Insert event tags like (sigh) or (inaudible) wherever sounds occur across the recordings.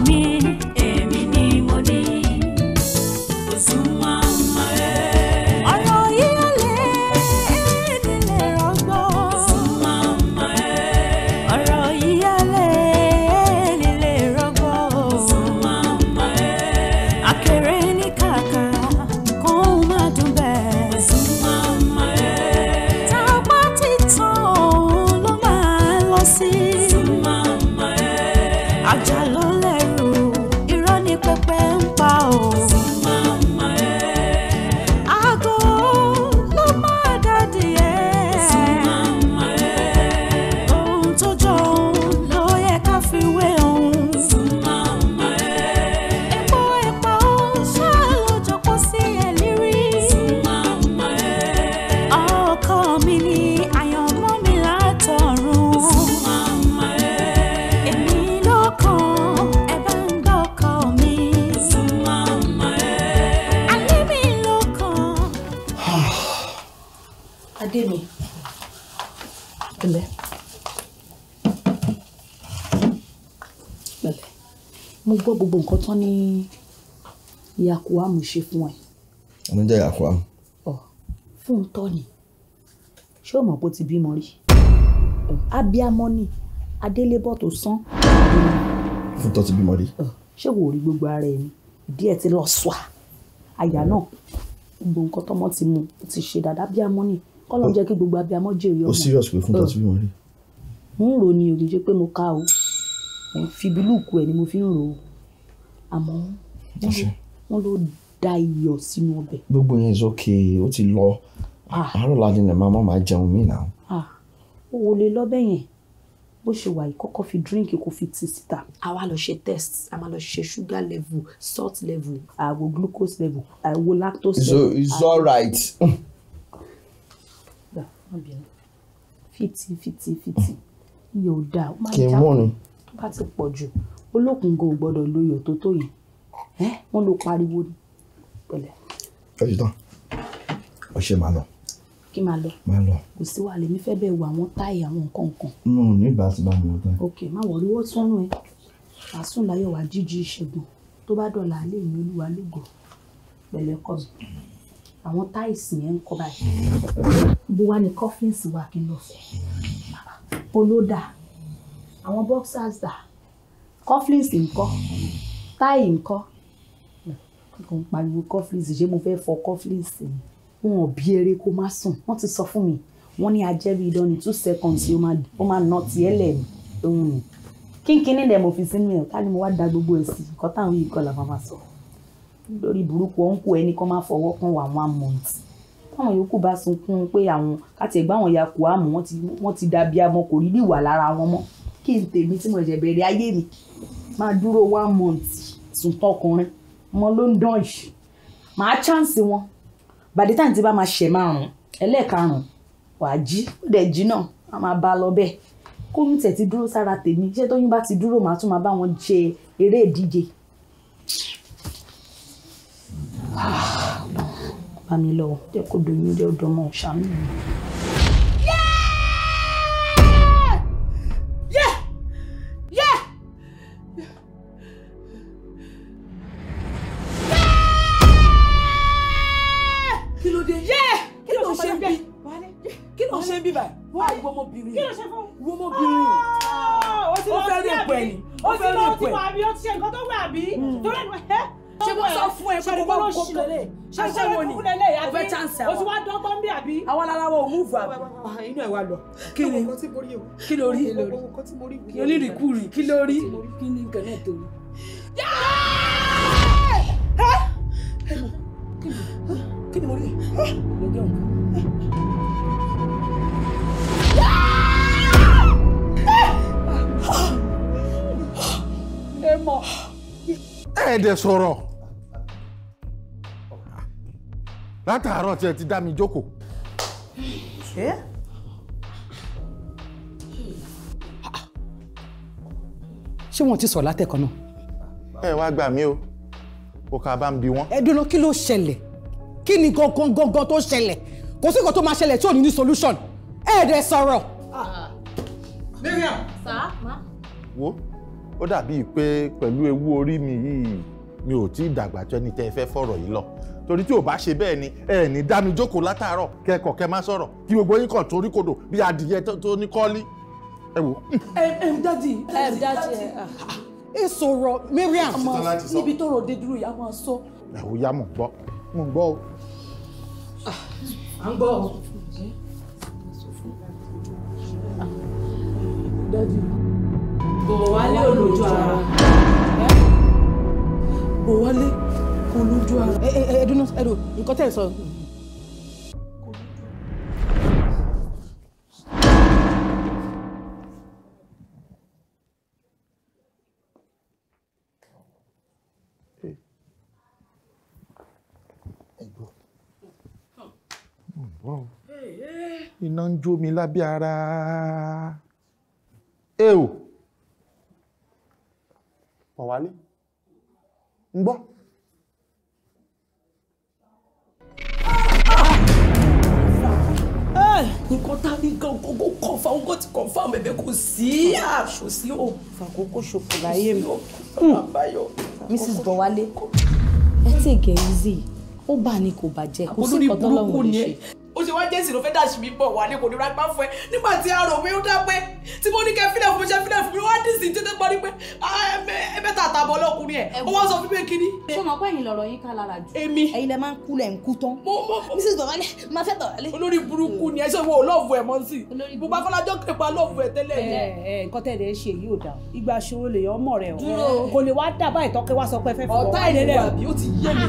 me. gbogbo nǹkan tán ní yakuamu ṣe fún ẹ. omi jẹ́ yakuamu. ọ fún un tọ́ ni ṣé o mọ̀ pé ó ti bímọ rí abiamọ ni adélébọ̀ tó sán. fún tọ́ ti bímọ rí. ṣé wò ó rí gbogbo ara ẹ ni ìdí ẹ ti lọ sùà àyà náà gbogbo nǹkan tọmọ ti mu ti ṣe dáadáa abiamọ ni kọ́lọ́ jẹ́ kí gbogbo abiamọ jèrè ọmọ. o serious pé fún tọ́ ti bímọ rí. mo ń rò ní òjijì pé mo ká o fibiluku ẹ ni mo fi ń rò ó àmọ́ wọ́n ló da iyọ̀ sínú ọbẹ̀. gbogbo yẹn is okay ó ti lọ ah. àárọ̀ láti nà máa máa jẹun mí nà. Ah. o ò lè lọ bẹ́ẹ̀ yẹn bó ṣe wà yìí kọ́kọ́ fi díríǹkì kó fi tì síta. a wá lọ ṣe test a máa lọ ṣe sugar level salt level àwo glucose level àwo lactose level. so it's alright. fiti fiti fiti iyọ̀ ò dáa ó máa ń já kí n mú ni. bá ti pọ̀ jù olókùn gan ò gbọ́dọ̀ lo iyọ̀ tó tó yìí ẹ wọ́n lo. pariwo ni pẹ̀lẹ́. ẹ ṣe tán ọ ṣe máa lọ. kí máa lọ máa lọ. kò sí wàhálà èmi fẹ́ bẹ́ẹ̀ wo àwọn táì àwọn nǹkan kan. nù nígbà tí bá mi wọ tán. ok má wọrí wọ́n sọ́run ẹ wàásùn láyọ̀ wá jíjí ìṣègùn tó bá dọ̀là alẹ́ mi olúwa lógo pẹ̀lẹ́ kọ́ mi àwọn táìsì yẹn ń kọ́ báyìí bó wá ní kọ́fíǹsì wa kí n lọ fẹ́ ó ló dà àwọn bọ́ksàs dà cufflinks ńkọ́ táì ńkọ́ kò ń pariwo cufflinks ṣé mo fẹ́ fọ cufflinks ni wọn ò bí eré kó má sùn wọ́n ti sọ fún mi wọ́n ní ajẹ́rìí idán ní two seconds ó máa nà tiẹ̀ lẹ́ẹ̀mí òun ni kínkínní dẹ̀ mo fi sínú ẹ̀ ká ní mo wá da gbogbo ẹ̀ sí nǹkan táwọn yìí kọ́ làwọn máa sọ lórí burúkú ọ̀nkù ẹni kan máa fọwọ́ kan wà one month táwọn yòókù bá sunkún pé àwọn káti ẹ̀gbọ́n àwọn ya kò àmọ́ wọ́n ti da bí amọ kò rí bí wà lára wọn mọ́ kí n tèmi tí mo jẹ bẹ̀rẹ̀ ayé mi máa dúró one month sùn tọkùnrin ọmọ ló ń dán yìí màá chance wọn bàdí táǹtì bá máa ṣẹ̀ márùn-ún ẹlẹ́ẹ̀karùn-ún wàá jí ó dẹ̀ jí náà a máa bá a lọ bẹ́ẹ̀ kóyún tẹ̀ ti dúró sára tèmi iṣẹ́ tóyún bá ti dúró màá tún máa bá wọn ṣe eré ìdíje. Ah, bá mi lọ jẹ́ kó doyún jẹ́ ọdọ ọmọ mi. àbí mm. torí ẹ ṣe kó sọ fún ẹ pé kó ló ṣì lélẹ̀ ṣe ṣe wọn ni o fẹ́ chance àwọn o ti wá dọ́gbọ́n bí àbí. àwọn aláwọ̀ ò múùfù àbí. Ah, inú ẹ̀ wá lọ. kí ni kí ló rí kí rí kí ló rí kí ni nǹkan náà torí. kí ni mo rí lọ́jọ́ nǹkan. Emma ẹ dẹ̀ sọ̀rọ̀ látàárọ̀ tí ẹ ti dá mi jókòó. ṣé wọn ti sọ látẹ̀kọ́ náà. ẹ wá gbà mí o kò ká bá ń bi wọn. ẹ dúró kí ló ṣẹlẹ̀ kí ni gangan gangan tó ṣẹlẹ̀ kò sí nǹkan tó máa ṣẹlẹ̀ tí ò ní ní solution ẹ dẹ̀ sọ̀rọ̀. Miriam. sá ma. wo ó dàbíi pé pẹ̀lú ewu orí mi yìí mi ò tí ì dàgbà tó ẹni tẹ́ ẹ fẹ́ fọ̀rọ̀ yìí lọ torí tí ò bá ṣe bẹ́ẹ̀ ni ẹ ní dá mi jókòó látàárọ̀ kẹ́kọ̀ọ́ kẹ́ má sọ̀rọ̀ kí gbogbo yín kàn torí kodò bí adìyẹ tó ní kọ́lí ẹ wò. ẹ ẹ dadi ẹ dadi ẹ ẹ sọ̀rọ̀ Mariam níbi tó ròde dúró yà máa sọ. ẹ wo ya mo gbọ́ mo gbọ́ o. à ń gbọ́ o. dadi. Bọ̀wálé olójú ara. Bọ̀wálé olójú ara. Ẹ ẹ ẹ dúnú ẹ dùn nǹkan tẹ̀ sọ. iná ń jó mi lábẹ́ ara. ẹ o pọ̀ wálé ń gbọ́ eh, nǹkan tá a ní gan gbogbo kọfà ogó ti kọfà mẹbẹ kò sí àṣò ah, sí o. fàkókò ṣòfò láyé mi Mrs. Hmm. Bọ̀wálé ẹ tí ì gẹ̀ easy ó bá ní kò bàjẹ́ kò sí ìkọ́tọ́ lọ́wọ́ lè ṣe ẹ̀sìn ló fẹ́ dàṣì mí bọ̀ wálé kò ní ra gbá fún ẹ nígbà tí a rò pé ó dápẹ́ tí mo ní kẹ́ fílẹ̀ fún mi ṣe fílẹ̀ fún mi wá dìsí tètè pọ̀ ní pé ẹ bẹ́ tà tàbọ̀ lọ́kùnrin ẹ̀ ó sọ fún mi kíní. ṣé mo pẹ́ yín lọ̀rọ̀ yín ká lára jù. èmi ẹ̀yin lẹ máa ń kú lẹ̀ ń kú tán. mo mo mo mrs bọ̀wálé máa fẹ́ bọ̀wálé. olórí burúkú ni ẹ ṣe wo lọ́ọ̀fù ẹ̀ mọ́ sí i bùbá fọlájọ́ kẹpa lọ́ọ̀fù ẹ̀ tẹ́lẹ̀ ni. ẹ ẹ nǹkan tẹ̀lé ṣe yìí ò dáa ìgbà ṣòro lè yọ ọmọ rẹ o kò lè wá dábàá ìtọ́kẹ́ wá sọ pé fẹ́ fi bọ̀ wálé rẹ. ọ̀tá ìrẹ́lẹ̀ àbí ó ti yé mi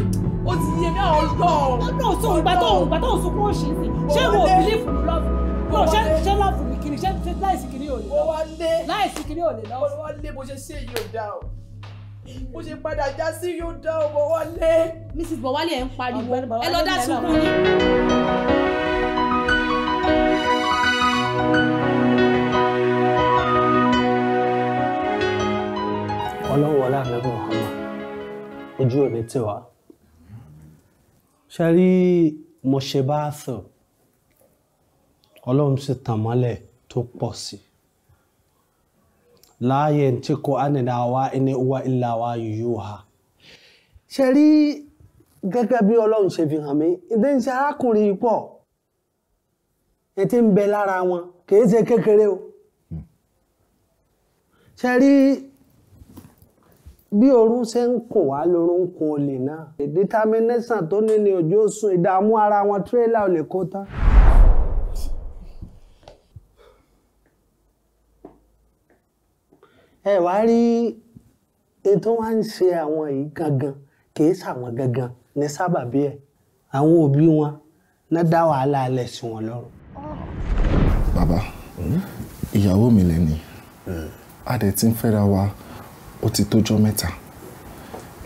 ó ti yé mi àwọn ọlọ́ọ̀. ọlọ́ọ̀ sóhun gbàtọ̀ òun gbàtọ̀ òun sunkún òṣìṣẹ́ ṣé wo believe love no ṣé ṣé love mi kiri ṣé ṣé láìsí kiri ò lè lọ láìsí kiri ò lè lọ. wọ́n wá lé bó ṣe ṣe yìí ò dáa o bó ṣe padà já sí yóò dá ọ bọ̀ wálé. mrs bọ̀wálé ẹ̀ ń pariwo ẹ lọ dá sunkún ni. ọlọ́run wọlé ànábì muhammad ojú ò ní tiwa ṣe rí mo ṣe bá a sọ ọlọ́run sì tàn mọ́lẹ̀ tó pọ̀ sí i láàyè tí kò ánìdáwá ẹni wá ìlàwá yóò ha ṣe rí gẹ́gẹ́ bí ọlọ́run ṣe fi hàn mí ìdí ń ṣe arákùnrin pọ̀ ètí ń bẹ lára wọn kìí ṣe kékeré o ṣe rí bí oorun ṣe ń kò wá lórun ń kun náà determination tó ní ní ojú ó sùn ìdààmú ara wọn tírélà olè kó tán. ẹ wá rí ètò wá ń ṣe àwọn yìí gangan kì í ṣàwọn gangan ní sábàbí ẹ̀ àwọn òbí wọn ná dá wàhálà alẹ̀ sí wọn lọ́rùn. bàbá ìyàwó mi lẹ́ni a dẹ̀ ti ń fẹ́ra wa ó ti tójọ́ mẹ́ta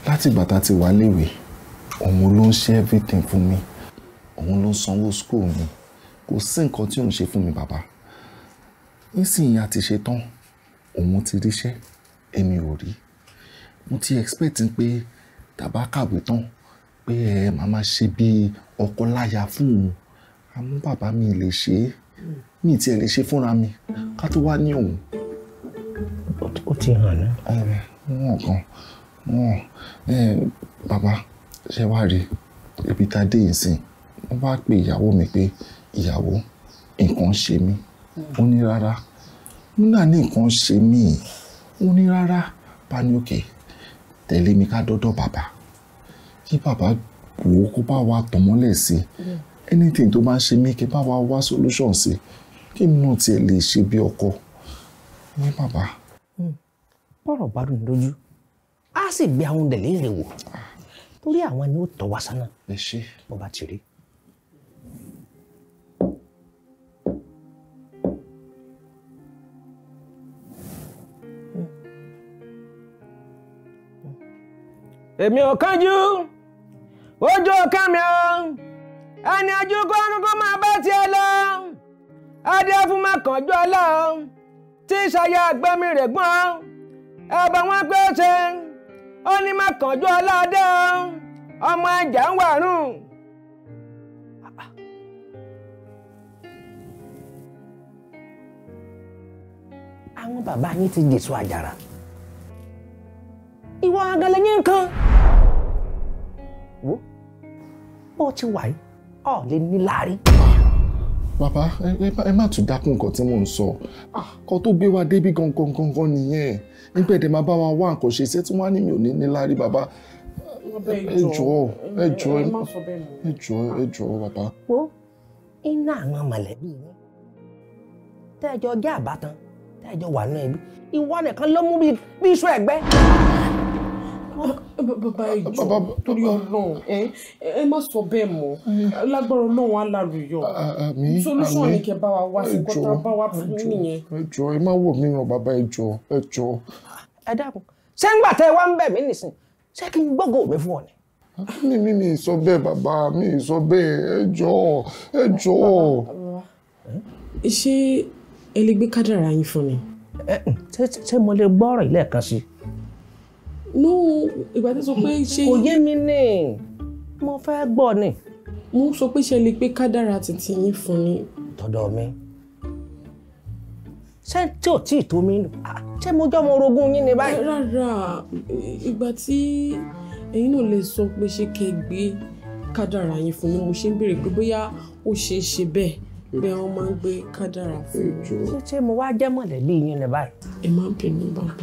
láti ìgbà tá a ti wà léwe òun ló ń ṣe everything fún mi òun ló ń sanwó school mi kò sí nǹkan tí òun ṣe fún mi bàbá nísìnyí a ti ṣe tán òun ti ríṣẹ́ èmi ò rí mo ti expect pé tàbá kàwé tán pé ẹ máa máa ṣe bí ọkọ láya fún òun àmọ́ bàbá mi lè ṣe é mi tiẹ̀ lè ṣe fúnra mi ká tó wá ní òun. ó ti hàn ná. wọn kan wọn bàbá ṣe wá rí ibi tá a dé yìí sìn wọ́n bá pe ìyàwó mi pé ìyàwó nǹkan ṣe mí ó ní rárá múnà ní nǹkan ṣe mí ó ní rárá bá ní òkè tẹ̀lé mi ká dọ́dọ̀ bàbá kí bàbá wò ó kó bá wa tàn mọ́lẹ̀ sí i anything tó bá ń ṣe mí kí bá wa wá solution sí i kí n náà tiẹ̀ lè ṣe bí ọkọ ní bàbá. Hmm. bọ́rọ̀ bá dùn lójú á sì gbé àwọn ọ̀dẹ̀ léèrè wò ah. torí àwọn ni ó tọ́ wa sánà bó ti rí. èmi ò kánjú ojú ọ̀ká mi o ẹni ajú kó kókó máa bá tiẹ̀ lọ adéfún máa kànjú ọlá o tí ìṣayà àgbẹ̀mí rẹ̀ gbọ́n ẹ̀bà wọn pé ó ṣe ó ní máa kànjú ọlá adé o ọmọ ẹ̀jẹ̀ ń wàrùn. àwọn bàbá yín ti dèso àjàrà ìwọ agalẹ yín kan wo bó ti wà yìí ọ lè ní láàrin. bàbá ẹ má tún dákún nǹkan tí mò ń sọ kan tó gbé wa débi gangan gangan nìyẹn nígbà èdè máa bá wa wá nǹkan ṣe ṣé tí wọn á ní mi ò ní ní bàbá ẹ jọ̀ọ́ ẹ jọ̀ọ́ ẹ jọ̀ọ́ ẹ jọ̀ọ́ bàbá. wo iná àwọn mọ̀lẹ́bí yẹn tẹ́jọ jẹ́ àbátan tẹ́jọ wà nínú ẹbí ìwọ nìkan ló mú bí iṣu ẹ̀gbẹ́ bàbá ìjọ torí Ọlọ́run ẹ má sọ bẹ́ẹ̀ mọ́ lágbára Ọlọ́run alárùyọ solution ni kẹ́ bá wa wá sí kọta bá wa fún nìyẹn. ẹ jọ ẹ má wò mí ràn bàbá ẹ jọ ẹ jọ. ẹ dákun ṣé ń gbà tẹ wá ń bẹ̀ mí nìsín ṣé kí n gbọ́gọ̀ mi fún ọ ni mi mi mi sọ bẹ́ẹ̀ bàbá mi sọ bẹ́ẹ̀ ẹ jọ̀ọ́ ẹ jọ̀ọ́. ṣé ẹ lè gbé kádàrá yín fún mi. ṣé mo lè gbọ́ ọ̀rọ̀ yìí lẹ́ẹ̀kan sí i no ìgbà tó sọ pé ṣé. kò yé mi ní mo fẹ́ gbọ́ ni. mo sọ pé ṣe lè pé kádàrà títí yín fún ni. tọ̀dọ̀ mi ṣé tí ò tí ì tó mi nù ṣé mo jọ́ mo rogún yín ni báyìí. rárá ìgbà tí ẹ̀yin náà lè sọ pé ṣé kẹ́ gbé kádàrà yín fún mi mo ṣe ń béèrè pé bóyá ó é ṣe bẹ́ẹ̀ bẹ́ẹ̀ wọ́n máa ń gbé kádàrà fún mi. ṣé ṣé mo wá jẹ́ mọ̀lẹ́bí yín ni báyìí. ẹ má bínú bàbá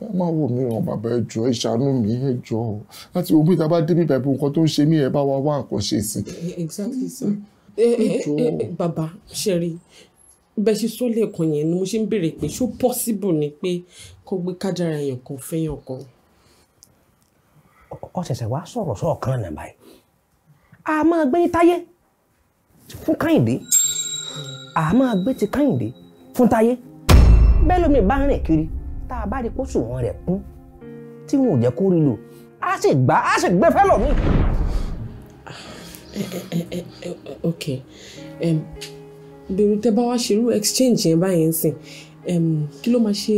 ẹ má wò mí ràn bàbá ẹ jọ̀ọ́ ẹ ṣàánú mi ẹ jọ̀ọ́ láti omi tá a bá débi bàbá nǹkan tó ń ṣe mí ẹ bá wa wá nǹkan ṣe sí. exactly sir eh, eh, eh, bàbá ṣẹ́rí bẹ́ẹ̀ ṣe sọ́lé ẹ̀kọ́ yẹn ni mo ṣe ń béèrè pé ṣó possible ni pé kó gbé kádàrà èèyàn kan fẹ́yàn kan. ọ ṣẹ̀ṣẹ̀ wá sọ̀rọ̀ sọ̀kan náà báyìí a máa gbé ní táyé fún káyìndé a máa gbé ti káyìndé fún táyé bẹ́ẹ̀ lómi bá rìn kiri tá a bá rí pósù wọn rẹ̀ kún tí wọn ò jẹ́ kó rí lò á sì gbá á sì gbé fẹ́lọ̀ mi. Eh, eh, eh, ok bẹ̀rù tẹ́ bá wá ṣerú exchange yẹn báyẹn sìn kí ló máa ṣe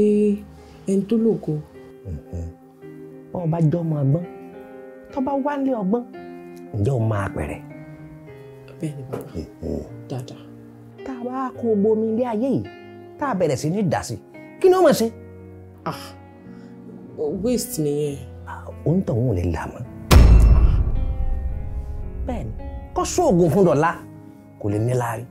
ẹni tó lògo. wọn bá jọ ọmọ ọgbọ́n tó bá wálé ọgbọ́n ǹjẹ́ o máa pẹ̀rẹ̀. bẹ́ẹ̀ni bàbá dáadáa. tá a bá kó gbomi ilé ayé yìí tá a bẹ̀rẹ̀ sí ní dàsí kí ni ó máa ṣe ah waste nìyẹn. òun tàn òun ò lè là mọ́. bẹ́ẹ̀ni kó sóògùn fún dọ̀la kò lè nílá rí.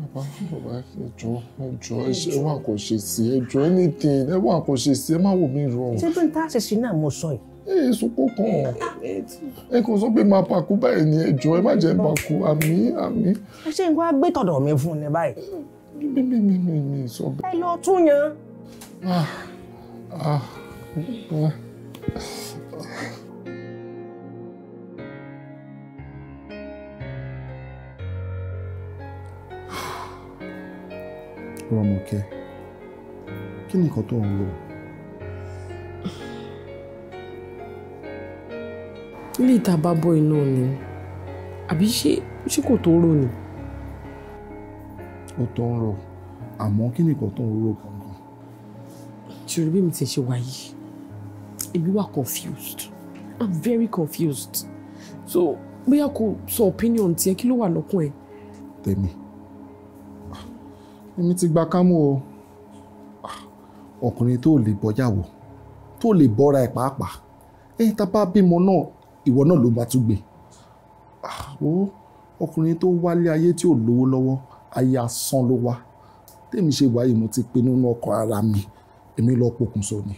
bàbá bàbá ẹjọ ẹjọ ẹṣẹ wà kò ṣe sí ẹjọ anything ẹ wà kò ṣe sí ẹ má wò mí rọrùn. ṣé bí n ta ṣe sí náà mo sọ yìí. ẹ sọpọ kan eh, eh, ẹ kò sọ pé máa pakú báyìí ni ẹjọ ẹ má jẹ pakú àmì àmì. ẹ ṣe ń wá gbé tọ̀dọ̀ mi fún ni báyìí mi mi mi mi mi sọ bẹ́ẹ̀. ẹ lọ tún yan. Rọ́mọkẹ́ kí ni nǹkan tó ń lò. ilé ìta bá bọ́ iná ni àbí ṣé kò tó rò ni ó tó ń rò àmọ́ kí nìkan tó ń rò gangan. ṣùgbọ́n bí mi ti ṣe wà èmi wà confused i'm very confused so bóyá kò sọ opinion tiẹ̀ kí ló wà lọ́kàn ẹ̀. tèmi èmi ti gba kámú o ọkùnrin tó lè bọ́yàwó tó lè bọ́ra ẹ̀ pàápàá ẹ̀yìn tá a bá bímọ náà ìwọ náà ló bá tún gbé ah, ọkùnrin tó wálé ayé tí ò lówó lọ́wọ́ aya asán ló wá tèmi ṣe wáyé mo ti pinnu nínú ọkọ ara mi èmi lọ pokùnso ni.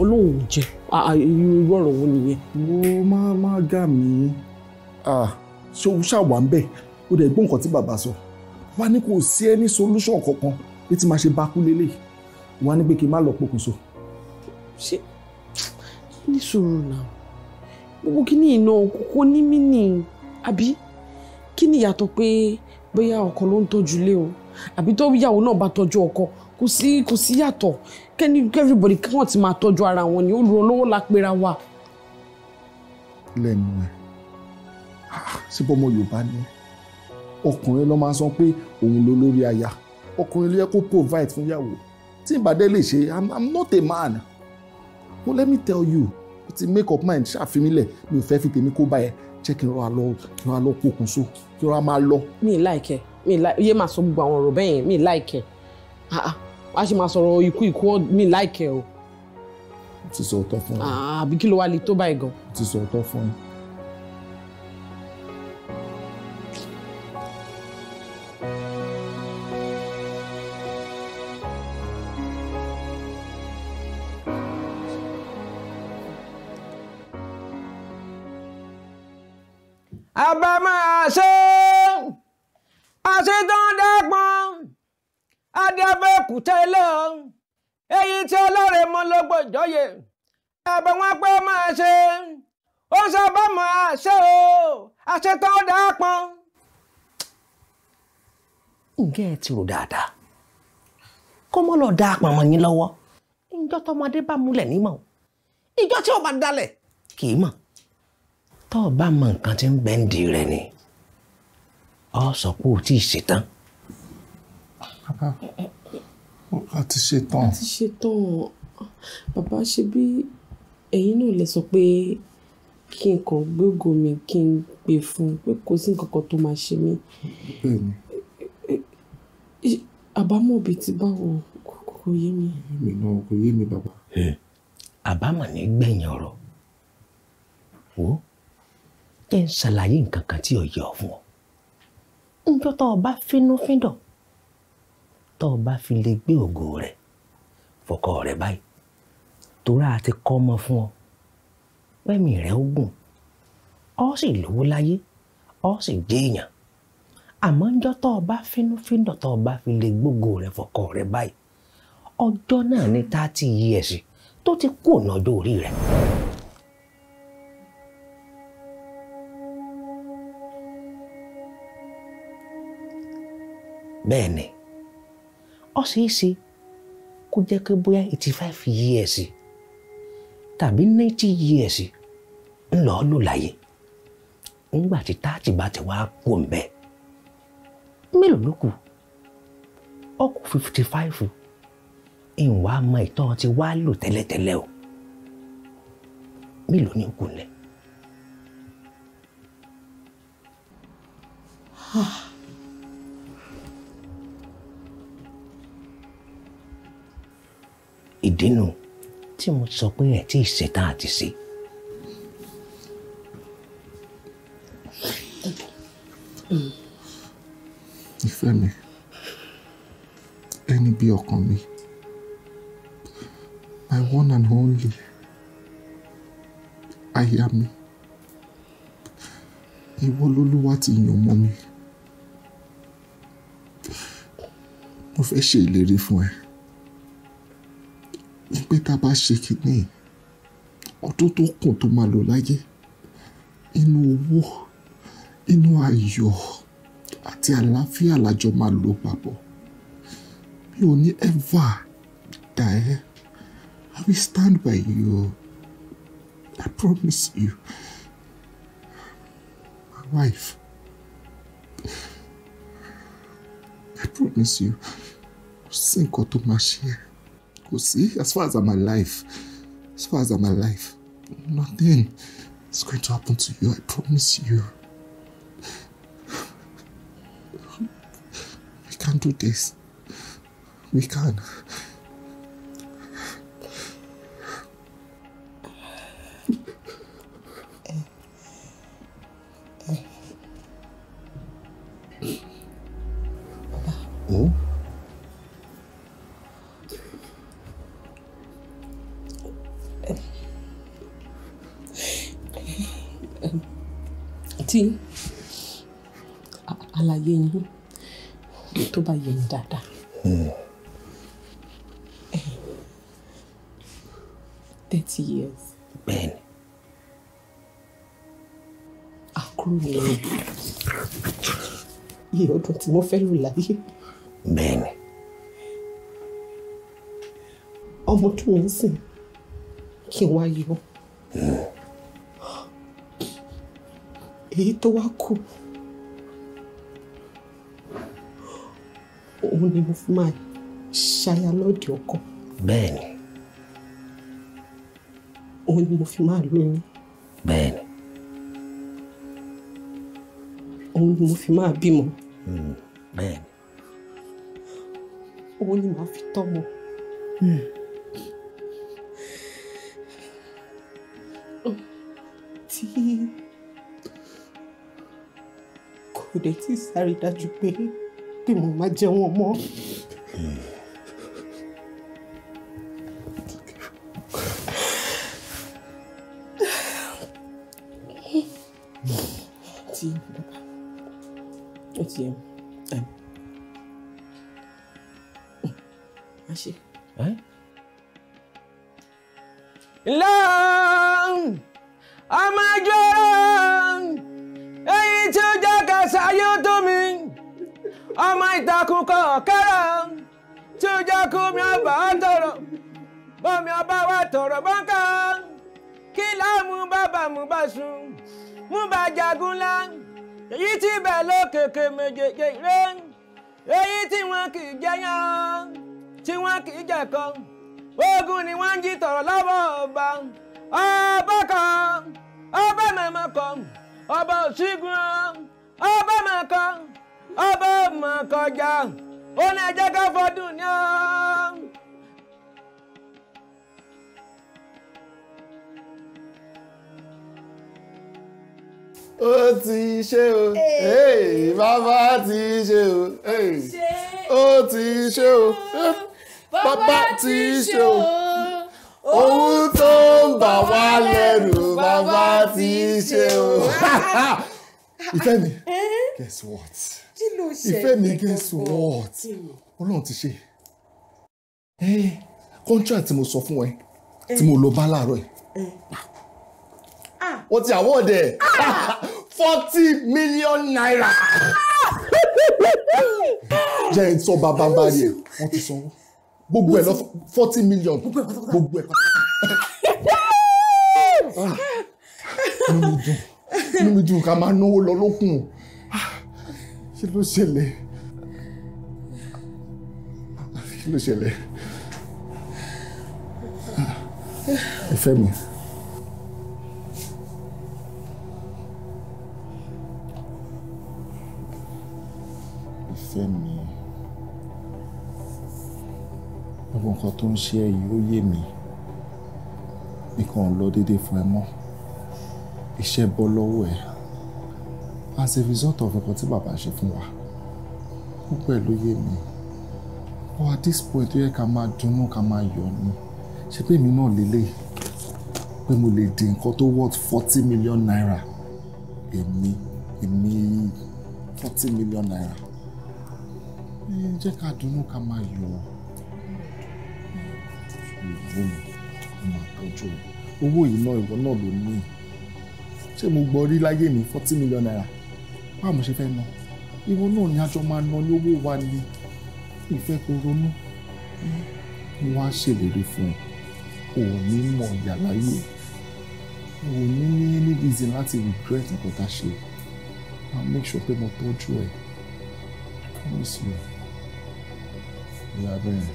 olóhùn ah, ah, ah, jẹ irú ọ̀rọ̀ wo nìyẹn. mo máa máa gà mí ṣé o ṣàwà ń bẹ̀ o dẹ̀ gbọ́ nǹkan tí bàbá sọ wá ní kò sí ẹni solution kankan bí ti máa ṣe bá kú lélẹ̀ wá ní pé kí n má lọ pokùnso. ṣé ní sùúrù náà gbogbo kí ni ìná kókó ní mí nìyí àbí kí ni ìyàtọ̀ pé bóyá ọkọ ló ń tọ́jú ilé o àbí tó yàwó náà bá tọ́jú ọkọ kò sí kò sí yàtọ̀ kẹ́ni everybody kàn ti máa tọ́jú ara wọn ni olùrànlọ́wọ́ la pera wa. lẹ́nu ẹ̀ síbò ah, ọmọ yorùbá ni ọkùnrin ló máa sọ pé òun ló lórí aya ọkùnrin ló yẹ kó provide fún yàwó tí ìbàdẹ lè ṣe i'm not a man well let me tell you ti make up mind ṣàfimílẹ̀ mi ò fẹ́ fi tèmi kó bá ṣé kí n ra lọ kí n ra lọ pokùnso kí n ra máa lọ. mi ì láìkẹ́ mi ì láìkẹ́ yé máa sọ gbogbo àwọn ọ̀rọ̀ bẹ́ẹ̀ mi ì a ah, ah, ṣe máa sọ̀rọ̀ ikú ikú mi ì láìkẹ́ o. mo ti sọ òótọ́ fún ẹ. Ah, àbí kí ló wá le tó báyìí gan. mo ti sọ òótọ́ fún ẹ. àbámọ̀ àṣẹ àṣetọ́ndẹ́pọ̀n adébẹ́kùtẹ́ ilé ọ̀ èyí tí ọlọ́rẹ̀ mọ́ ló gbòjọ́yè ẹ̀bẹ̀ wọn pé máa ṣe ó ń ṣàbámọ̀ àṣẹ o àṣetọ́ndẹ́pọ̀n. ǹjẹ́ ẹ ti rò dáadáa kó mọ́ lọ da àpamọ́ yín lọ́wọ́ ìjọ tọmọdé bá múlẹ̀ nímọ̀ ìjọ tí ó bá dalẹ̀ kì í mọ̀ tó o bá mọ nǹkan tí ń bẹ rẹ ni ọ sọ pé o ti ṣetán. a ti ṣetán. a ti ṣetán bàbá ṣe bí ẹ̀yin náà lè sọ pé kí n kàn gbógo mi kí n gbé e fún un pé kò sí nǹkan kan tó máa ṣe mí. àbámọ̀ bíi ti báwo kò yé mi. èmi náà kò yé mi bàbá. àbámọ̀ ní gbẹ̀yìn ọ̀rọ̀ wò ó jẹ́ ń ṣàlàyé nǹkan kan tí ò yẹ ọ fún ọ. níjọ́ tó o bá finú fíndọ̀ tó o bá fi lè gbé ògo rẹ̀ fọkọ rẹ̀ báyìí torí a ti kọ́ ọmọ fún ọ pẹ́mì rẹ̀ ó gùn ọ sì lówó láyé ọ sì jẹ́ èèyàn àmọ́ níjọ́ tó o bá finú fíndọ̀ tó o bá fi lè gbógo rẹ̀ fọkọ rẹ̀ báyìí ọjọ́ náà ni tá a ti yí ẹ̀ sí tó ti kú ọ̀nà ọjọ́ orí rẹ̀. bene. Ọ sị isi kụjekebụ ya 85 years tabi 90 years nlọ ọlụlaye ngba ti taachi ba ti wa kwuo mbe. ọkụ 55 ịnwa ama ite ọtị wa lụ teletele o. Mmelo ni ukwu ìdínú tí mo sọ pé ẹ̀ tí ì ṣetán àti ṣe. ìfẹ́ mi ẹni bí ọkàn mi my one and only aya mi ìwọ lolúwa ti yàn mọ́ mi mo fẹ́ ṣe ìlérí fún ẹ ni pé tá a bá ṣe kìíní ọdún tó kù tó máa lò láyé inú owó inú ayọ̀ àti àlàáfíà lájọ máa lò papọ̀ mi ò ní ever dà ẹ́ I will stand by you I promise you my wife I promise you kò sí nǹkan tó máa ṣe ẹ́. Because see, as far as I'm alive, as far as I'm alive, nothing is going to happen to you. I promise you. We can do this. We can. tó bá yẹ mi dáadáa. thirty years. bẹ́ẹ̀ni. àkúrò ni iye ọdún tí wọ́n fẹ́ lò láyé. bẹ́ẹ̀ni. ọmọ ọdún mi ń sìn kí n wá yọ. Hmm. èyí tó wá kù. òun ni mo fi máa ṣaya lọ́ọ̀dì ọkọ. bẹ́ẹ̀ni. òun ni mo fi máa lóyún. bẹ́ẹ̀ni. òun ni mo fi máa bímọ. Hmm, bẹ́ẹ̀ni. òun ni màá fi tọ́mọ. Hmm. tí kò dé tí sáré dájú pé pé mo máa jẹun ọmọ. èmi guess what ọlọ́run ti ṣe contract tí mo sọ fún ẹ tí mo lọ bá láàárọ̀ ẹ ah. wọ́n ti award forty million naira jẹ́ ẹ̀ sọ bàbá bá rí wọ́n ti sanwó gbogbo ẹ̀ lọ forty million gbogbo ẹ̀ pátá ah. inú mi dùn inú mi dùn ká máa náwó lọ lókun ah. kí ló ṣẹlẹ̀ kí ló ṣẹlẹ̀ ìfẹ́ mi. ìfẹ́ mi gbogbo nǹkan tó ń ṣe ẹ yìí ó yé mi nǹkan ò lọ déédéé fún ẹ mọ́ iṣẹ́ bọ́ lọ́wọ́ ẹ as a result of nǹkan tí bàbá ṣe fún wa gbogbo ẹ ló yé mi or at this point tó yẹ ká máa dunnú ká máa yọ̀ ni ṣé pé èmi náà lélẹ̀ pé mo lè di nǹkan tó worth forty million naira èmi èmi forty million naira jẹ́ ká dunnú ká máa yọ̀ ìyàwó mi ọmọ àtọ́jú owó yìí náà ìwọ náà ló ní ṣé mo gbọ́ rí láyé mi forty million naira báwo mo ṣe fẹ́ ná ìwọ náà ni a jọ máa ná ní owó wa ni ìfẹ́ kò ronú wọ́n á ṣèlérí fún ọ òní mọ̀ yàláyé òní ní any reason láti regret nǹkan tá a ṣe máa make sure pé mo tọ́jú ẹ̀ promise you ìyá bẹ́ẹ̀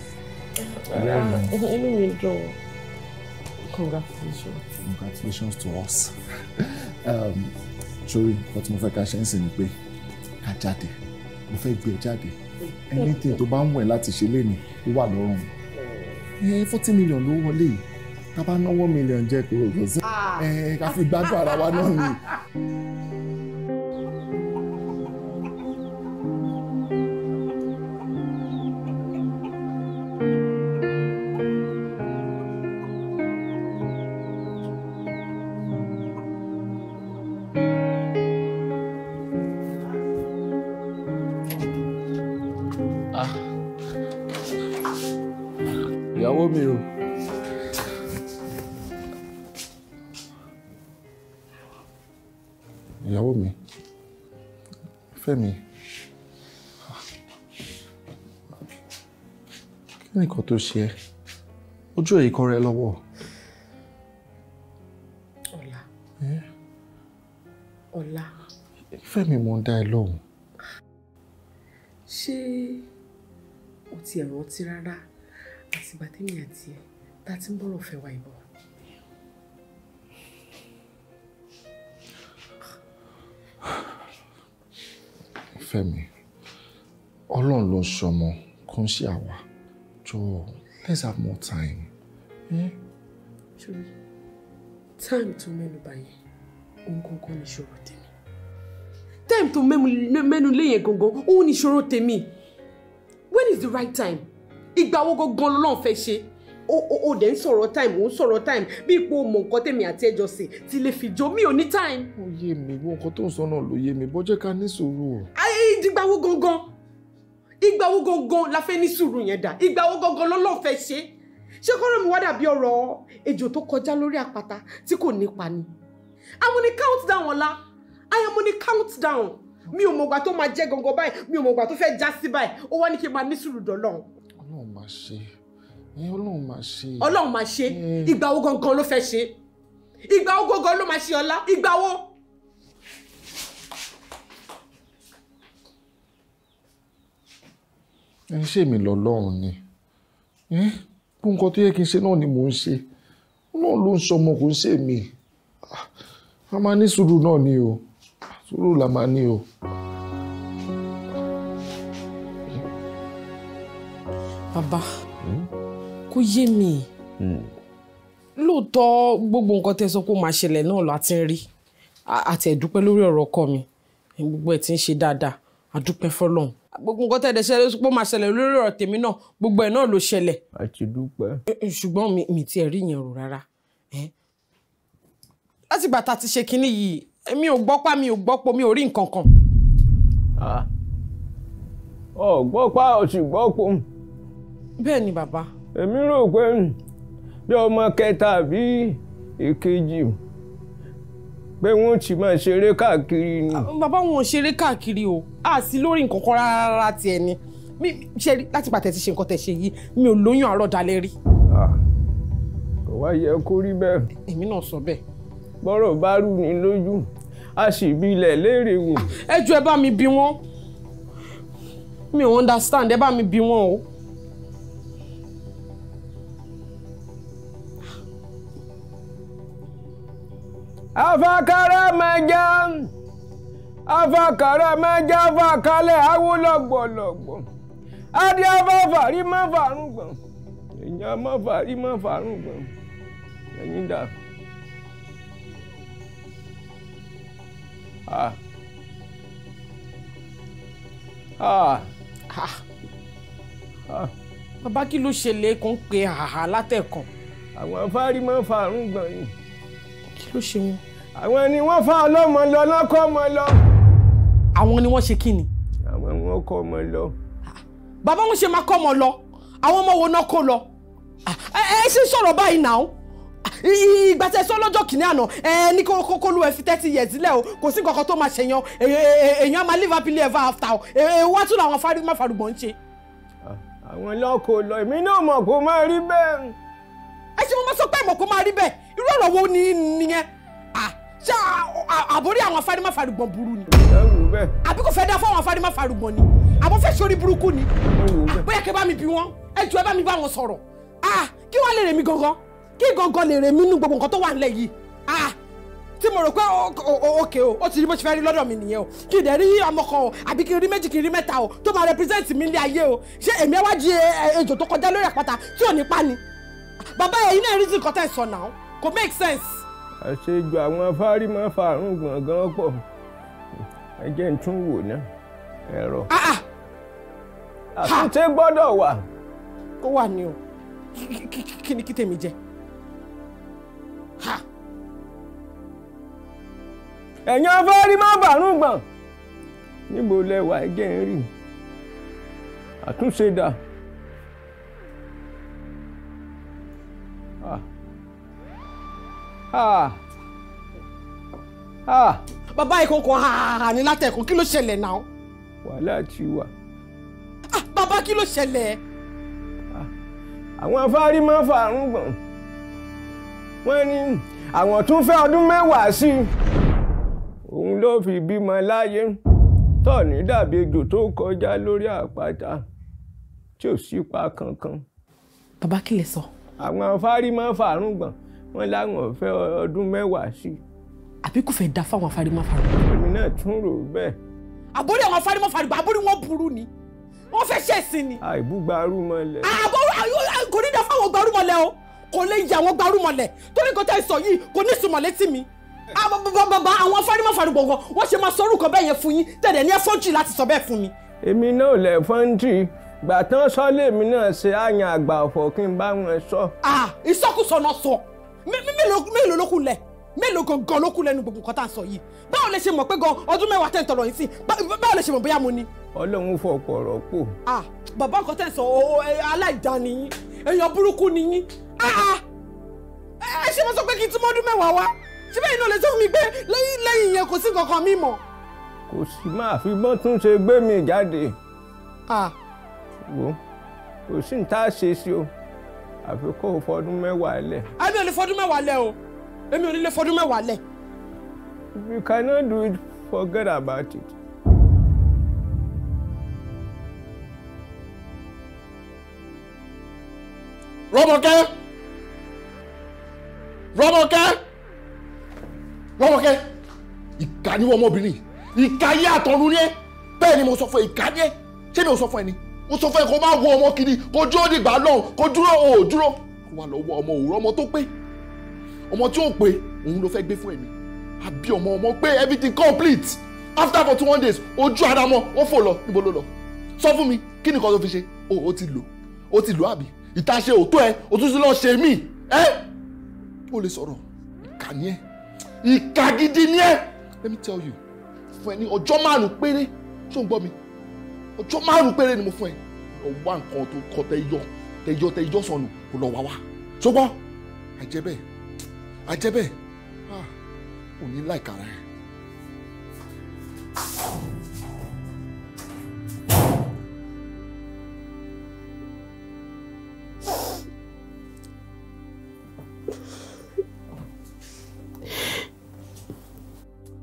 rẹ́rìn. inú congratulations. congratulations to us. Um, sori nǹkan tí mo fẹ́ ká ṣe ń sìn ni pé ká jáde mo fẹ́ gbé ẹ jáde anything tó bá ń wẹ̀ láti ṣe léni ó wà lọ́rùn ẹ forty million ló wọlé yìí tá a bá náwó million jẹ́ kó o lọ sí ah. ẹ ara wa náà ni. nǹkan tó ṣe ẹ́ ojú èyí kan rẹ lọ́wọ́. ọ̀la ọ̀la. ìfẹ́ mi mo ń dá ẹ lóhùn. ṣé o ti ẹ̀ rántí rárá àtìgbà tèmi àti ẹ̀ tá a ti ń bọ̀rọ̀ fẹ́ wa ìbọn. ìfẹ́ mi ọlọ́run ló ń ṣọmọ kó ń ṣe àwa jọ̀ọ́ let's have more time. ṣùgbọ́n eh? time to mẹ́nu bà yẹn òun kankan ní time to mẹ́nu lé yẹn gangan òun ní ìṣòro when is the right time ìgbà wo gangan lọ́n fẹ́ ṣe o dẹ̀ ń sọ̀rọ̀ time ò ń time bí ipò mọ̀ nǹkan tèmi àti ẹjọ́ sè ti lè fi jó mi oni time. Oye mi nǹkan tó ń sọ náà ló yé mi bọ́jẹ́ ká ní sùúrù. ìdìgbà wo gangan ìgbà wo gangan la fẹ́ ní sùúrù yẹn dà ìgbà wo gangan lọ́lọ́run fẹ́ ṣe ṣé kọ́rọ̀ mi wá dàbí ọ̀rọ̀ ejò tó kọjá lórí àpáta tí kò nípa ni àwọn ni countdown ọ̀la àyàmú ni countdown mi ò mọ̀gbà tó máa jẹ́ gangan báyìí mi ò mọ̀gbà tó fẹ́ já sí báyìí ó wá ní kí n máa ní sùúrù dọ̀lọ́run. ọlọ́run máa ṣe ọlọ́run máa ṣe. ọlọ́run máa ṣe ìgbà wo gangan ló fẹ́ ṣe ìgbà wo gangan ló máa ṣe ọlá ìgbà wo. ẹ ṣé mi lọ́lọ́run ni gbogbo nǹkan tó yẹ kí n ṣe náà ni mò ń ṣe náà ló ń sọmọ kò ń ṣe mi a máa ní sùúrù náà ni o sùúrù la máa ní o. bàbá hmm? kò yé mi hmm. lóòótọ́ gbogbo nǹkan tẹ́ sọ pé ó máa ṣẹlẹ̀ náà la ti ń rí àtẹ̀dúpẹ́ lórí ọ̀rọ̀ ọkọ mi gbogbo ẹ̀ ti ń ṣe dáadáa àdúpẹ́ fọlọ́run gbogbo nǹkan tẹ̀lé ṣẹlẹ̀ pé máa ṣẹlẹ̀ lórí ọ̀rọ̀ tèmi náà gbogbo ẹ̀ náà ló ṣẹlẹ̀. a ti dúpẹ́. ṣùgbọ́n mi ti ẹ̀rí yẹn rò rárá láti ìgbà tá a ti ṣe kinní yìí mi ò gbọ́pá mi ò gbọ́pọ̀ mi ò rí nǹkan kan. ọ gbọ́pá ò sì gbọ́pọ̀. bẹ́ẹ̀ ni bàbá. èmi rò pé bí ọmọ kẹta àbí èkejì pé wọn ò tí máa ṣeré káàkiri ni. Ah, bàbá wọn ò ṣeré káàkiri o a sì lórí nǹkan kan rárá tiẹ̀ ni mi ṣe láti pàtẹ ti ṣe nǹkan tẹ́ ṣe yìí mi ò lóyún àárọ̀ dalẹ́ rí. Ah, kò wá yẹ kó rí bẹ́ẹ̀. èmi náà sọ bẹ́ẹ̀. bọ́rọ̀ bá rú ni lójú a sì bí ilẹ̀ léèrè wò. ẹ jọ̀ọ́ ẹ bá mi bí wọn mi ò understand ẹ bá mi bí wọn o. afakaramaja afakaramaja afakalẹ awolọgbọlọgbọ adi afafari mafarungbọn èèyàn mafari mafarungbọn ẹyin dà. Ah. Ah. Ah. Ah bàbá kí ló ṣẹlẹ̀ kó ń pe àhàhà látẹ̀kàn. àwọn afárí máa ń fa gbọ̀n yìí ló ṣe wọn. àwọn ni wọ́n fa ọlọ́mọ lọ lọ́kọ́ ọmọ lọ. àwọn ni wọ́n ṣe kí ni. àwọn ni wọ́n kọ́ ọmọ lọ. bàbá wọn ṣe máa kọ́ ọmọ lọ àwọn ọmọ wo náà kó lọ. ẹ ẹ ṣe sọ̀rọ̀ báyìí náà ìgbà tẹ sọ lọ́jọ́ kìnínní àná ẹ ní kó kó lu ẹ fi thirty years sílẹ̀ o kò sí nǹkan kan tó máa ṣèyàn èèyàn máa live happily ever after o wá tún àwọn afárí má farúgbọ̀n ń ṣe. àwọn lọkọ lọ èmi náà mọ̀ kó máa rí bẹ́ẹ̀. ẹ ṣe mo máa sọ pé mọ̀ kó máa rí bẹ́ẹ̀ irú ọ̀rọ̀ wo ni nìyẹn ah, ṣé àbórí àwọn afárímà farugbọ̀n burú ni. àbí kò fẹ́ dá fún àwọn afárímà farugbọ̀n ni àbọ̀ fẹ́ sori burúkú ni bóyá kẹ́ bá mi bí wọn ẹ jù ẹ bá mi bá wọn sọ̀rọ̀ ah, kí wọ́n lè rè mí gangan kí gangan lè rè mí nínú gbogbo nǹkan tó wà nílẹ̀ yìí ah, tí mo rò pé òkè o ó ti rí bó ṣe fẹ́ rí lọ́dọ̀ mi nìyẹn o kí n dẹ̀ rí ọmọ kan o àbí kí n rí méjì kí n rí mẹ́ta o tó máa represent mi ní ayé o ṣé èmi ẹ wá jí e, e, ejò tó kọjá lórí àpáta tí ò ní pa ni bàbá ẹ̀yin náà rí sí nǹkan tẹ̀ sọ náà kò make sense. àṣejù àwọn fárímọ́ fàrùn gbọ̀ngàn pọ̀ ẹ jẹ́ ń tún wò ná ẹ̀rọ. Ah, ah. àtúnṣe gbọ́dọ̀ wà. ó wà ní o kí ni kí tèmi jẹ. ẹ̀yin afárímọ́ fàrùn gbọ̀n níbo lẹ wà ẹ jẹ́ ń rí àtúnṣe dáa. bàbá ìkókò hàhàhà ní látẹ̀kùn kí ló ṣẹlẹ̀ náà. wàhálà ti wà. Ah, bàbá kí ló ṣẹlẹ̀. àwọn afárí máa ń fa àrùn gbọ̀n wọ́n ní àwọn tún fẹ́ ọdún mẹ́wàá sí i òun ló fi bímọ láyé tọ́ọ̀nì dàbí ejò tó kọjá lórí àpáta tí ò sí pa kankan. bàbá kí lè sọ. àwọn afárí máa fa àrùn gbọ̀n wọ́n láwọn ọ̀fẹ́ ọdún mẹ́wàá sí. àbí kò fẹ́ da fáwọn afárímáfarì. èmi náà tún rò bẹ́ẹ̀. àbórí àwọn afárímáfarì bá àbórí wọn burú ni wọ́n fẹ́ ṣẹ̀sìn ni. àìbú gbarúmọlẹ̀. àbórí kò ní da fáwọn gbarúmọlẹ̀ o kò lè yà wọ́n gbarúmọlẹ̀ torí nǹkan tẹ́ sọ yìí kò ní sùnmọ̀ létí mi bàbá àwọn afárímáfarì gbọ̀ngàn wọ́n ṣe máa sọ orúkọ bẹ́ẹ̀ yẹn fún yín tẹ̀lé ní ẹ̀fọ́ntì láti sọ bẹ́ẹ̀ fún mi. èmi náà lẹ̀ fọ́ntì gbàtàn sọ́lé mi náà ṣe àyàn àgbà ọ̀fọ̀ kí n bá wọn sọ. ìsọkúsọ náà sọ mélòó ló kù lẹ̀ mélòó gangan ló kù lẹ́nu gbogbo nǹkan tá à ń sọ yìí báwo lè ṣe mọ̀ pé gan ọdún mẹ́wàá tẹ̀ ń tọrọ yìí sí báwo lè ṣe mọ̀ bóyá mo ní. ọlọ́run fọ ọ̀pọ̀ ọ̀rọ̀ pò. bàbá nǹkan tẹ̀ ń sọ aláìdáni yín èèyàn burúkú ni yín ẹ ṣe wọ́n sọ pé kí n túmọ̀ ọdún mẹ́wàá wá ṣé bẹ́ẹ̀ iná lè sọ fún mi pé lẹ́yìn yẹn kò sí kankan mi mọ̀. kò sí máa fi bọ́n tún ṣe gbé mi jáde. kò sí ní tá ṣe sí o àfi kó o fọdún mẹ́wàá lẹ̀. àmì ò ní fọdún mẹ́wàá lẹ̀ o èmi ò ní lè fọdún mẹ́wàá lẹ̀. if you cannot do it forget about it. Rọ́mọkẹ́ Rọ́mọkẹ́ Rọ́mọkẹ́ ìkà ni wọ́n ọmọbìnrin ìkà yé àtọ̀run ni ẹ bẹ́ẹ̀ ni mo sọ fún ẹ ìkà ni ẹ ṣé mi ò sọ fún ẹ ni mo sọ fún ẹ kó má wo ọmọ kiri kó dúró dìgbà lọ́hùn kó dúró o dúró kó wà lọ́wọ́ ọmọ òwúrọ̀ ọmọ tó pé ọmọ tí ò pé òun ló fẹ́ gbé fún ẹ̀mí àbí ọmọ ọmọ pé everything complete after forty one days ojú ara mọ ó fò lọ níbo ló lọ sọ fún mi kí nìkan tó fi ṣe o ó ti lò ó ti lò àbí ìtaṣe òótọ́ ẹ o tún ti lọ ṣe mí ẹ ó lè sọ̀rọ̀ ìkà ni ẹ ìkà gidi ni ẹ let me tell you fún ẹ ní ọjọ́ márùn-ún péré ṣó ń gbọ́ mi ọjọ́ márùn-ún péré ni mo fún ẹ lọ wá nǹkan tó kọ tẹyọ tẹyọ tẹyọ sọnù kò lọ wá wá ṣùgbọ́n àjẹbẹ́ àjẹbẹ́ ah, ò ní láìkàrà ẹ̀.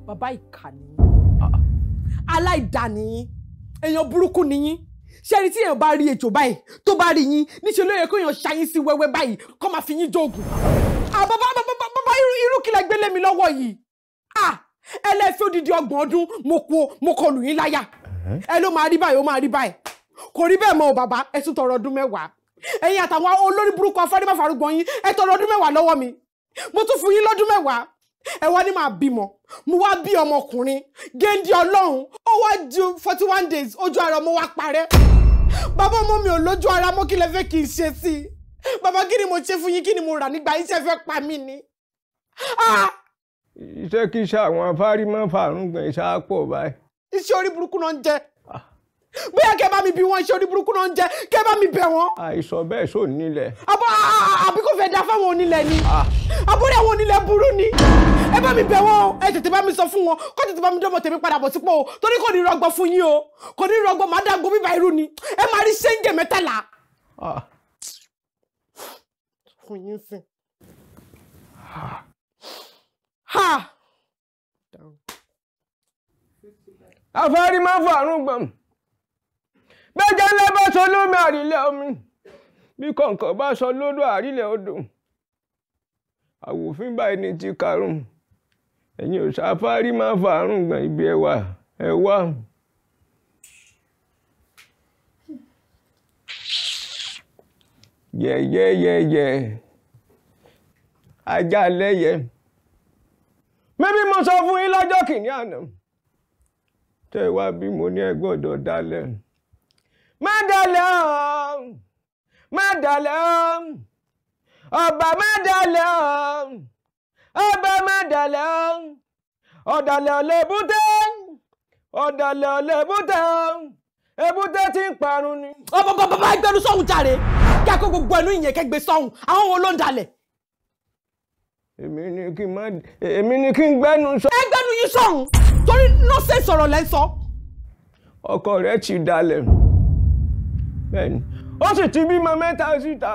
bàbá ìkà nìyí ah, ah. aláìdá nìyí èèyàn burúkú nìyí ṣẹ́ni tí èèyàn bá rí ejò báyìí tó bá rí yín níṣẹ́ ló yẹ kó èèyàn ṣayín sí wẹ́wẹ́ báyìí kó máa fi yín jóògùn. Ah, àbábá bàbá bàbá irú kílẹ̀ gbélé mi lọ́wọ́ yìí ah, ẹlẹ́fẹ́ odidi ọgbọ̀n ọdún mo kú mo kọlù yín láyà ẹ ló máa rí báyìí ó máa rí báyìí kò rí bẹ́ẹ̀ mọ́ o bàbá ẹ tún tọrọ ọdún mẹ́wàá ẹ̀yin àtàwọn olórí burúkú afárímáfàrúgbọ̀n yín ẹ tọrọ ọdún mẹ́wàá lọ́wọ́ mi mo tún fún yín lọ́dún mẹ́wàá ẹ wá ní máa bímọ mo wá bí ọmọkùnrin géńdé ọlọ́run ó wá ju forty one days ojú ara ọmọ wa parẹ́ bàbá ọmọ mi ò lójú ara mọ́ kí lẹ fẹ́ kí n ṣe sí i bàbá kí ni mo ṣe fún yín kí ni mo rà nígbà iṣẹ́ fẹ́ pa mí ni. Ah! iṣẹ́ kí iṣẹ́ àwọn afárí máa ń fa àrùngbọ̀n iṣẹ́ á pọ̀ báyìí. iṣẹ́ orí burúkú náà ń jẹ́ bóyá kẹ bá mi bí wọn ṣe oníburúkú náà ń jẹ kẹ bá mi bẹ̀ wọ́n. àìsàn bẹ́ẹ̀ sọ nílẹ̀. àbọ̀ àbí kò fẹ́ da fáwọn onílẹ̀ ni ah. àbúrò àwọn onílẹ̀ burú ni ẹ bá mi bẹ̀ wọ́n ẹ tètè bá mi sọ fún wọn kó tètè bá mi dọ́mọ tèmi padà bọ̀ sípò o torí kò ní rọgbọ fún yín o kò ní rọgbọ màá dàgbò bíbá irú ni ẹ máa rí ṣéǹjẹ mẹ́tàlá. Ah. fún yín sìn. afárí ah. máa fọ àrùn gbọ̀n gbẹ́jẹ́ ńlá bá sọ lómi àrílẹ̀ omi bí kọ̀ǹkọ̀ bá sọ lódò àrílẹ̀ odò àwòfín bá ẹni tí karùn ẹ̀yin òṣàfárí máa fàárùn gbọ̀n ibi ẹwà ẹwà. yẹ̀yẹ̀yẹ̀yẹ̀ ajá lẹ́yẹ̀ mẹ́bí mo sọ fún yín lọ́jọ́ kìíní àná tẹ́ wá bí mo ní ẹ gbọ́dọ̀ dalẹ̀ má dalẹ̀ ọ́ má dalẹ̀ ọ́ ọba má dalẹ̀ ọ́ ọba má dalẹ̀ ti ń parun ni. ọ̀bọ̀bọ̀ bàbá ẹgbẹ́nu sọ́hùn jàre kí akó gbogbo ẹnu ìyẹn kẹgbẹ́ sọ́hùn àwọn wo ló ń dalẹ̀. èmi ni kí n má èmi ni kí n gbẹ́nu sọ. ẹgbẹ́nu yín sọ̀hún torí nọ́ọ̀sẹ̀ sọ̀rọ̀ lẹ́ ọkọ rẹ ti dalẹ̀ bẹ́ẹ̀ni ó sì ti bímọ mẹ́ta síta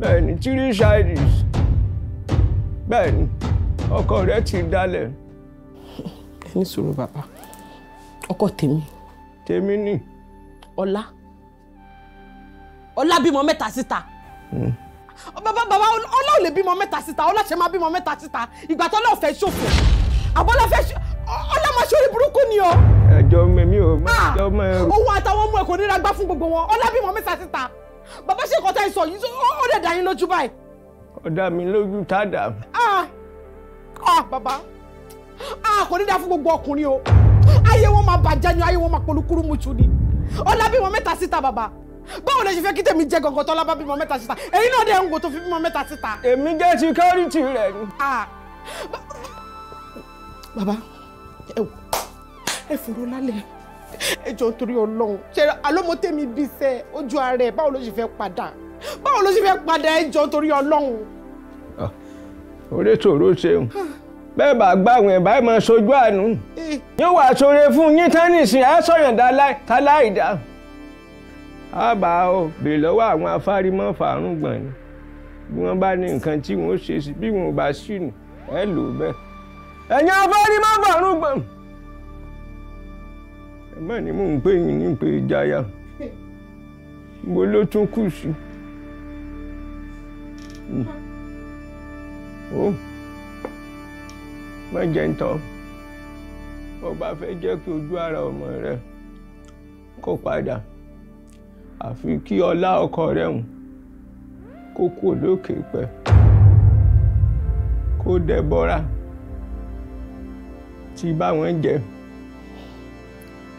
bẹ́ẹ̀ni three children bẹ́ẹ̀ni ọkọ rẹ̀ ti dalẹ̀. ẹ ní sùúrù bàbá ọkọ tèmi. tèmi ni. ọlá ọlá bímọ mẹ́ta síta. Mm bàbá bàbá ọlá ò lè bímọ mẹ́ta síta ọlá ṣe máa bímọ mẹ́ta síta ìgbà tó lọ́ọ́ fẹ́ ṣòfò àbọ́lá fẹ́ ṣòfò aṣọ́rí burúkú ni o. ẹjọ mẹmí o ah, ẹjọ mẹ. owó àtàwọn ọmọ ẹ kò nira gbá fún gbogbo wọn ọlábìmọ mẹ́ta síta bàbá ṣe kọta ìsọ yìí ó dẹ̀ dá yín lójú báyìí. ọ̀dà mi lójú tá a dà. Ah, ah bàbá ah kò ní dáa fún gbogbo ọkùnrin o ayé wọn máa bàjẹ́ ni ayé wọn máa polúkúrú mutu ni ọlábìmọ mẹ́ta síta bàbá báwo lè ṣe fẹ́ kí tèmi jẹ gọ̀gọ̀ tọ́lá bá bímọ mẹ́ta síta èyí náà dẹ̀ ń wò tó fi bímọ mẹ́ta síta. èmi jẹ́ security rẹ̀ ni. Ah, bàbá ẹ wò ẹ fòrò lálẹ́ ẹ jọ torí Ọlọ́run ṣe alómọtẹmí bí sẹ ojú ara ẹ báwo ló ṣe fẹ́ padà báwo ló ṣe fẹ́ padà ẹ jọ torí Ọlọ́run. Ah, orí tòró ṣeun bẹ́ẹ̀ bá gbàwìn ẹ̀ báyìí máa ṣojú àánú eh. yóò wà sóore fún yín tẹ́nìsì àásọ̀yàn táláìdá àbá o bèrè lọ́wọ́ àwọn afárímọ́ fàárùn gbọ̀n ni bí wọ́n bá ní nǹkan tí wọ́n ṣe sí bí wọ́n bá ṣì nù ẹ lò bẹ́ẹ̀. ẹ̀yin afárí má fàánú gbọ̀n ẹ̀ má ni mò ń pè yín ní pé jáyà mo ló tún kù sí. ó má jẹ́ ń tán ọba fẹ́ jẹ́ kí ojú ara ọmọ rẹ kó padà àfi kí ọlá ọkọ rẹ hùn kó kú lókè pẹ́ kó dẹ̀ bọ́ra. ti bá wọn jẹ.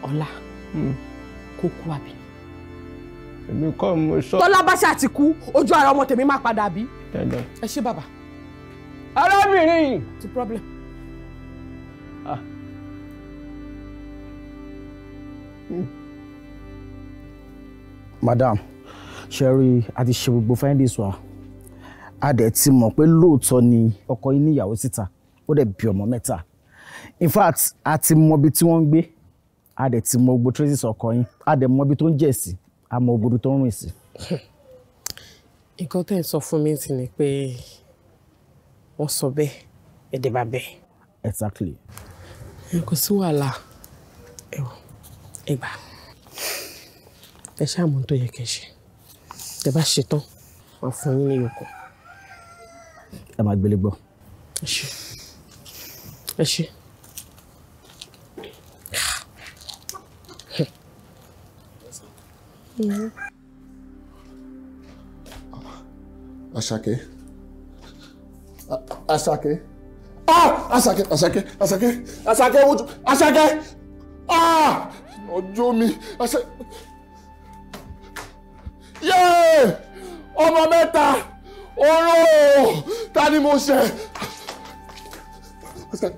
ọ̀la hmm. kó kú àbí. èmi kọ́ mo sọ. tọ́lá bá ṣáà ti kú ojú ara ọmọ tèmi máa padà bí. ẹ ṣé bàbá. arábìnrin. ti problem. Ah. Hmm. madam sherry a ti ṣe gbogbo findings wa a dẹ̀ ti mọ̀ pé lóòótọ́ ni ọkọ yín níyàwó síta ó dẹ̀ bí ọmọ mẹ́ta in fact a ti mọ ibi tí wọ́n ń gbé a dẹ̀ ti mọ gbogbo traces ọkọ yín a dẹ̀ mọ ibi tó ń jẹ̀ sí a mọ gbogbo tó ń rìn sí. nǹkan tẹ́ ẹ sọ fún mi ti ni pé wọ́n sọ bẹ́ẹ̀ ẹ̀dẹ̀ bá bẹ́ẹ̀. exactly. kò sí wàhálà ẹgbà ẹ ṣáàmù tó yẹ kẹ́ ṣe tẹ́ bá ṣetán wọn fún yín ní yòókù. ẹ máa gbélé gbọ́. ẹ ṣe ẹ ṣe. No. Asake. Asake. Ah! Asake, Asake, Asake, Asake, wojú, Asake! Ah! Ọjọ́ mi, Asake. Yéé! Ọmọ mẹ́ta! Oró! Ta ni mo ṣe? Asake,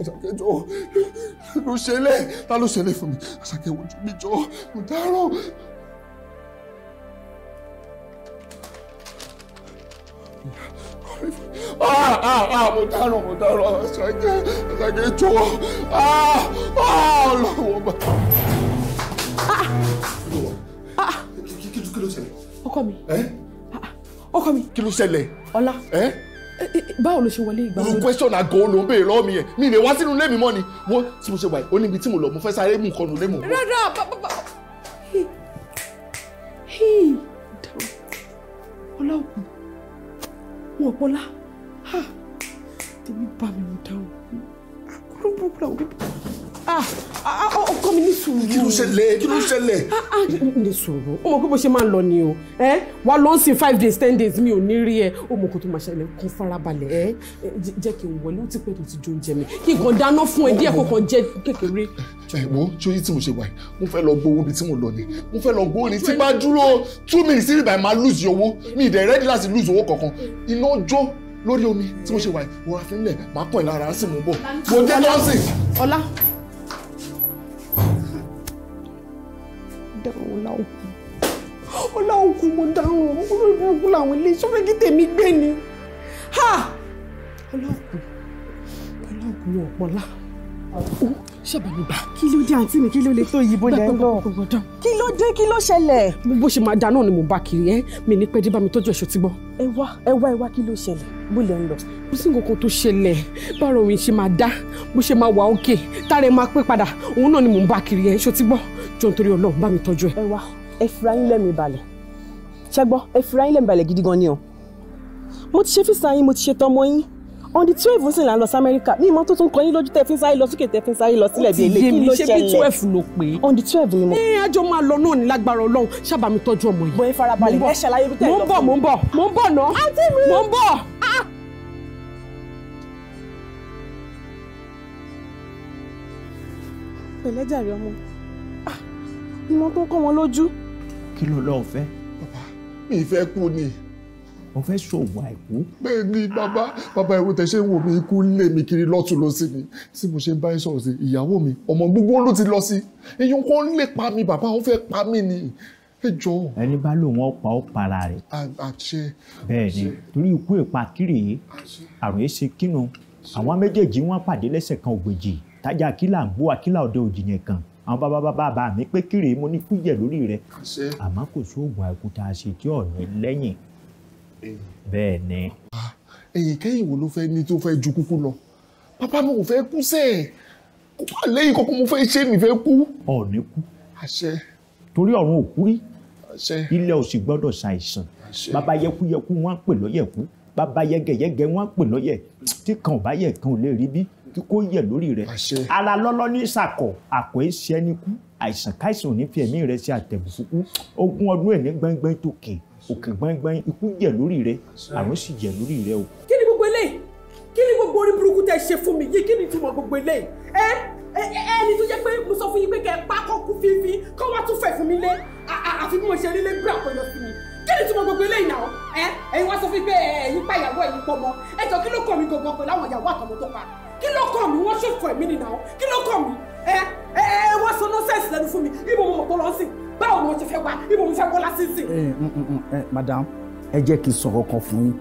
Asake jọ. Ló ṣe lé, ta ló ṣe lé fún mi? Asake wojú mi jọ, mo dárò. Ah, ah, ah, mo dáràn mo dáràn Àṣàkẹ́ Àṣàkẹ́ jọ̀wọ́ ọlọ́wọ́ bá. kí ló ṣẹlẹ̀. ọkọ mi ọkọ mi. kí ló ṣẹlẹ̀. ọlá eh, eh, eh, báwo ló ṣe wọlé ìgbà wo. question àgọ́ ló ń béèrè lọ́wọ́ mi yẹn mi lè wá sínú ilé mi mọ́ ni wọ́n tí mo ṣe wà yìí ó ní ibi tí mo lọ mo fẹ́ sáré mú nǹkan nù lé mọ́. rárá bàbá ọlá òkun wọn bọlá ha tèmi bá mi mú dáwọ kúrúbùkúrà orí Ah, ọkọ mi ní sùúrù. kí ló ṣẹlẹ̀ kí ló ṣẹlẹ̀. Ah, ah, ah, ní sùúrù o mọ̀ pé bó ṣe máa ń lọ ni o eh? wà lọ́n sí five days ten days mi ò ní rí ẹ o mọ̀ kó tó máa ṣẹlẹ̀ kó farabalẹ̀ eh? jẹ́ kí n wọlé ó ti pẹ́ tó ti jó oúnjẹ mi kí n kàn dáná fún ẹ díẹ̀ kó kàn jẹ kékeré. ẹ wo ṣóyí tí mo ṣe wà yìí mo fẹ́ lọ gbowó ibi tí mo lọ ni mo fẹ́ lọ gbowó ni tí bá dúró two minutes sí ibà máa lose owó mi ì dẹ̀ rẹ́dí láti lose owó kankan iná jó lórí omi tí mo ṣe wà yìí mo ra fi ń lẹ̀ máa kọ̀ ẹ̀ lára á sì mú bọ̀ mo dé lọ́sìn. ọlá dáràn ọlá òkú ọlá òkú mo dáràn olórí burúkú làwọn ilé iṣẹ́ fẹ́ kí tèmi gbé ni ọlá òkú ọlá òkú ọ̀pọ̀lá ṣàbẹ̀lúgbà. kí ló dé àǹtí mi kí ló lè tó yìí bó lẹ́ ń lọ kí ló dé kí ló ṣẹlẹ̀. bó ṣe máa da náà ni mò ń bá kiri ẹ mi ní pẹ́ dé bá mi tọ́jú ẹ̀ṣọ́ ti gbọ́. ẹ wá ẹ wá ẹ wá kí ló ṣẹlẹ̀ bó lẹ́ ń lọ. kò sí nǹkan kan tó ṣẹlẹ̀ báwo mi ṣe máa dá bó ṣe máa wà òkè tára ẹ máa pẹ́ padà òun náà ni mò bá kiri ẹ ṣó ti gbọ́ jọ nítorí Ọlọ́run bá mi tọ́jú gidi gan ni o mo ti ṣe fíìsì on the twelve ń sìn là ń lọ sí amẹ́ríkà ní ìmọ̀ tó tún kọ yín lójú tẹ́ fi ń sáré lọ sókè tẹ́ fi ń sáré lọ sílẹ̀ bí èlé kí ló ṣẹlẹ̀ ó ti yé mi ṣé bí twelve ló pé on the twelve ni mo. ẹ àjọ máa lọ náà ní lágbára ọlọ́run ṣàbàmì tọ́jú ọmọ yìí. bóyá farabalẹ̀ ẹ ṣàlàyé bí tẹ́ ẹ lọ fún mi. mo ń bọ̀ mo ń bọ̀ mo ń bọ̀ náà mo ah! ń bọ̀. pẹ̀lẹ́jàre ọmọ ah! ìmọ̀ tó kọ́ wọn lójú. kí ló lọ́ọ́ fẹ́. mi ì fẹ́ wọ́n fẹ́ ṣòwò àìkú. bẹ́ẹ̀ ni bàbá bàbá ìwé tẹ̀ wò mí ikú lé mi kiri lọ́tún lọ sí mi tí mo ṣe ń bá yín sọ̀rọ̀ sí ìyàwó mi ọmọ gbogbo ló ti lọ sí iyùn kan lè pa mi bàbá ó fẹ́ pa mí ni ẹ ẹni bá lòun ọ̀pá ó para rẹ̀. àṣẹ. bẹ́ẹ̀ ni torí ikú ìpa yìí àrùn èsì kínú àwọn méjèèjì wọn pàdé lẹ́sẹ̀ kan ògbèjì tájà kílà ń bó akílà ọ̀dọ̀ òjìyàn kan àwọn bàbá bàbá bàbá mi pé kiri mo ní kújẹ lórí rẹ àmọ́ kò sóògùn àìkúta àṣetí ọ̀nà lẹ́yìn bẹ́ẹ̀ ni. ẹ̀yìn kẹ́yìn wo ló fẹ́ ní tó fẹ́ ju kúkú lọ pápá mi ò fẹ́ kú sẹ́ẹ̀ kó wà lẹ́yìn kọ́kọ́ mo fẹ́ ṣe mi fẹ́ kú. ọ̀ kú. àṣẹ. torí ọ̀run ò kú rí. àṣẹ. ilẹ̀ ò sì gbọ́dọ̀ ṣàìsàn. àṣẹ. bàbá yẹkuyẹku wọn pè lọ́yẹ̀kú bàbá yẹgẹyẹgẹ wọn pè lọ́yẹ̀ tí kan ò bá yẹ kan ò lè rí bí kí kó yẹ lórí rẹ. ara lọ́lọ́ ní sàkọ̀ àkọ́ ìṣẹ́ ní kú àìsàn káìsàn ò ní fi ẹ̀mí rẹ ṣe àtẹ̀bùfúkú ogún ọdún ẹ̀ ní gbẹ́ngbẹ́ng tó kè òkè gbangban ikú jẹ lórí rẹ àrùn sì jẹ lórí rẹ o. kí ni gbogbo eléyìí kí ni gbogbo orí burúkú tẹ ṣe fún mi yìí kí ni ìtumọ̀ gbogbo eléyìí ẹ ẹni tó jẹ pé mo sọ fún yín pé kẹ ẹ pa kọkú fífi kọ wá tún fẹ fún mi lé àfi bí mo ṣe rí lé gbé àpọyọ sí mi kí ni ìtumọ̀ gbogbo eléyìí náà ẹ ẹ̀yin wá sọ fún mi pé ẹ̀yin pa ìyàwó ẹ̀yin pọ̀ mọ́ ẹ jọ kí ló kàn mí gbogbo pẹ̀lú àwọn ìyàwó àtọmọ tó pa kí ló kàn mí wọ́n ṣòfò ẹ̀mí nìyàwó kí ló kàn mí ẹ ẹ wọ́n sọ nọ́sẹ̀sì lẹ́nu fún mi ibo mo mọ̀ tó lọ sí báwo ni mo ti fẹ́ wá ibo mo fẹ́ wọ́lá sísìn. ẹ madam ẹ jẹ́ kí n sọ̀rọ̀ kan fún yín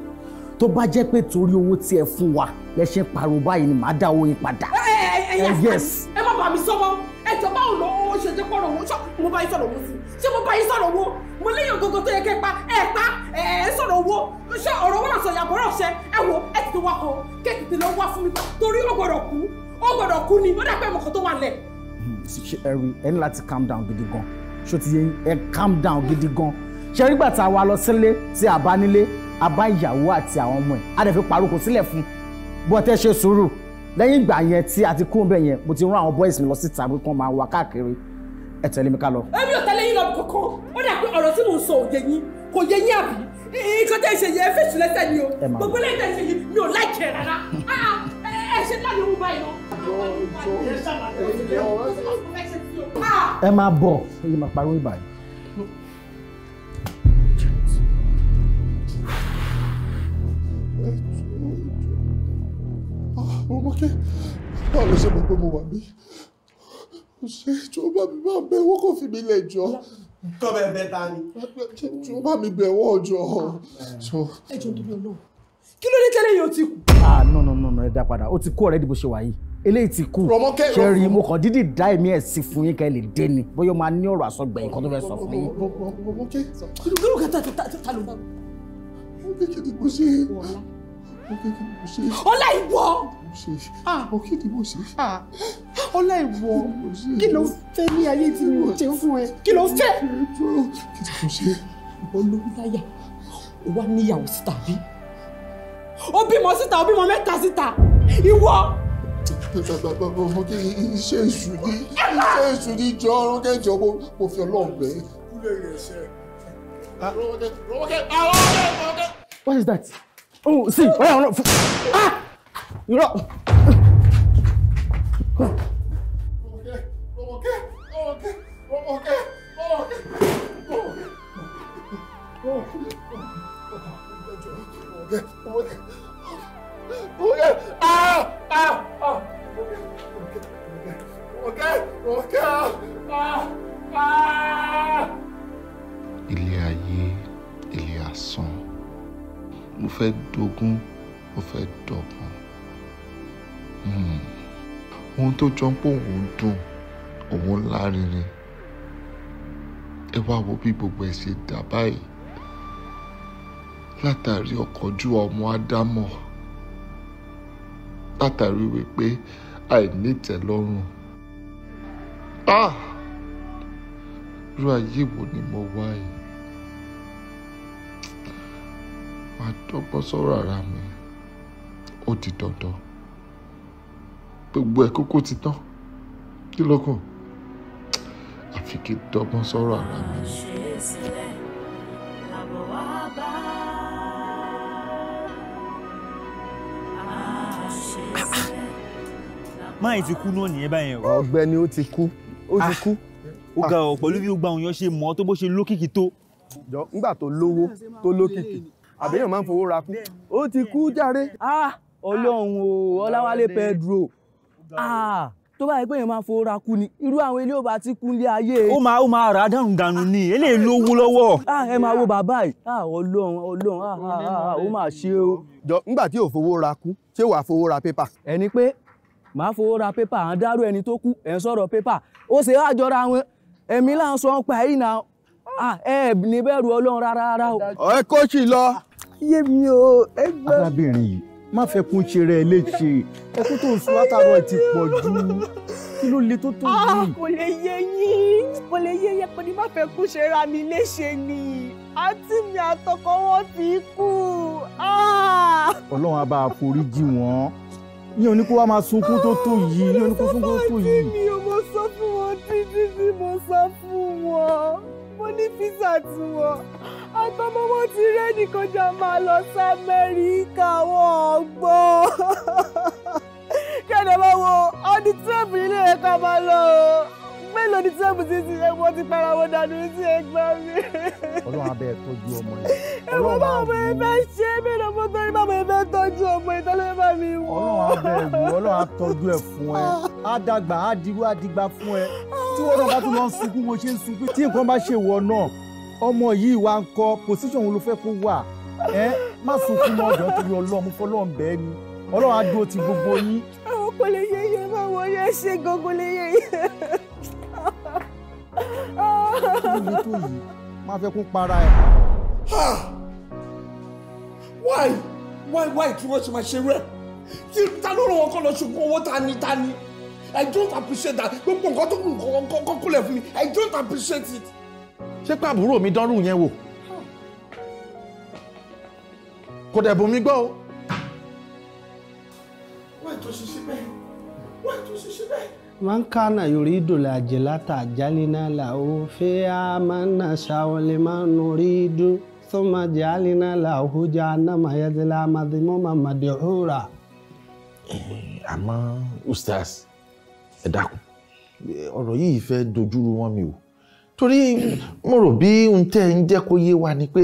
tó bá jẹ́ pé torí owó tí ẹ fún wa lẹ ṣe ń pariwo báyìí ni màá dá owó yín padà. ẹ eh, ẹ eh, eh, yes ẹ má bà mí sọ́mọ́ ẹ jọ báwo lọ owó ṣe jẹ́ pọ̀rọ̀ owó ṣọ́ mo bá yín sọ̀rọ̀ owó sí ṣé mo bá yín sọ̀rọ̀ owó mo léyìn ògógó tó yẹ kẹ́ pa ẹ pa ẹ ẹ sọ̀rọ̀ owó ṣé ọ̀rọ̀ wọn àṣọ ìyàbọ̀ rẹ̀ ṣe ẹ wo ẹ ti wá kan kéèkì ti lọ wá fún mi torí ó gbọ́dọ̀ kú ó gbọ́dọ̀ kú ni ó dàgbẹ́ mọ̀kàn tó wà lẹ̀. Hmm, ẹ rí ẹ ní láti calm down gidi gan-an ṣó ti yẹ ẹ calm down gidi gan ṣe rí gbà tá a wá lọ sílé tí a bá nílé a bá ìyàwó àti àwọn ọmọ ẹ̀ a dẹ̀ fi paroko sílẹ̀ fún bọ́tẹ́ ṣe sùúrù lẹ́yìn ìgbà yẹn tí a ti kúrò bẹ́ẹ̀ yẹn mo ti rán àwọn boys mi lọ síta pé kán máa wà káàkiri ẹ tẹ̀lé mi ká lọ. èmi ò tẹ́lẹ̀ yín lọ kankan ó dà pé ọ̀rọ̀ tí mò ń sọ ò yé yín kò yé yín àbí nǹkan tẹ́ ẹ ṣe yẹ ẹ fèsì lẹ́sẹ̀ ni o gbogbo lẹ́yìn tẹ́ ẹ ṣe yìí mi ò láìkẹ́ rárá ah, ah, ẹ ṣe láti mú báyìí lọ ẹ máa bọ̀ ẹ máa pariwo ìbàdàn. ọmọkẹ báwo ló ṣe mọ̀ pé mo wà bí kò ṣe tí ó bá mi bá bẹ owó kò fi mi lẹ̀ jọ. tọ́ bẹ bẹ ta ni. tí ó bá mi bẹ ọwọ́ ọjọ́. ẹ jọ nítorí Ọlọ́run kí ló dé tẹ́lẹ̀ yìí ó ti kú. ah no no no ẹ dá padà ó ti kú ọ̀rẹ́dì bó ṣe wà eléyìí ti kú ṣẹ́rí mo kàn dídì dá èmi ẹ̀ sí fún yín kẹ́ lè dé ni bóyá máa ní ọ̀rọ̀ àsọgbẹ̀yìn kan tó fẹ́ sọ fún yín. kúrò kẹta ta ló bá ọlá ìwọ ah! ah! ọlá ìwọ kí ló fẹ́ ní ayé tí mo jẹ fún ẹ kí ló fẹ́. olówóláyà wà níyàwó síta bí ó bímọ síta ó bímọ mẹ́ta síta ìwọ iṣẹ́ èṣù ni iṣẹ́ èṣù ni jọ ọrùn kẹjọ mo fi ọlọ́run What is that? Oh, see, why am I not? Ah! You're up. Rọ́wọ́kẹ́ rọ́wọ́kẹ́ rọ́wọ́kẹ́ rọ́wọ́kẹ́ rọ́wọ́kẹ́. Rọ́wọ́kẹ́. Ah! Ah! Ah, ah. ilé ayé ilé asán mo fẹ́ dogún mo fẹ́ dọ̀gbọ́n hmm. ohun tó jọ ń pò òun dùn òun lárinrin ẹ wá wo bí gbogbo ẹ ṣe dà báyìí látàrí ọ̀kánjú ọmọ ádámọ̀ látàrí wípé àìnítẹ̀lọ́rùn ah irú ayé wo ni mo wá yìí máa dọ́gbọ́n sọ̀rọ̀ ara mi ó di dandan gbogbo ẹ̀ kókó ti tán kí ló kù àfi kí dọ́gbọ́n sọ̀rọ̀ ara mi. máyì ti kú náà nìyẹn báyẹn o. ọ̀gbẹ́ni ó ti kú ó ti ah. kú ó ga ọ ah. pẹ̀lú bí gbogbo àwọn èèyàn ṣe mọ̀ tó bó ṣe lókìkí tó. jọ nígbà tó lówó tó lókìkí àbẹ̀yàn máa ń fowó ra kú ó ti kú járe. Ah, ọlọ́run o ọláwálé pedro tó bá yẹ pé èèyàn máa fowó ra kú ni irú àwọn ilé òbá ti kún lé ayé. ó máa ó máa rà á dànù dànù ni eléyìí lówó lọ́wọ́. ẹ máa wo bàbá yìí ọlọ́run ọlọ́run ó máa ṣe o. jọ nígbà tí ò fowó ra kú ṣé wàá fowó ra pépà. ẹni pé màá fowó ra pépà à ń dárò ẹni tó kú ẹ̀ ń sọ̀rọ̀ pépà ó ṣe é àjọra wọn èmi là ń sọ ń pa yìí náà ẹ ní bẹ̀rù ọlọ́run rárá rárá o. ẹ kó sì lọ. yé mi o ẹ gbọ́. arábìnrin yìí má fẹ́ kún ṣe rẹ̀ léṣe ẹkún tó ń sun látàrọ ẹ̀ ti pọ̀ jù kí ló le tó tó ah, yìí. kò lè yé yín kò lè yé yín pé ní má fẹ́ kún ṣe ra mi léṣe ni àǹtí mi àtọkọ wọn ti kú. Ah. ọlọ́run á bá a forí jì wọ́n ní oníkó wa máa sunkún tó tó yìí ní oníkó sunkún tó tó yìí. mi ò mọ sọ fún wọn títí tí mo sọ fún wọn mo ní físà tí wọn àtọmọ wọn ti rẹ́ẹ̀dì kọjá máa lọ sí amẹ́ríkà wọn ọgbọ́n kẹ́ni ọmọ wo ọdún tí èbìrì lè ká máa lọ o mélòó ni sẹ́ẹ̀bù sí ti ẹ̀wọ́ ti para wọn dànù sí ẹgbẹ́ mi. ọlọ́run abẹ́ tọ́jú ọmọ yìí. ẹ̀wọ́n bá ọmọ yẹn fẹ́ ṣe mí lọ mọ́ torí ọmọ yẹn fẹ́ tọ́jú ọmọ yẹn tọ́lẹ́ bá mi wọ́. ọlọ́run abẹ́ ìlú ọlọ́run atọ́jú ẹ̀ fún ẹ á dàgbà á dirú á digba fún ẹ tí wọn náà bá tún lọ ń sunkún mo ṣe ń sunkún tí nǹkan bá ṣe wọ náà ọmọ yìí wà ń kọ pòsíṣàn òun ló fẹ́ kó wà ẹ má kí ni tó yìí máa fẹ́ kó para ẹ̀. why why why tí wọ́n ṣe máa ṣe rẹ̀ tí ta ló ràn wọ́n kọ́ lọ ṣùgbọ́n owó ta ni ta ni i don't appreciate that gbogbo nǹkan tó kù kọ́ kúlẹ̀ fún mi i don't appreciate it. ṣé pàbúrò mi dánrù yẹn wò kò dẹ̀ bomi gbọ́ o. wọ́n ètò ṣíṣe bẹ́ẹ̀ wọ́n ètò ṣíṣe bẹ́ẹ̀. من كان يريد العجلة جعلنا له فيها من نشاء لمن نريد ثم جعلنا له جهنم يدلى مذموما مدحورا àmọ́ ustaz ẹ dákun ọ̀rọ̀ yìí fẹ́ dojúrú wọn mi o torí mo rò bí n tẹ́ ń kó yé wa ni pé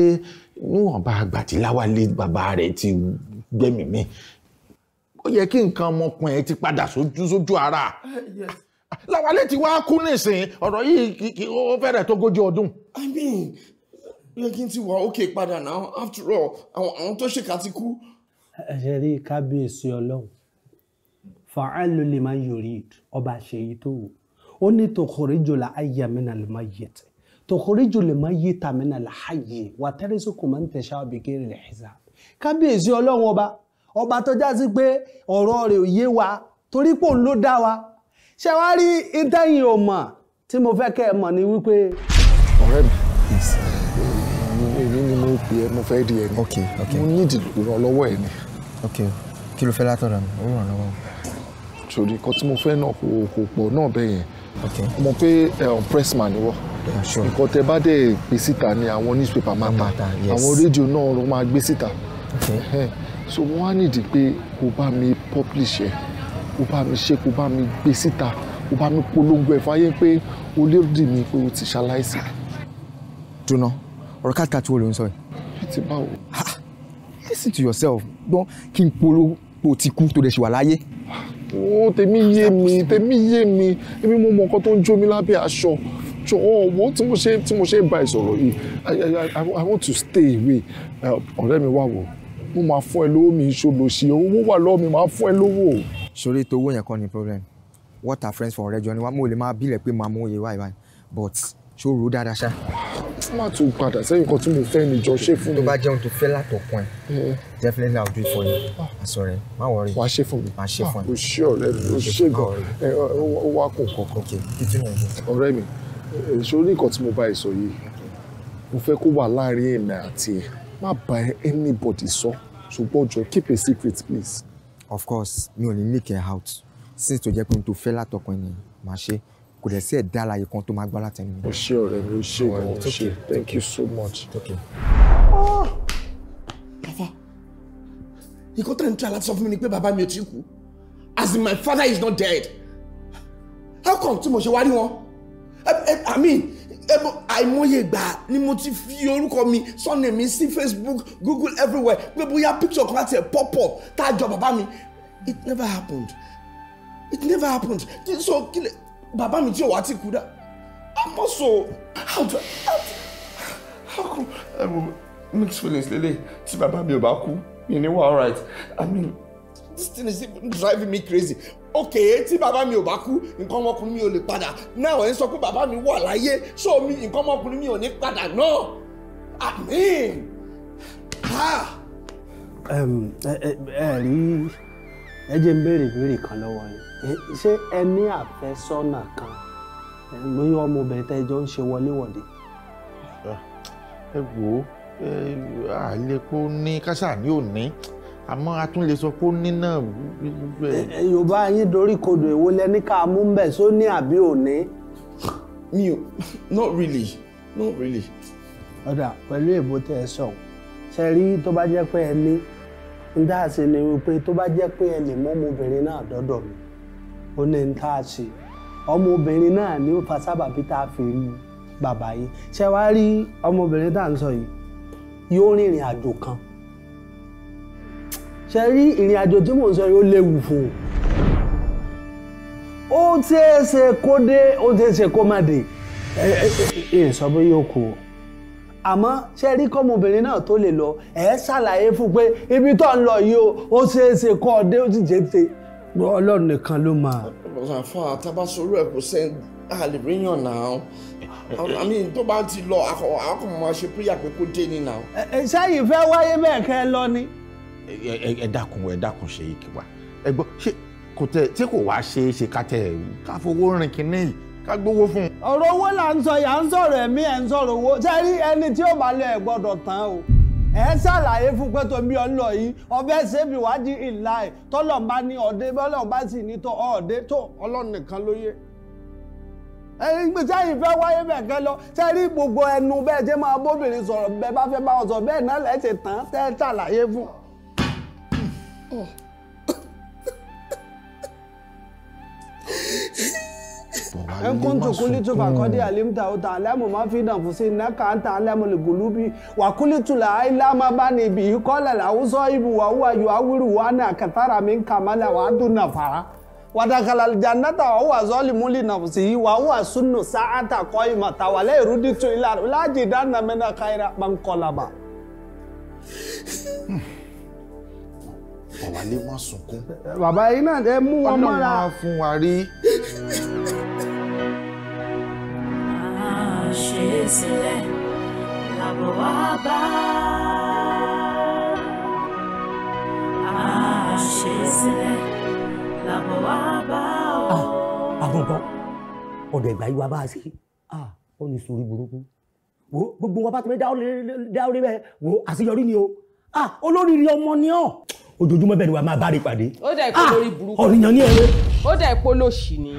níwọ̀nba àgbàtí láwálé bàbá rẹ̀ ti gbẹ́mìí mi ó yẹ kí nǹkan ọmọkùnrin ẹ ti padà sójú sójú ara Láwálé ti wá kú nísìn ọ̀rọ̀ yìí kí ó fẹ́rẹ̀ tó gójì ọdún. I mean yẹ kí n ti wà òkè padà náà after all àwọn tó ṣèkà ti kú. ẹsẹ rí kábíyèsí Ọlọ́run fàálù lè máa yòrí ọba àṣeyí tó wù ó ní tòkòríjò la ayé àmínà lè máa yẹ tẹ tòkòríjò lè máa yẹ tàmínà lè háyè wà tẹrẹsì kò máa ń tẹṣà bìkẹ́ rẹ̀ ẹ̀sà kábíyèsí Ọlọ́run ọba ọba tó já sí pé ọ̀rọ̀ rẹ̀ ò yé wa torí pò ń ló dá wa ṣé wàá rí ìtẹ̀yìn ò mọ̀ tí mo fẹ́ kẹ́ ẹ mọ̀ ni wípé. ọ̀rẹ́ mi èmi ni mo pè é mo fẹ́ di ẹni mo nídìí ìrànlọ́wọ́ ẹ ni. kí ló fẹ́ látọ̀dọ̀ mi ó ràn lọ́wọ́. torí nǹkan tí mo fẹ́ náà kò kò pọ̀ náà bẹ́ẹ̀ yẹn mo pé eh, pressman ni wọ́n nǹkan tẹ bá dẹ̀ gbé síta ni àwọn newspaper máa ta àwọn rédíò náà ló máa gbé síta so mo wá nídìí pé kó bá mi publish ẹ̀ kó bá mi ṣe kó bá mi gbé síta kó bá mi polongo ẹ̀ fáyé pé o lè rí mi pé o ti ṣaláìsí. dùnà ọ̀rọ̀ káàtà tí wọ́n lè sọ yìí. bí ti báwo. listen to yourself gbọ́n kí n polówó pé o ti kú tó dẹ̀ ṣì wà láyé. ó tèmi yé mi tèmi yé mi èmi mo mọ nǹkan tó ń jó mi lábẹ́ aṣọ jọ̀ọ́ wo tí mo ṣe tí mo ṣe bá ìsọ̀rọ̀ yìí i i i want to stay away ọ̀rẹ́ mi wà wò mo máa fún ẹ lówó mi ìṣòlò owó wà lọ́wọ́ mi máa fún ẹ lówó. sori tó owó yẹn kọ́ ni problem what are friends for ọ̀rẹ́jọ ni wá mo lè máa bílẹ̀ pé màá mú oyè wáyé wáyé but ṣó ro dáadáa ṣá. má tún padà sẹ́yìn kan tí mo fẹ́ níjọ ṣe fún mi. tó bá jẹun tó fẹ́ látọ̀kùn ẹ̀ definitely I'll do it for you àsọ̀rẹ́ má wọrí. wàá ṣe fún mi wàá ṣe fún mi. Ah, o ṣe ọ̀rẹ́ mi o ṣe gan ọ wá kún kankan. ok títí mo gbọ́. ọ̀rẹ́ mi sori nǹkan tí mo bá ẹ sọ yìí mo fẹ́ kó wà láàrin èmi àti ẹ̀ má bá anybody sọ. So ṣùgbọ́n jọ keep a secret please. of course mi ò ní leak ẹ out since tó jẹ́ pé n tó fẹ́ látọkàn ènìyàn máa ṣe kò dẹ̀ sí ẹ̀dá alààyè kan tó máa gbọ́ látẹnu mi. o ṣé ọ̀rẹ́ mi o ṣé ìwọ o ṣé thank you so much. Ah! bàbá nǹkan tẹ̀ ń try láti sọ fún mi ni pé bàbá mi ò tí kú as in my father is not dead how come tí mo ṣe wá rí wọn i mean ẹbọ àìmọye ìgbà ni mo ti fi orúkọ mi sọ́nà mi sí facebook google everywhere pé bóyá picture kan láti ẹ̀ pọ́pọ̀ tá a jọ bàbá mi it never happened it never happened so kílẹ̀ bàbá mi tí ò wá ti kú dá i'm also how do how come ẹ wo mixed feelings lélẹ̀ tí bàbá mi ò bá kú mi ní wà alright i mean this thing is driving me crazy okay tí bàbá mi ò bá kú nǹkan ọmọkùnrin mi ò lè padà náà ẹ̀ ń sọ pé bàbá mi wà láyé so mi nǹkan ọmọkùnrin mi ò ní padà náà amen ha. ẹ rí ẹ jẹ́ ń béèrè ìbéèrè kan lọ́wọ́ yín ṣé ẹ ní àfẹ́sọ́nà kan lóyún ọmọbìnrin tẹ́ ẹ jọ ń ṣe wọléwọ̀de. ẹ wò ó a ní kásá ni ò ní àmọ́ a tún lè sọ pé ní náà. Eh, eh, yorùbá yín dorí kodò èwo lẹni ká mú bẹ́ẹ̀ só ní àbí òní. mi ò not really not really. ọ̀dà pẹ̀lú èbó tẹ́ ẹ sọ ṣe rí tó bá jẹ́ pé ẹ ní n tá a ṣe ni wípé tó bá jẹ́ pé ẹ lè mú ọmọbìnrin náà dọ́dọ̀ mi ó ní n tá a ṣe ọmọbìnrin náà ni ó fa sábàbí tá a fi rí bàbá yìí ṣe wá rí ọmọbìnrin tá à ń sọ yìí yóò rìnrìn àjò kan ṣe rí ìrìn àjò tí mò ń sọ yìí ó léwu fún un ó tẹ̀sẹ̀ kó dé ó tẹ̀sẹ̀ kó má dé ẹ ẹ sọ pé yóò kú àmọ́ ṣe rí kọ́mọbìnrin náà tó lè lọ ẹ̀ ṣàlàyé fún pé ibi tó ń lọ yìí ó ṣeéṣe kó o dé ó sì jẹ́ tè ọlọ́run nìkan ló máa. àfa àtàbàṣọrú ẹ kò sẹ́yìn àlèríyàn náà I mean tó bá ti lọ akọ̀ máa ṣe prayer pé kó dé ní náà. ṣẹ́yìn fẹ́ wáyé bẹ́ẹ̀ kẹ́ lọ ni ẹ dákun ẹ dákun ṣe yìí wá ẹ gbọ́ ṣé kò tẹ tí kò wá ṣe é ṣe ká tẹ ká fowó rìn kínní yìí ká gbowó fún un. ọ̀rọ̀ owó là ń sọ yà ń sọ̀rọ̀ ẹ̀mí ẹ̀ ń sọ̀rọ̀ owó ṣe rí ẹni tí ó bá lọ ẹ̀ gbọ́dọ̀ tán o ẹ ṣàlàyé fún pé tóbi ọlọ yìí ọbẹ ṣebí wádìí ìlà ẹ tọlọ́run bá ní ọdẹ bọlọ́run bá sì ní tọ ọdẹ tó Ọlọ́run nìkan ló yé ìgbésẹ̀ ìfẹ́ wáyé bẹ́ẹ̀ kẹ́ lọ tẹ́ rí gbogbo ẹnu bẹ́ẹ̀ jẹ́ máa bóbìnrin sọ̀rọ̀ bẹ́ẹ̀ bá fẹ́ bá wọn sọ bẹ́ẹ̀ náà lẹ́sẹ̀ tán tẹ́ ṣàlàyé fún. Oh. in kuntu kulitu fa kodi alimta wa ta'lamu ma fi fusi innaka anta alamul gulubi wa kulitu la ilama bani bi qala la usaibu wa huwa yuawiru wa ana kathara min kamala wa aduna fara wa dakhala al jannata wa huwa zalimun li nafsihi wa huwa sunnu sa'ata qaimata wa la yuruditu ila la jidanna min khaira man qalaba Ọ̀wálé má sunkún. bàbá yìí náà ẹ mú wọn mọ́ra. ọlọ́run á fún wa rí. àṣe sílẹ̀ làbọ̀ wá bá. àṣe sílẹ̀ làbọ̀ wá bá. Ah, àbọ̀bọ̀ ọ̀dọ̀ ìgbà yìí wá bá a sí ah, ó ní sórí burúkú wo gbogbo wa bá ti fẹ́ dáwọ́ lé bẹ́ẹ̀ wo àṣeyọrí ni o ah, olóríire ọmọ ni ọ́ ojoojúmọ́ bẹ́ẹ̀ ni wà máa bá rí pàdé. ó dẹ̀ ipò ah! lórí burúkú ọ̀rìyàn ní ẹ̀rọ. ó dẹ̀ ipò lòṣì ni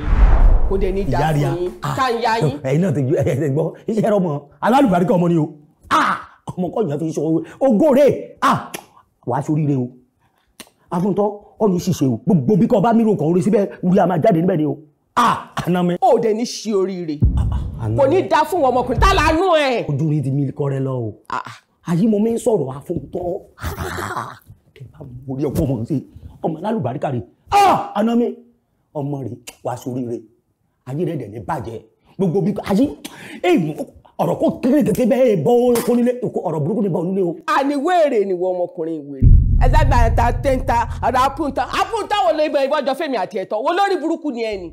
kò dẹ̀ ní dà fún yín ká ń ya ah! yín. ẹ̀yin náà ti gbọ́ iṣẹ́ ẹ̀rọ mọ́ alálùbáríkà ọmọ ni o ah! ọmọ kọ́ ìyàn fi sọ ogóre wàá sórí rẹ o afúntọ́ ọ̀nà ìṣiṣẹ́ o gbogbo bí kò bá mírò kan orí síbẹ̀ wúlé a máa jáde níbẹ̀ ni o àná mi. ó dẹ̀ ní ṣe oríire kò ní da fún ọmọkùnrin tá lánú ẹ̀. ojú rí ti mi kọ́ rẹ lọ o àyè mo mi ń sọ̀rọ̀ afúntọ́ tẹ́ bá mórí ọkọ mọ̀ sí ọmọ lálùbáríkà rẹ̀ àná mi ọmọ rẹ̀ wá sórí rẹ̀ ayé rẹ̀ dẹ̀ ní bàjẹ́ gbogbo bí ayé ọ̀rọ̀ kò kéré kété bẹ́ẹ̀ bọ́ kó nílé ọ̀rọ̀ burúkú ni bọ́ nílé o. àníwèrè ni wọ́n ọmọkùnrin ìwèrè ẹ̀dàgbàta tẹ́ńtà ọ̀rọ̀ apúntà apúntà wo lè bẹ ìbọ́jọ́ fèmí àti ẹ̀tọ́ wo lórí burúkú ni ẹni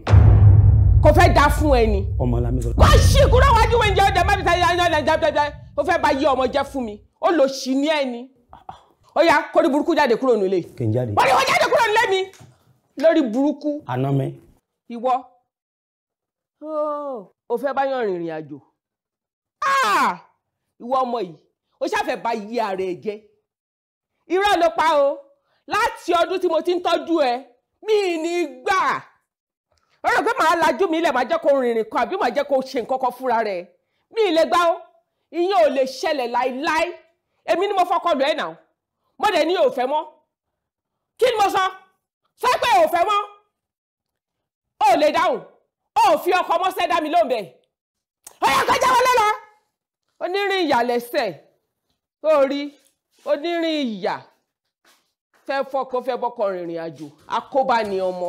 kò fẹ́ da fún ẹni. ọmọ lami sọ. kò sí kúrò wájú wẹ̀ǹjẹ̀ ọ̀dẹ̀ má bìtá yáyá ọ̀dẹ̀ jábẹ́jábẹ́ ó fẹ́ bá yí ọmọ jẹ́ fún mi ó lọ sí ní ẹni ó yá kórí burúkú jáde kúrò nílé. kì í jáde. wọ́n ní wọ́n jáde kúrò nílé mi lórí burúkú. àná mi. ìwọ o fẹ́ bá yàn rìnrìn àjò ah! ìwọ ọmọ yìí ó ṣàfẹ́ bá yí ara ẹ̀ jẹ́ irọ́ ló pa o láti ọdún tí mo ti ń tọ́jú ẹ mi ní gbà ó rò pé màá lajú mi ilẹ̀ màá jẹ́ kó rìnrìn kan àbí màá jẹ́ kó ṣe nǹkan kan fúnra rẹ̀ mi ì lè gbà ó ìyẹn ò lè ṣẹlẹ̀ láéláé èmi ni mo fọkọ lọ ẹ̀ náà mo dẹ̀ ní òfẹ́ mọ́ kí ni mo sọ sọ pé òfẹ́ mọ́ ò lè dáhùn ò fi ọkọ mọ́ sẹ́dá mi lóun y'a ọ̀yà kọjá wọlé lọ onírìn ìyàlẹ́sẹ̀ tó rí onírìn ìyà fẹ́ fọkọ fẹ́ bọ́kọ rìnrìn àjò akóbá ni ọmọ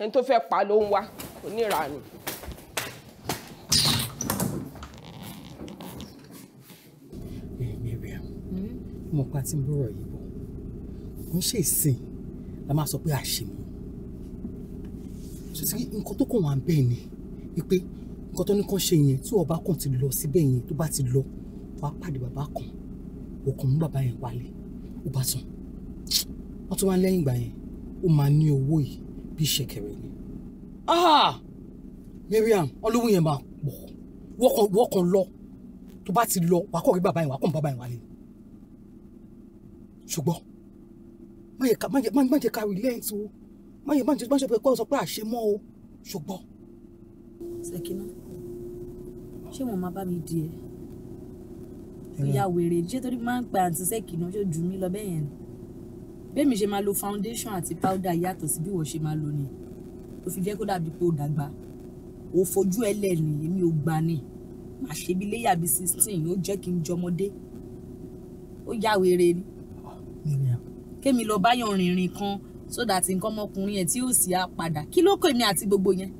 ẹni tó fẹ́ pa ló ń wá onírànù. mo pa tí ń bọ̀rọ̀ yìí bọ̀ kò ń ṣe ìsìn la máa sọ pé a ṣe mọ́ ṣùtì nǹkan tó kàn wá ń bẹ́ẹ̀ ni wípé nǹkan tó ní kàn ṣe yẹn tí ọba kan ti lọ síbẹ̀ yẹn tó bá ti lọ wàá pàdé bàbá kan òkun mú bàbá yẹn wálé ó bá tán wọ́n tún wá lẹ́yìn ìgbà yẹn ó máa ní owó yìí bí ṣẹ̀kẹ̀rẹ̀ ni. Mariam olówó yẹn máa pọ̀ wọ́kàn lọ tó bá ti lọ wàá kọ̀ rí bàbá yẹn wàá kọ̀ bàbá yẹn wálé ṣùgbọ́n má jẹ́ ká relent o má jẹ́ má jẹ́ má ṣe pé kọ́ sọ pé àṣemọ́ o ṣùgbọ́n. Ṣèkínà ṣé wọn máa bá mi di ẹ ìyá wèrè ṣé torí máa ń pa àǹtí Ṣèkínà ṣó jù mí lọ bẹ́ẹ̀ yẹn ni bẹ́ẹ̀ mi ṣe máa lo foundation àti powder yàtọ̀ sí bí wọ́n ṣe máa lo ni ó fi jẹ́ kó dàbí pé ó dàgbà ó fojú ẹ lẹ́nu èmi ò gbà ni màá ṣe bí léyà bíi sixteen ó jẹ́ kí n jọmọdé ó yá wèrè ni kémi lọ báyọ̀ rìnrìn kan so that nǹkan ọmọkùnrin yẹn tí ó sì á padà kí ló kọ́ èmi àti gbogbo yẹn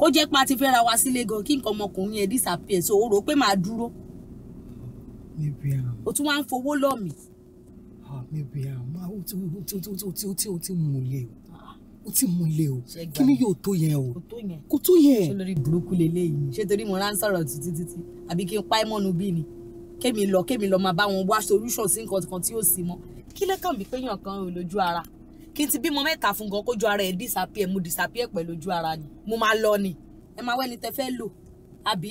kó jẹ́ pé a ti fẹ́ ra wa sílé gan kí nǹkan ọmọkùnrin yẹn disappear so o rò pé màá dúró o tún wá ń fowó lọ mi. níbi àmọ́ o ti ti ti ti o ti mú lé o o ti mú lé o kí ni yóò tó yẹn o kò tó yẹn. ṣé lórí burúkú lélẹ́yìí ṣé torí mo rán sọ̀rọ̀ títí títí àbí kí n pa ẹ́ mọ́nu bí ni kémi lọ kémi lọ máa bá wọn wá solution sí nǹkan kan tí ó sì mọ́ kí ló kàn mí pé èèyàn kan ò lójú ara kí n ti bímọ mẹ́ta fún gan kójú ara ẹ̀ disappear mo disappear pẹ̀lú ojú ara ni mo máa lọ ni ẹ máa wẹ́ni tẹ fẹ́ lò àbí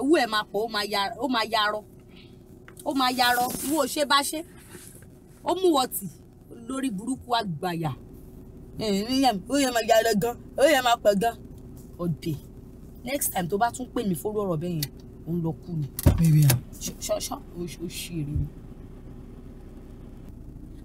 owó ẹ̀ máa pọ̀ ó máa yarọ ó máa yarọ owó ṣe bá ṣe ó mú wọ̀tì lórí burúkú àgbàyà ó yẹ máa yarọ gan ó yẹ máa pọ̀ gan ọ̀dẹ̀ next time tó bá tún pè mí fóró ọ̀rọ̀ bẹ́yẹn òun lọ kú ni. bẹ́ẹ̀ bí i à. ṣọ́ṣọ́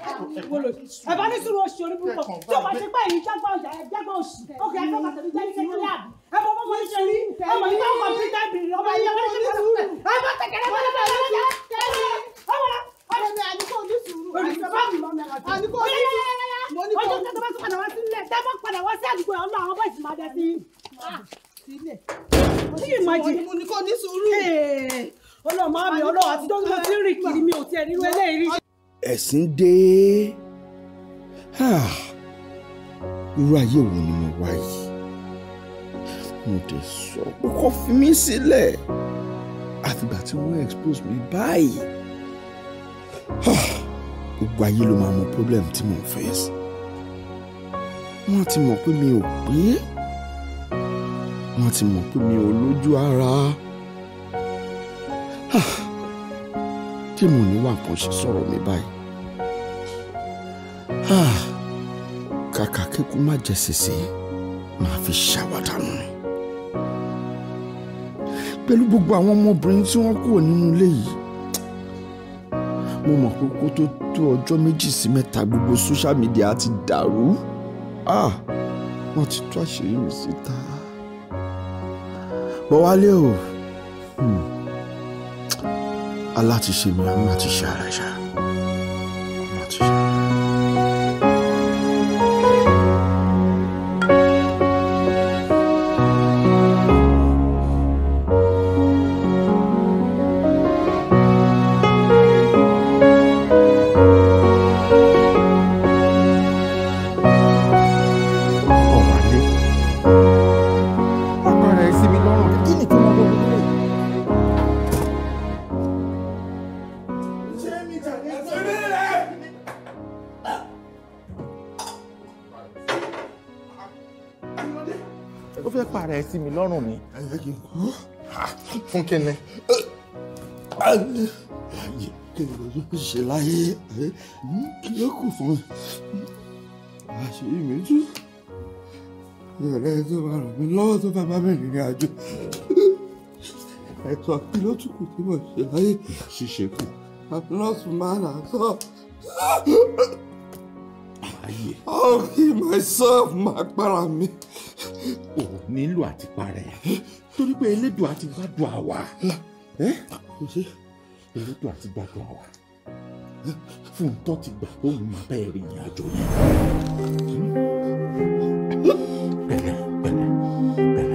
ẹ bá ní sùúrù oṣù oníbùkọ tí o bá ṣe pé èyí jágbá ọjà ẹ jágbá oṣù òkè ẹ fẹ́ bàtà jẹ́ ní sẹ́kẹ́ ẹ mọ bọ́ wọlé ṣe ẹ mọ nípa ọkọ̀ tí ká bìrì ọmọ ẹ̀yẹ wọlé ṣe pẹ̀lú ẹ bá tẹ̀kẹ́ lẹ́gbẹ̀ẹ́ lẹ́gbẹ̀ẹ́ lẹ́gbẹ̀ẹ́ ọlọ́run máa mi ọlọ́run àtijọ́ tí mo ti ń rìn kiri mi ò tiẹ̀ nínú eléyìí rí ẹ̀sìn dé ah, irú ayé wo ni mo wá yìí mo dé sọ pé kò fi mí sílẹ̀ àfìgbà tí wọ́n expose mi báyìí ah, gbogbo ayé ló máa mọ problem tí mo ń face wọ́n ti mọ̀ pé mi ò pé wọ́n ti mọ̀ pé mi ò lójú ara kí ah, mo ní wà kàn ṣe sọ̀rọ̀ mi báyìí. Ah, kàkà kíkú má jẹ sèse máa fi ṣàwádà nù ni pẹ̀lú gbogbo àwọn ọmọbìnrin tí wọ́n kúrò nínú ilé yìí mo mọ̀ pé kó tó tó ọjọ́ méjì sí mẹ́ta gbogbo social media ti dàrú ah, wọ́n ti tú àṣírí mi síta bọ́wálé o hmm. aláti ṣe mi àwọn àti ṣe ara ṣáà. fún kíni. ló kù fún àṣírí mi ìrọ̀lẹ́ tó bá ràn mí lọ́wọ́ tó bá bá mi rìnrìn àjò ẹ̀tọ́ kí ló tún kù tí mo ṣe láyé ṣiṣẹ́ kù àpilọ́sùn máa nà sọ. ayé. I'll myself máa para mi. ò nílò àti torí pé elédùà ti gbàdúrà wa elédùà ti gbàdúrà wa fún tó ti gbà tó ń máa bẹ́ẹ̀ rìn ìrìn àjò yẹn. pẹ̀lẹ́ pẹ̀lẹ́ pẹ̀lẹ́.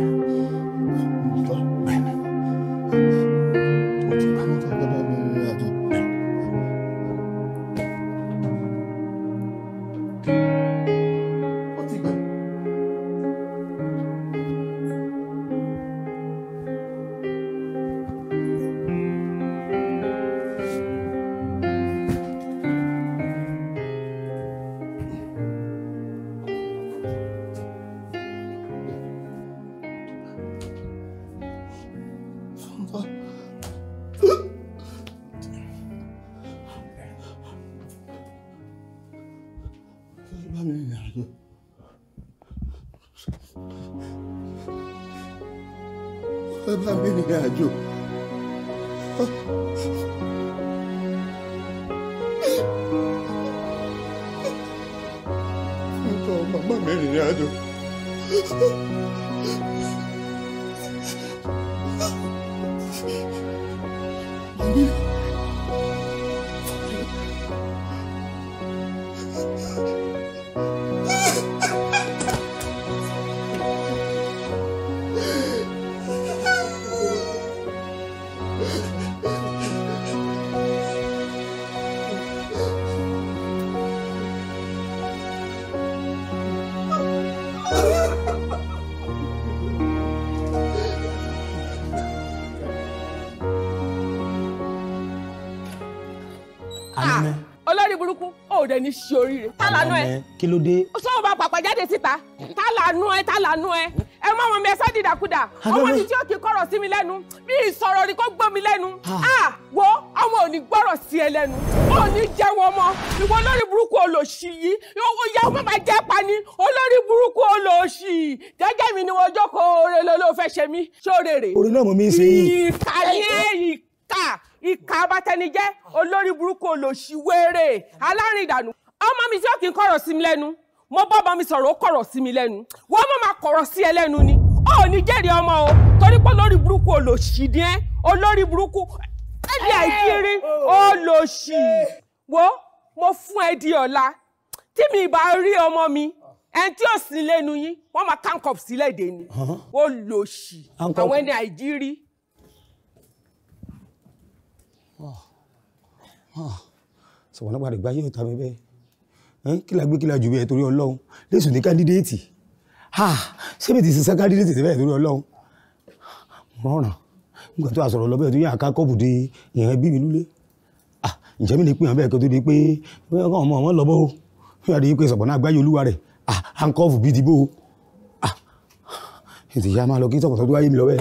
Eu tô então, mamamelhado. kí ló dé. ó sọ̀rọ̀ bá pàpà jáde síta tá lànú ẹ tá lànú ẹ ẹ mọ àwọn ọmọ ẹ sá dìdàkudà ọmọ mi tí ó kì í kọ̀rọ̀ sí mi lẹ́nu bí ìsọ̀rọ̀ ni kò gbọ́ mi lẹ́nu à wo àwọn ò ní gbọ́rọ̀ sí ẹ lẹ́nu ó ní jẹ́ wọn mọ́ ìwọ lórí burúkú olóṣì yìí ó yẹ kó máa jẹ́ pani olórí burúkú olóṣì jẹ́jẹ́ mi ni wọ́n jókòó oore ló fẹ́ ṣe mí ṣóòrèrè. ìkà ìkà ìkà olórí burúkú olóṣì wéré alárìndànù ọmọ mi tí ó kì í kọ̀rọ̀ sí mi lẹ́nu mo bá ọmọ mi sọ̀rọ̀ ó kọ̀rọ̀ sí mi lẹ́nu wọ́n mọ̀ máa kọ̀rọ̀ sí ẹ lẹ́nu ni ó ní jẹ́rìí ọmọ o torí pé olórí burúkú olòṣì ni ẹ́ olórí burúkú ẹ̀dí àìkiri olòṣì wo mo fún ẹ di ọ̀la tí mi bá rí ọmọ mi ẹni tí ò sí lẹ́nu yín wọ́n máa kankọ̀p sílẹ̀ èdè ni olòṣì àwọn ẹni àìjírí. sọ̀rọ̀ nípa rẹ̀ gbáyé ìta mi bẹ́ẹ̀ kí la gbé kí la jù bẹ́ẹ̀ torí ọlọ́run lẹ́sùn ní kandidéètì ṣébi ti sísan kandidéètì ti bẹ́ẹ̀ torí ọlọ́run rọrùn nígbà tó àsọ̀rọ̀ lọ́bẹ̀ tó yẹ àká kọ́ọ̀bù de ìran bí mi lúlé ǹjẹ́ ah! mi lè pè hàn bẹ́ẹ̀ kó tó di pé bóyá ọmọ ọmọ lọ́bọ̀ o bóyá di pé sọ̀pọ̀nà àgbáyé olúwa rẹ̀ ah! àǹkọ́ọ̀fù bíi dìbò o ah! ètò ìyá máa lọ kí sọ̀pọ̀tọ̀ tó wáyé mi lọ́wẹ́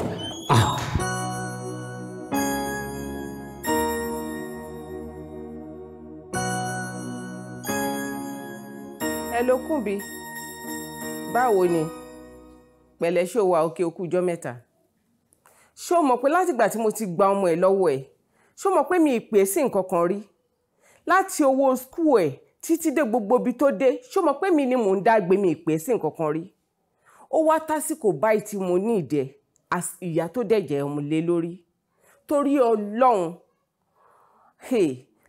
báwo ni pẹ̀lẹ́ ṣó wa òkè okú ọjọ́ mẹ́ta ṣó mọ̀ pé látìgbà tí mo ti gba ọmọ ẹ̀ lọ́wọ́ ẹ̀ ṣó mọ̀ pé mi ìpè sí nǹkan kan rí láti owó skul ẹ̀ títí dé gbogbo ibi tó dé ṣó mọ̀ pé mi ni mò ń dá gbé mi ìpè sí nǹkan kan rí ó wá tásìkò báyìí tí mo ní ìdẹ ìyá tó dẹ̀jẹ̀ ọmọ lé lórí torí ọlọ́run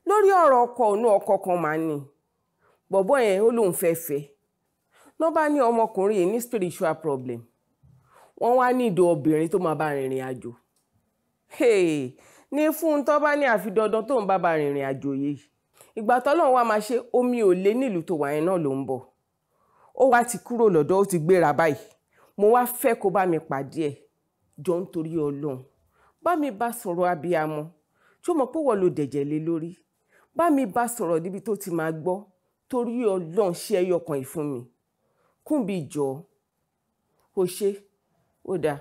lórí ọ̀rọ̀ ọkọ òun ọkọ kan màá ní bọ̀bọ́ yẹn ó lóun fẹ́ fẹ́ ló bá ní ọmọkùnrin yìí ní spiritual problem wọ́n wá ní ìdò obìnrin tó máa bá rìnrìn àjò ní fún tó bá ní àfi dandan tó ń bá bá rìnrìn àjò yìí ìgbà tọ́lọ́run wá máa ṣe omi ò lé nílùú tó wà yẹn náà ló ń bọ̀ ó wá ti kúrò lọ́dọ̀ ó ti gbéra báyìí mo wá fẹ́ kó bá mi pàdé ẹ̀ jọ nítorí ọlọ́run bá mi bá sọ̀rọ̀ abiyamọ tí ó mọ̀ pé wọ́n lo dẹ̀jẹ̀ lé lórí bá mi bá sọ̀rọ̀ níbi tó ti máa gbọ́ torí ọlọ́run ṣe ẹyọkàn ìfún mi Kúnbi jọ o ṣé ó dáa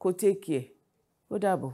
kó take care ó dàbọ̀.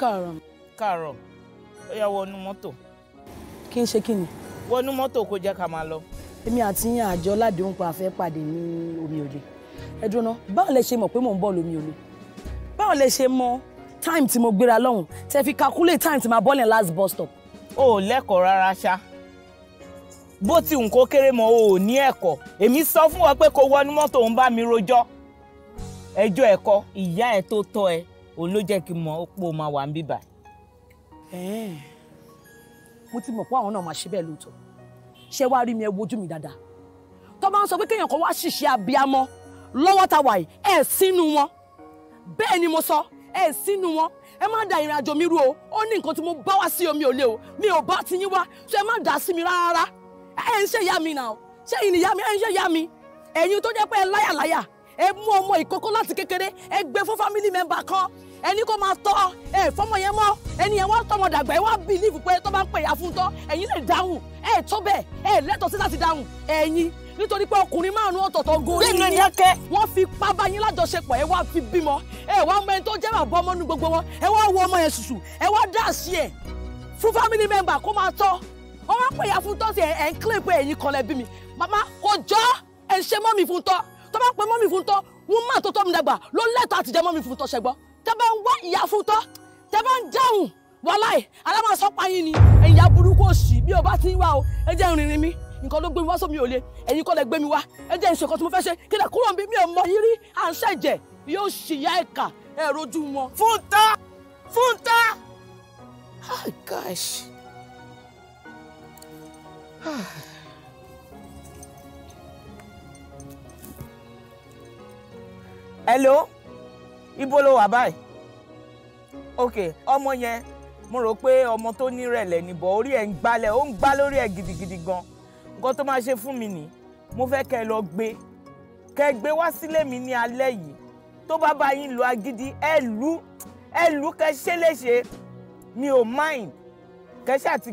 káàárọ̀. káàárọ̀ ó yá wọnú mọ́tò. kí n ṣe kí ni. wọnú mọ́tò kó jẹ́ ká máa lọ. èmi àti yín àjọ ládéhùn pa àfẹ́ pàdé ní omi òde ẹ dúró ná báwo lẹ ṣe mọ̀ pé mò ń bọ̀ lómi òde báwo lẹ ṣe mọ̀ time tí mo gbéra lọ́hùn tẹ fi calculate time tí máa bọ́lẹ̀ last bus stop. o ò lẹ́kọ̀ọ́ rárá ṣá bó ti ń kó kéré mọ́ o ò ní ẹ̀kọ́ èmi sọ fún ọ pé kó wọnú mọ́tò ń bá mi rojọ́ ẹjọ́ ẹ̀kọ́ ìyá ẹ̀ tó tọ́ ẹ òun ló jẹ́ kí n mọ pé o máa wà ń bíbà. mo ti mọ̀ pé àwọn náà máa ṣe bẹ́ẹ̀ lóòótọ́ ṣé wàá rí mi ẹ wojú mi dáadáa tó bá ń sọ pé kéèyàn kan wá ṣìṣe abiyamọ lọ́wọ́ ta wà ẹ̀ sínú wọn bẹ́ẹ̀ ni mo sọ ẹ̀ sínú wọn ẹ má da ìrìn àjò mi rú o ó ní nǹkan tí mo bá wá sí omi ò lé o mi ò bá ti yín wá so ẹ má dà sí mi rárá ẹ ń ṣe ìyá mi náà ṣé ìyìn ìyá mi ẹ ń ṣe ìyá mi ẹ̀yin tó jẹ́ pé ẹ láyàláyà ẹ mú ọmọ ìkókó láti kékeré ẹ gbé fún family member kan ẹni kó máa tọ́ ẹ fọmọ yẹn mọ́ ẹni yẹn wá tọmọ dàgbà ẹ wá bìlíìfù pé tó bá ń pè ya fún tọ́ ẹ̀yin lè dáhùn ẹ tó bẹ́ẹ̀ ẹ lẹ́tọ̀ọ́ sí láti dáhùn ẹ̀yin nítorí pé ọkùnrin márùn-ún ọ̀tọ̀ọ̀tọ̀ gorí ni wọ́n fi pábá yín lájọṣepọ̀ ẹ wá fi bímọ ẹ wá mọ ẹni tó jẹ́ bàbá ọmọ nu gbogbo wọn ẹ wá wo ọmọ yẹn ṣùṣù ẹ wá dá sí ẹ fún family member kó máa tọ́ ọ wá pè ya fún tọ́ sí ẹ ẹ ń kílè pé ẹ̀yin kan lẹ bí mi màmá kò jọ ẹ ń ṣe mọ́mì fún tọ́ tó bá pè mọ́mì fún tọ́ wọ́n má tó tọ́ mi dàgbà ló lẹ́tọ̀ọ́ àtijọ́ mọ́mì fún tọ́ ṣẹgbọ́n tẹ́ bá ń wá ìyá fún tọ́ tẹ́ bá ń alámọ̀sọ́pá yín ni ẹ̀yìn aburúkú òsì bí o bá ti ń wá o ẹ jẹ́ ìrìnrìn mi nǹkan ló gbé mi wá sómi òle ẹ̀yin kọ́ lẹ gbé mi wá ẹ jẹ́ ìṣèkọ́ tí mo fẹ́ ṣe kí lẹ kúrò bí mi ò mọ yín à ń ṣẹ̀jẹ̀ yóò ṣìyá ẹ̀ka ẹ̀ rojú wọn. Fúntà Fúntà. gosh. hello ibo ló wà báyìí ok ọmọ yẹn mo rò pé ọmọ tó nírẹ̀lẹ̀ nìbọ̀ orí ẹ̀ ń gbálẹ̀ ó ń gbá lórí ẹ̀ gidigidi gan nǹkan tó máa ṣe fún mi nìyí mo fẹ́ kẹ́ ẹ lọ gbé kẹ́ ẹ gbé wá sílé mi ní alẹ́ yìí tó bá bá yín lu agídí ẹ lù ẹ lù kẹ́ ṣe léṣe mi ò mind kẹ́ ẹ ṣáà ti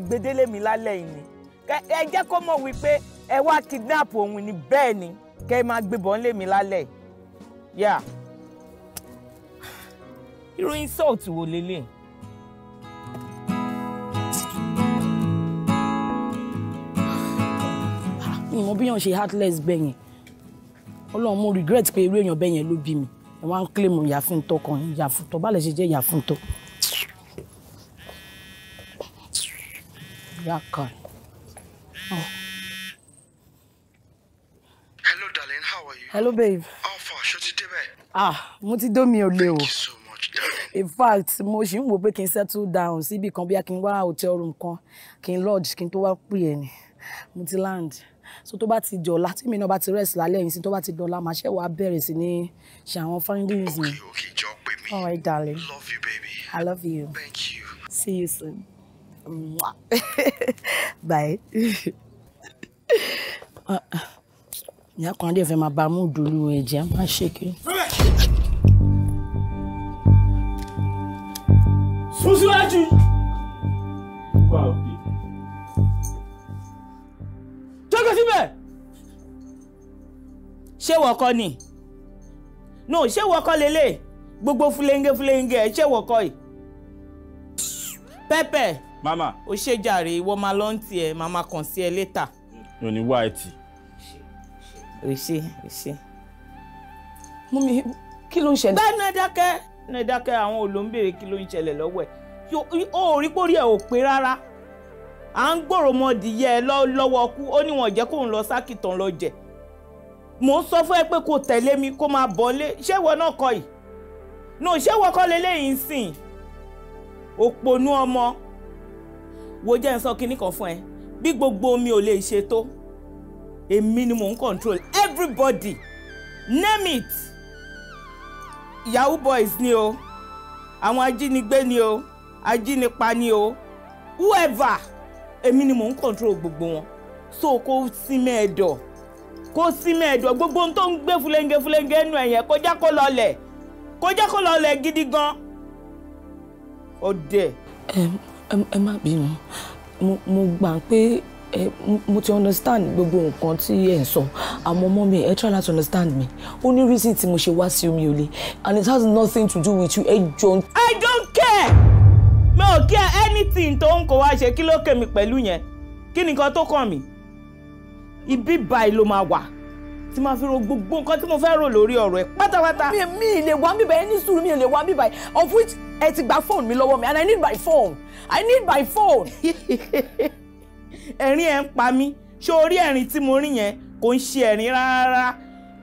mi lálẹ́ yìí ni kẹ́ ẹ jẹ́ kó mọ̀ wípé ẹ wá kidnap òun ni bẹ́ẹ̀ ni kẹ́ máa gbébọn lé mi lálẹ́ yà. Yeah irú insult wo lélẹ̀. mi bí yàn ṣe heartless bẹ́yẹn ọlọ́run mo regret pé irú èèyàn bẹ́yẹn ló bí mi ẹ wá ń claim ìyàfúntọ́ kan ìyàfúntọ́ bá lè ṣe jẹ́ ìyàfúntọ́. Yaka. Oh. Hello darling, how are you? Hello babe. Ah, mo ti dó mi ò le o. Thank you in fact mo ṣì ń wò pé kí n settle down síbi kan bíyà kí n wá hotel room kan kí n lodge kí n tó wá pè é ni mo land so tó bá ti dọ̀la tí mi náà bá ti rest lálẹ́ yìí sí tó bá ti dọ̀la màá ṣẹ̀ wá bẹ̀rẹ̀ sí ní ṣe àwọn findings mi. all right darling. love you baby. i love you. thank you. see you soon. (laughs) bye. (laughs) Ah, ah. ìyá kan adé fẹ́ máa bá a mú dùlù ẹ̀jẹ̀ máa ṣe kiri. sún síwájú. jókòó síbẹ̀ ṣé wọ́kọ́ ni no ṣé wọ́kọ́ lélẹ̀ gbogbo fúlẹ́ńgẹ́ fúlẹ́ńgẹ́ ṣé wọ́kọ́ yìí pẹ́pẹ́ mama o ṣe jàre ìwọ máa lọ ń tiẹ̀ mama kàn sí ẹ létà. mo ní wáìtì. o ṣe o ṣe. mú mi kí ló ń ṣẹlẹ̀. bẹ́ẹ̀ ni ẹ dákẹ́ ní dákẹ́ àwọn olóńbèrè kí ló ń ṣẹlẹ̀ lọ́wọ́ ẹ̀ ó rí pórí ẹ̀ ò pé rárá à ń gbòòrò mọ́dìyẹ ẹ lọ́wọ́ kú ó ní wọ́n jẹ́ kó ń lọ sákìtàn lọ jẹ mò ń sọ fún ẹ pé kó tẹ̀lé mi kó máa bọ̀ lé ṣé ìwọ náà kọ yìí no ṣé ìwọ kọ́ leléyìí ń sìn òpònú ọmọ wo jẹ́ ń sọ kinní kan fún ẹ bí gbogbo omi ò lè ṣe tó èmi ni mò ń control everybody name it yahoo boys ni o àwọn ajínigbé ni o ajínipa ni o whoever èmi ni mò ń control gbogbo wọn so kó sí mẹ́ẹ̀dọ̀ kó sí mẹ́ẹ̀dọ̀ gbogbo ohun tó ń gbé fúlẹ́ńgé fúlẹ́ńgé nù ẹ̀yẹn kó já kó lọlẹ̀ kó já kó lọlẹ̀ gidi gan ọdẹ. ẹ ẹ má bínú mo gbà pé ẹ mo ti understand gbogbo nǹkan tí ẹ ń sọ àmọ́ ọmọ mi ẹ try to understand me ó ní reason tí mo ṣe wá sí omi òle and it has nothing to do with you ẹ jọ. I don't care mi ò kí ẹ anything tó ń kó wá ṣe kí ló kèmí pẹ̀lú yẹn kí nìkan tó kàn mí ibi báyìí ló máa wà tí máa fi ro gbogbo nǹkan tí mo fẹ́ rò lórí ọ̀rọ̀ ẹ pátápátá. mi mi lè wá mi báyìí ní sùúrù mi lè wá mi báyìí of which ẹ ti gba fóònù mi lọ́wọ́ mi and I need my phone I need my phone. (laughs) ẹ̀rín ẹ̀ ń pa mí ṣé orí ẹ̀rín tí mo rí yẹn kò ń ṣe ẹ̀rín rárá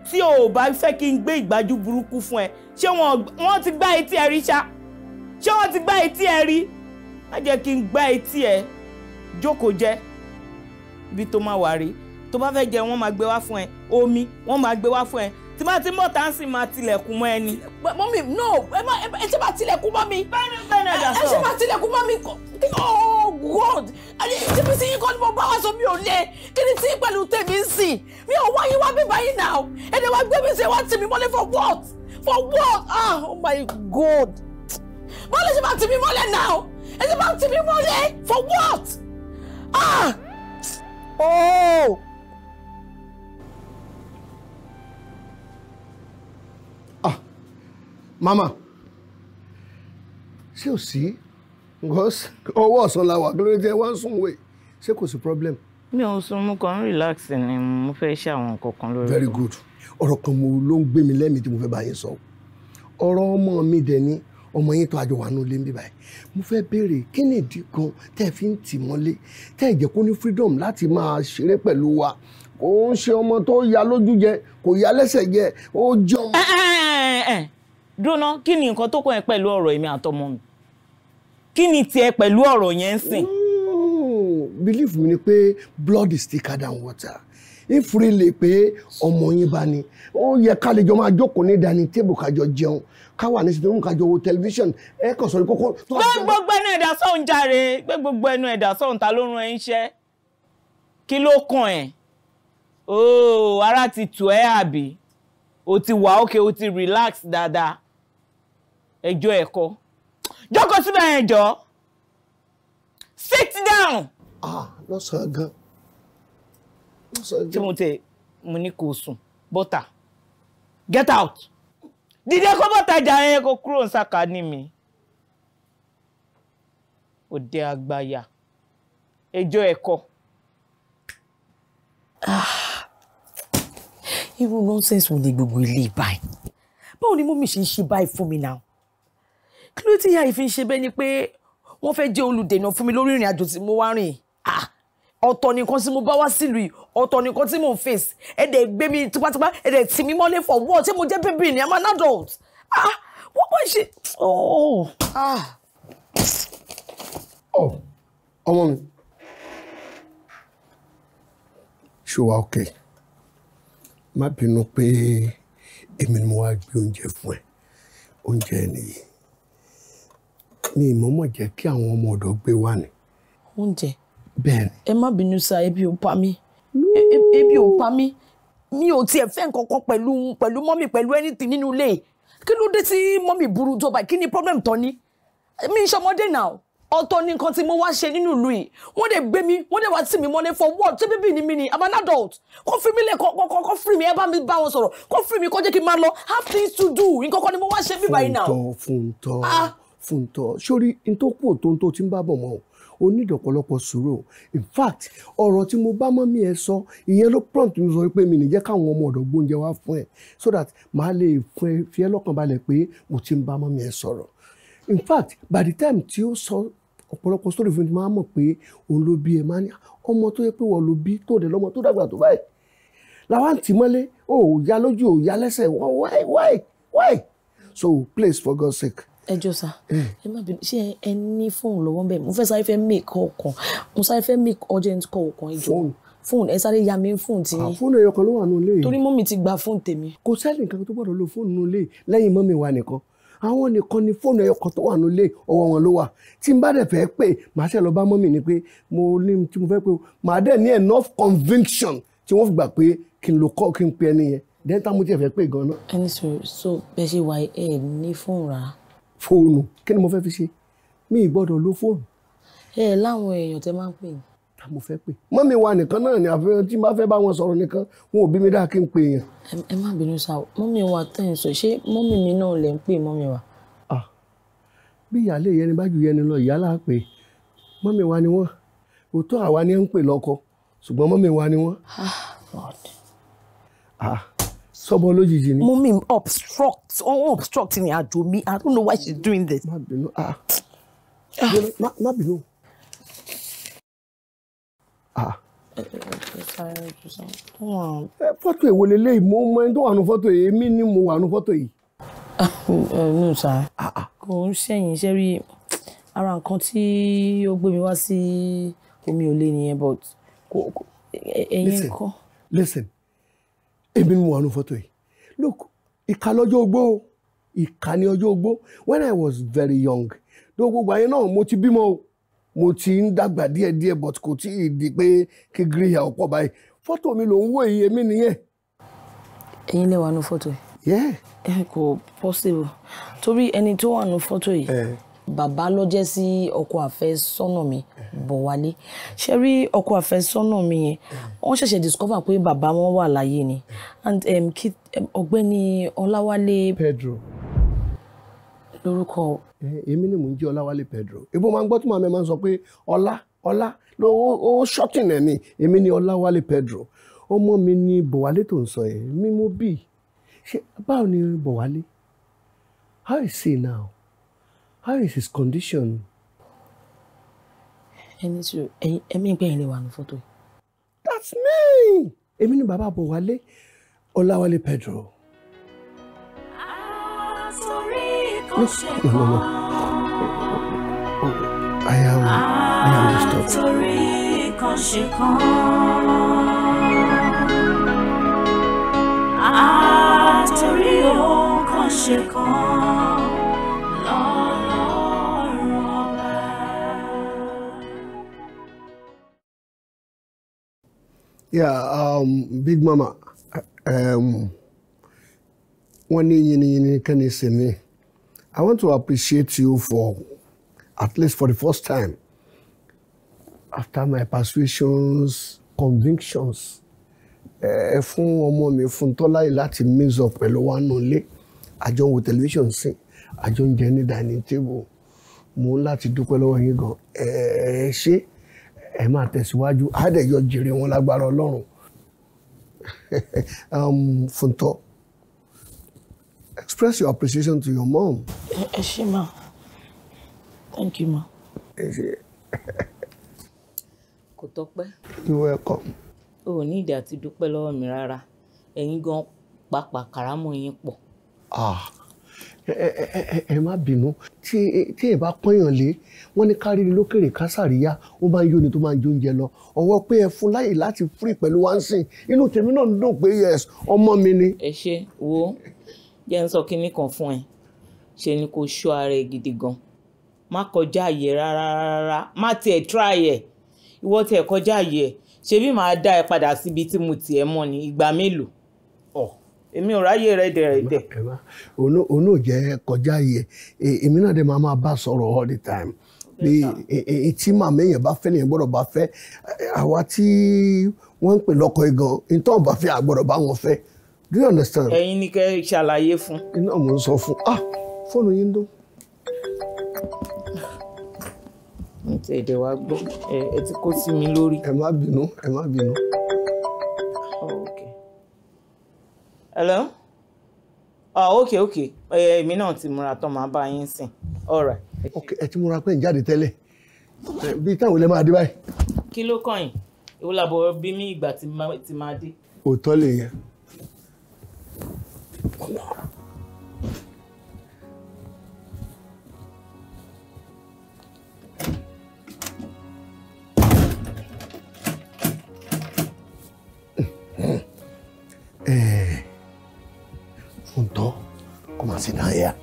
tí o ò bá fẹ́ kí n gbé ìgbájú burúkú fún ẹ ṣé wọ́n ti gbá etí ẹ rí ṣá ṣé wọ́n ti gbá etí ẹ rí má jẹ́ kí n gbá etí ẹ jókòó jẹ́ ibi tó máa wà rí tó bá fẹ́ jẹ wọ́n máa gbé wá fún ẹ omi wọ́n máa gbé wá fún ẹ tí máa ti mọ̀ tá ń sìn máa tilẹ̀kùn mọ́ ẹni. mọ́mí no ẹ má ẹ ṣe máa tilẹ̀kùn mọ́ mi. bẹ́ẹ̀ni bẹ́ẹ̀ni ẹ̀dá sọ. ẹ ṣe máa tilẹ̀kùn mọ́ mi kí oh god ẹni tí mi sì yín kọ́ ni mo bá wá sọ mi ò lé kí ni tí pẹ̀lú tèmi ń sìn mi ò wáyé wá mi báyìí náà ẹni wá gbé mi sí wá tì mí mọ́lẹ̀ for what for what ah oh my god bọ́lá ṣe máa tì mí mọ́lẹ̀ náà ẹ ṣe máa tì mí mọ́lẹ̀ for what ah oh. mama ṣé ò sí ọwọ́ ọ̀sán la wà kí ló dé wá ń sùn wẹ̀ ṣé kò sí problem. mi ò sùn mo kàn relax ni mo fẹ́ ṣe àwọn nǹkan kan lórí. very good ọ̀rọ̀ kan mo ló ń gbé mi lẹ́mìí tí mo fẹ́ bá yín sọ ọ̀rọ̀ ọmọ mi dẹ̀ ni ọmọ yín tó àjọ wà ní olé ń bí báyìí mo fẹ́ béèrè kí ni ìdí gan tẹ́ ẹ fi ń tì mọ́lé tẹ́ ẹ jẹ́ kó ní freedom láti máa ṣeré pẹ̀lú wa kò ń ṣe ọmọ tó ya lójú jẹ kò ya lẹ́sẹ̀ jẹ ó jẹ́ dúnà kí ni nǹkan tó kọ yẹn pẹ̀lú ọ̀rọ̀ èmi àtọmọ mi kí ni tiẹ̀ pẹ̀lú ọ̀rọ̀ yẹn ń sìn. Mm, belief mi ni pé blood is thicker than water ìfúri lè pé ọmọ yín bá ní ó yẹ ká lè jọ máa jókòó ní dání tébù kájọ jẹun ká wà ní sinmi rúm kájọ wo tẹlifíṣàn ẹ kàn sọ ní kókó. gbé gbogbo ẹnu ẹ̀dá sọ̀hún jàre gbé gbogbo ẹnu ẹ̀dá sọ̀hún ta ló rán ẹ ń ṣẹ́ kí ló kàn ẹ́ ooo oh, ara ti tù ẹ́ àbí o ti wà ókè o ti relax dáadáa ẹjọ́ ẹ̀kọ́ jókòó síbẹ̀ yẹn sit down. ah lọ́sàn-án gan. tí mo tẹ mo ní kó sùn bọ́tà get out dídé kó bọ́tà jà yẹn kó kúrò ń sàkà ní mi òde àgbáyà ẹjọ́ ẹ̀kọ́. Ah, irú nonsense wo ni gbogbo ilé báyìí báwo ni mọ́mí ṣe ń ṣe báyìí fún mi náà kí ló ti ya ìfín ṣe bẹ́ẹ̀ ni pé wọ́n fẹ́ jẹ́ olùdènà fún mi lórí ìrìn àjò tí mo wá rìn ah, ọ̀tọ̀ nìkan tí mo bá wá sílùú yìí ọ̀tọ̀ nìkan tí mo ń face ẹ̀dẹ̀ gbé mi tipátipá ẹ̀dẹ̀ tì mí mọ́lé for what ṣé mo jẹ́ bébì ni i'm an adult ah wọ́n wá ṣe oh ah. Oh, ọmọ mi ṣó wa ok má bínú pé èmi ni mo wá gbé oúnjẹ fún ẹ oúnjẹ nìyí mi ìmọ̀ọ́mọ̀ jẹ́ kí àwọn ọmọ ọ̀dọ́ gbé wà ní. oúnjẹ bẹ́ẹ̀ni. ẹ má bínú sa ebi ò pa mí e, e, ebi ò pa mí mi ò tiẹ̀ fẹ́ nǹkan kan pẹ̀lú pẹ̀lú mọ́mì pẹ̀lú anything nínú ilé kí ló dé tí mọ́mì burú tó báyìí kí ni problem tó ní mi ń ṣọmọdé náà ọ̀tọ̀ ni nǹkan tí mo wá ṣe nínú ìlú yìí wọ́n dẹ̀ gbé mi wọ́n dẹ̀ wá tì mí mọ́lẹ̀ for what ṣé bíbí ni mi ni i'm an adult kó fi mí lẹ̀ kọ́ kọ́ free mi ẹ bá mi bá wọn sọ̀rọ̀ kó free mi kó jẹ́ kí n lọ have things to do nǹkan kan ni mo wá ṣe bíbá yìí náà. fún tọ́ fún tọ́ ah, fúntọ̀ sórí n tó kù tó ń tó ti ń bá bọ̀ mọ́ o ní ìdọ̀pọ̀lọpọ̀ sùúrù in fact ọ̀rọ̀ tí mo bá mọ́ mi ẹ sọ ìyẹn ló prompt mi sọ pé mi nìjẹ́ káwọn ọmọ ọ̀dọ̀ gbóúnjẹ wá fún ẹ so that màá lè fún ẹ fi ẹ lọ́kàn balẹ̀ pé mo ti ń bá mọ́ mi ẹ sọ̀rọ̀ in fact by the time tí ó sọ ọ̀pọ̀lọpọ̀ story fún mi máa mọ̀ pé òun ló bí ẹ máa ní ọmọ tó yẹ pé wọ́n ló bí tó dẹ̀ lọ́mọ tó dàgbà tó báyìí làwọn àǹtí mọ́lé ò yá lójú ò yá lẹ́sẹ̀ why why why so please for God's sake ẹ sa, sá mm. ẹ má bínú ṣé ẹ ní fóònù lọ́wọ́ bẹ́ẹ̀ mo fẹ́ sáré fẹ́ make call kan mo sáré fẹ́ make urgent call kan ìjọ fóònù ẹ sáré ya mi fóònù tí. fóònù ẹyọ kan ló wà nínú ilé yìí. torí mọ́mì ti gba fóònù tèmi. kò sẹ́ni nǹkan tó gbọ́dọ̀ lo fóònù nínú ilé lẹ́yìn mọ́mì wa nìkan àwọn nìkan ni fóònù ẹyọ kan tó wà nínú ilé ọwọ́ wọn ló wà tí n bá dẹ̀ fẹ́ pé màá ṣe lọ bá mọ́mì ni pé mo ní tí mo fẹ́ pé màá dẹ̀ ní enough conviction tí wọ́n fi gbà pé kí n lo kọ́ kí n pe ẹni yẹn dẹ́ńtà mo tiẹ̀ fẹ́ pé gan-an. ẹni sọ̀rọ̀ so bẹ́ẹ̀ ṣe wà ẹ̀ ní fóònù rárá fóònù kí ni mo fẹ́ fi ṣe mi ì gbọ́dọ̀ lo fóònù. ẹ láwọn èèyàn tẹ máa ń pè ní. Ah, mo fẹ́ pè mọ́mí wa nìkan náà ni àfihàn tí máa fẹ́ bá wọn sọ̀rọ̀ nìkan wọn ò bí mi dáa kí n pè yẹn. ẹ má bínú sá o mọ́mí wa tẹ̀ ń sọ ṣé mọ́mí mi náà lè ń pè mọ́mí wa. Ah, bí ìyáálé yẹn ni bá ju yẹn ni lọ ìyálà pé mọ́mí wa ni wọ́n òótọ́ àwa ni ń pè lọ́kọ ṣùgbọ́n mọ́mí wa ni wọ́n. ah sọmọ lójijì ni. mummy obstruct ọ̀hún oh, obstruct ni àjò mi i don't know why she's doing this. má bínú ah Ah. bínú. Ah. Eh, fọ́tò èwo leléyìí mo mọ ẹni tó wà nù fọ́tò yìí èmi ni mo wà nù fọ́tò yìí. Ah, oh, no sir ah, kò ń ṣẹ̀yìn ṣe rí ara nǹkan tí ó gbé mi wá sí omi ò lé nìyẹn but ẹ̀yin kọ́. listen listen èmi ni mo wà fọ́tò yìí look ìka lọ́jọ́ ogbó o ìka ní ọjọ́ ogbó when I was very young tó gbogbo ayé náà mo ti bímọ mo ti ń dàgbà díẹ̀díẹ̀ but kò tí ì di pé kí green hair ọ̀pọ̀ báyìí fọ́tò mi ló ń wò yìí èmi nìyẹn. ẹ̀yin lè wà nù fọ́tò yìí. kò possible torí ẹni tó wà nù fọ́tò yìí eh bàbá ló jẹ́ sí ọkọ àfẹ́sọ́nà mi Bọ̀wálé ṣe rí ọkọ àfẹ́sọ́nà mi yẹn wọ́n ṣẹ̀ṣẹ̀ discover pé bàbá wọn wà láyé ni and ọ̀gbẹ́ni Ọláwálé Pedro lórúkọ. èmi ni mò ń jẹ́ Ọláwálé Pedro ibo máa ń gbọ́ tí màmá mi máa ń sọ pé ọlá ọlá ló ó ṣọ́tìn ẹ̀ ni èmi ni Ọláwálé Pedro ọmọ mi ni Bọ̀wálé tó ń sọ yẹn mímú bíi ṣe báwo ni Bọ̀wálé how you see now How is his condition? Ẹni tí ẹmí gbẹ̀yìn lè wà ní fọ́tò That's me! Èmi ni bàbá Bọ̀wálé Ọláwálé Pedro. No, no, no, I am, I am disturbed. Torí Yeah, um, Big Mama, um, one can you see me? I want to appreciate you for, at least for the first time, after my persuasions, convictions, ẹ eh, fún ọmọ mi fún tọ́láyè láti mix up pẹ̀lú wa nù lé àjọ wo tẹlifíṣàn sí àjọ oúnjẹ ní dining table mo láti dúpẹ́ lọ́wọ́ yín gan ẹ eh, ṣe ẹ máa tẹ̀síwájú àádẹ́yọ jèrè wọn lágbára ọlọ́run (laughs) um, Funto express your appreciation to your mom. ẹ ṣé ma thank you ma. ẹ (laughs) kò tọ́pẹ́. you welcome. o ò ní ìdí àti dúpẹ́ lọ́wọ́ mi rárá ẹ̀yin gan pàápàá kàrámù yín pọ̀. ah ẹ má bínú tí ẹ bá pọ́nyàn lé wọ́n ní káríri lókèrè kásàríyá ó máa ń yóni tó máa ń jóúnjẹ lọ ọwọ́ pé ẹ fún láyè láti fúrì pẹ̀lú wáńsìn inú tèmi náà ń dùn pé yes ọmọ mi ni. ẹ ṣe wo jẹ́ ń sọ kinní kan fún ẹ ṣe ni kò ṣọ́ ara ẹ gidi gan má kọjá àyè rárá rárá má tiẹ̀ try ẹ̀ ìwọ tiẹ̀ kọjá àyè ẹ̀ ṣebí màá dá ẹ padà síbi tí mo tiẹ̀ mọ́ ni ìgbà mélòó èmi ò ráyè rẹ dẹ̀rẹ̀dẹ̀. òun náà jẹ́ kọjá yẹ èmi náà dẹ̀ máa máa bá sọ̀rọ̀ all the time pé tí màmá èèyàn bá fẹ́ lèèyàn gbọ́dọ̀ bá fẹ́ àwa tí wọ́n ń pè lọ́kọ igan ìtàn bá fẹ́ àgbọ̀dọ̀ bá wọn fẹ́ do you understand. ẹ̀yin ni kẹ́ ṣàlàyé fún. iná mò ń sọ fún ah fóònù yín dún. n tẹ̀ ẹ̀dẹ̀ wa gbọ́ ẹ ti kó sí mi lórí. ẹ má bínú ẹ má bínú. hello ah oh, okay okay èmi náà ti múra tán máa bá yín sìn all right. ok ẹ ti múra pé ń jáde tẹ́lẹ̀ bí táwọn ilé máa dé báyìí. kí ló kàn yín ìwọ làbọ̀ bí mi ìgbà tí máa dé. òótọ́ lè Eh junto, como si nadie.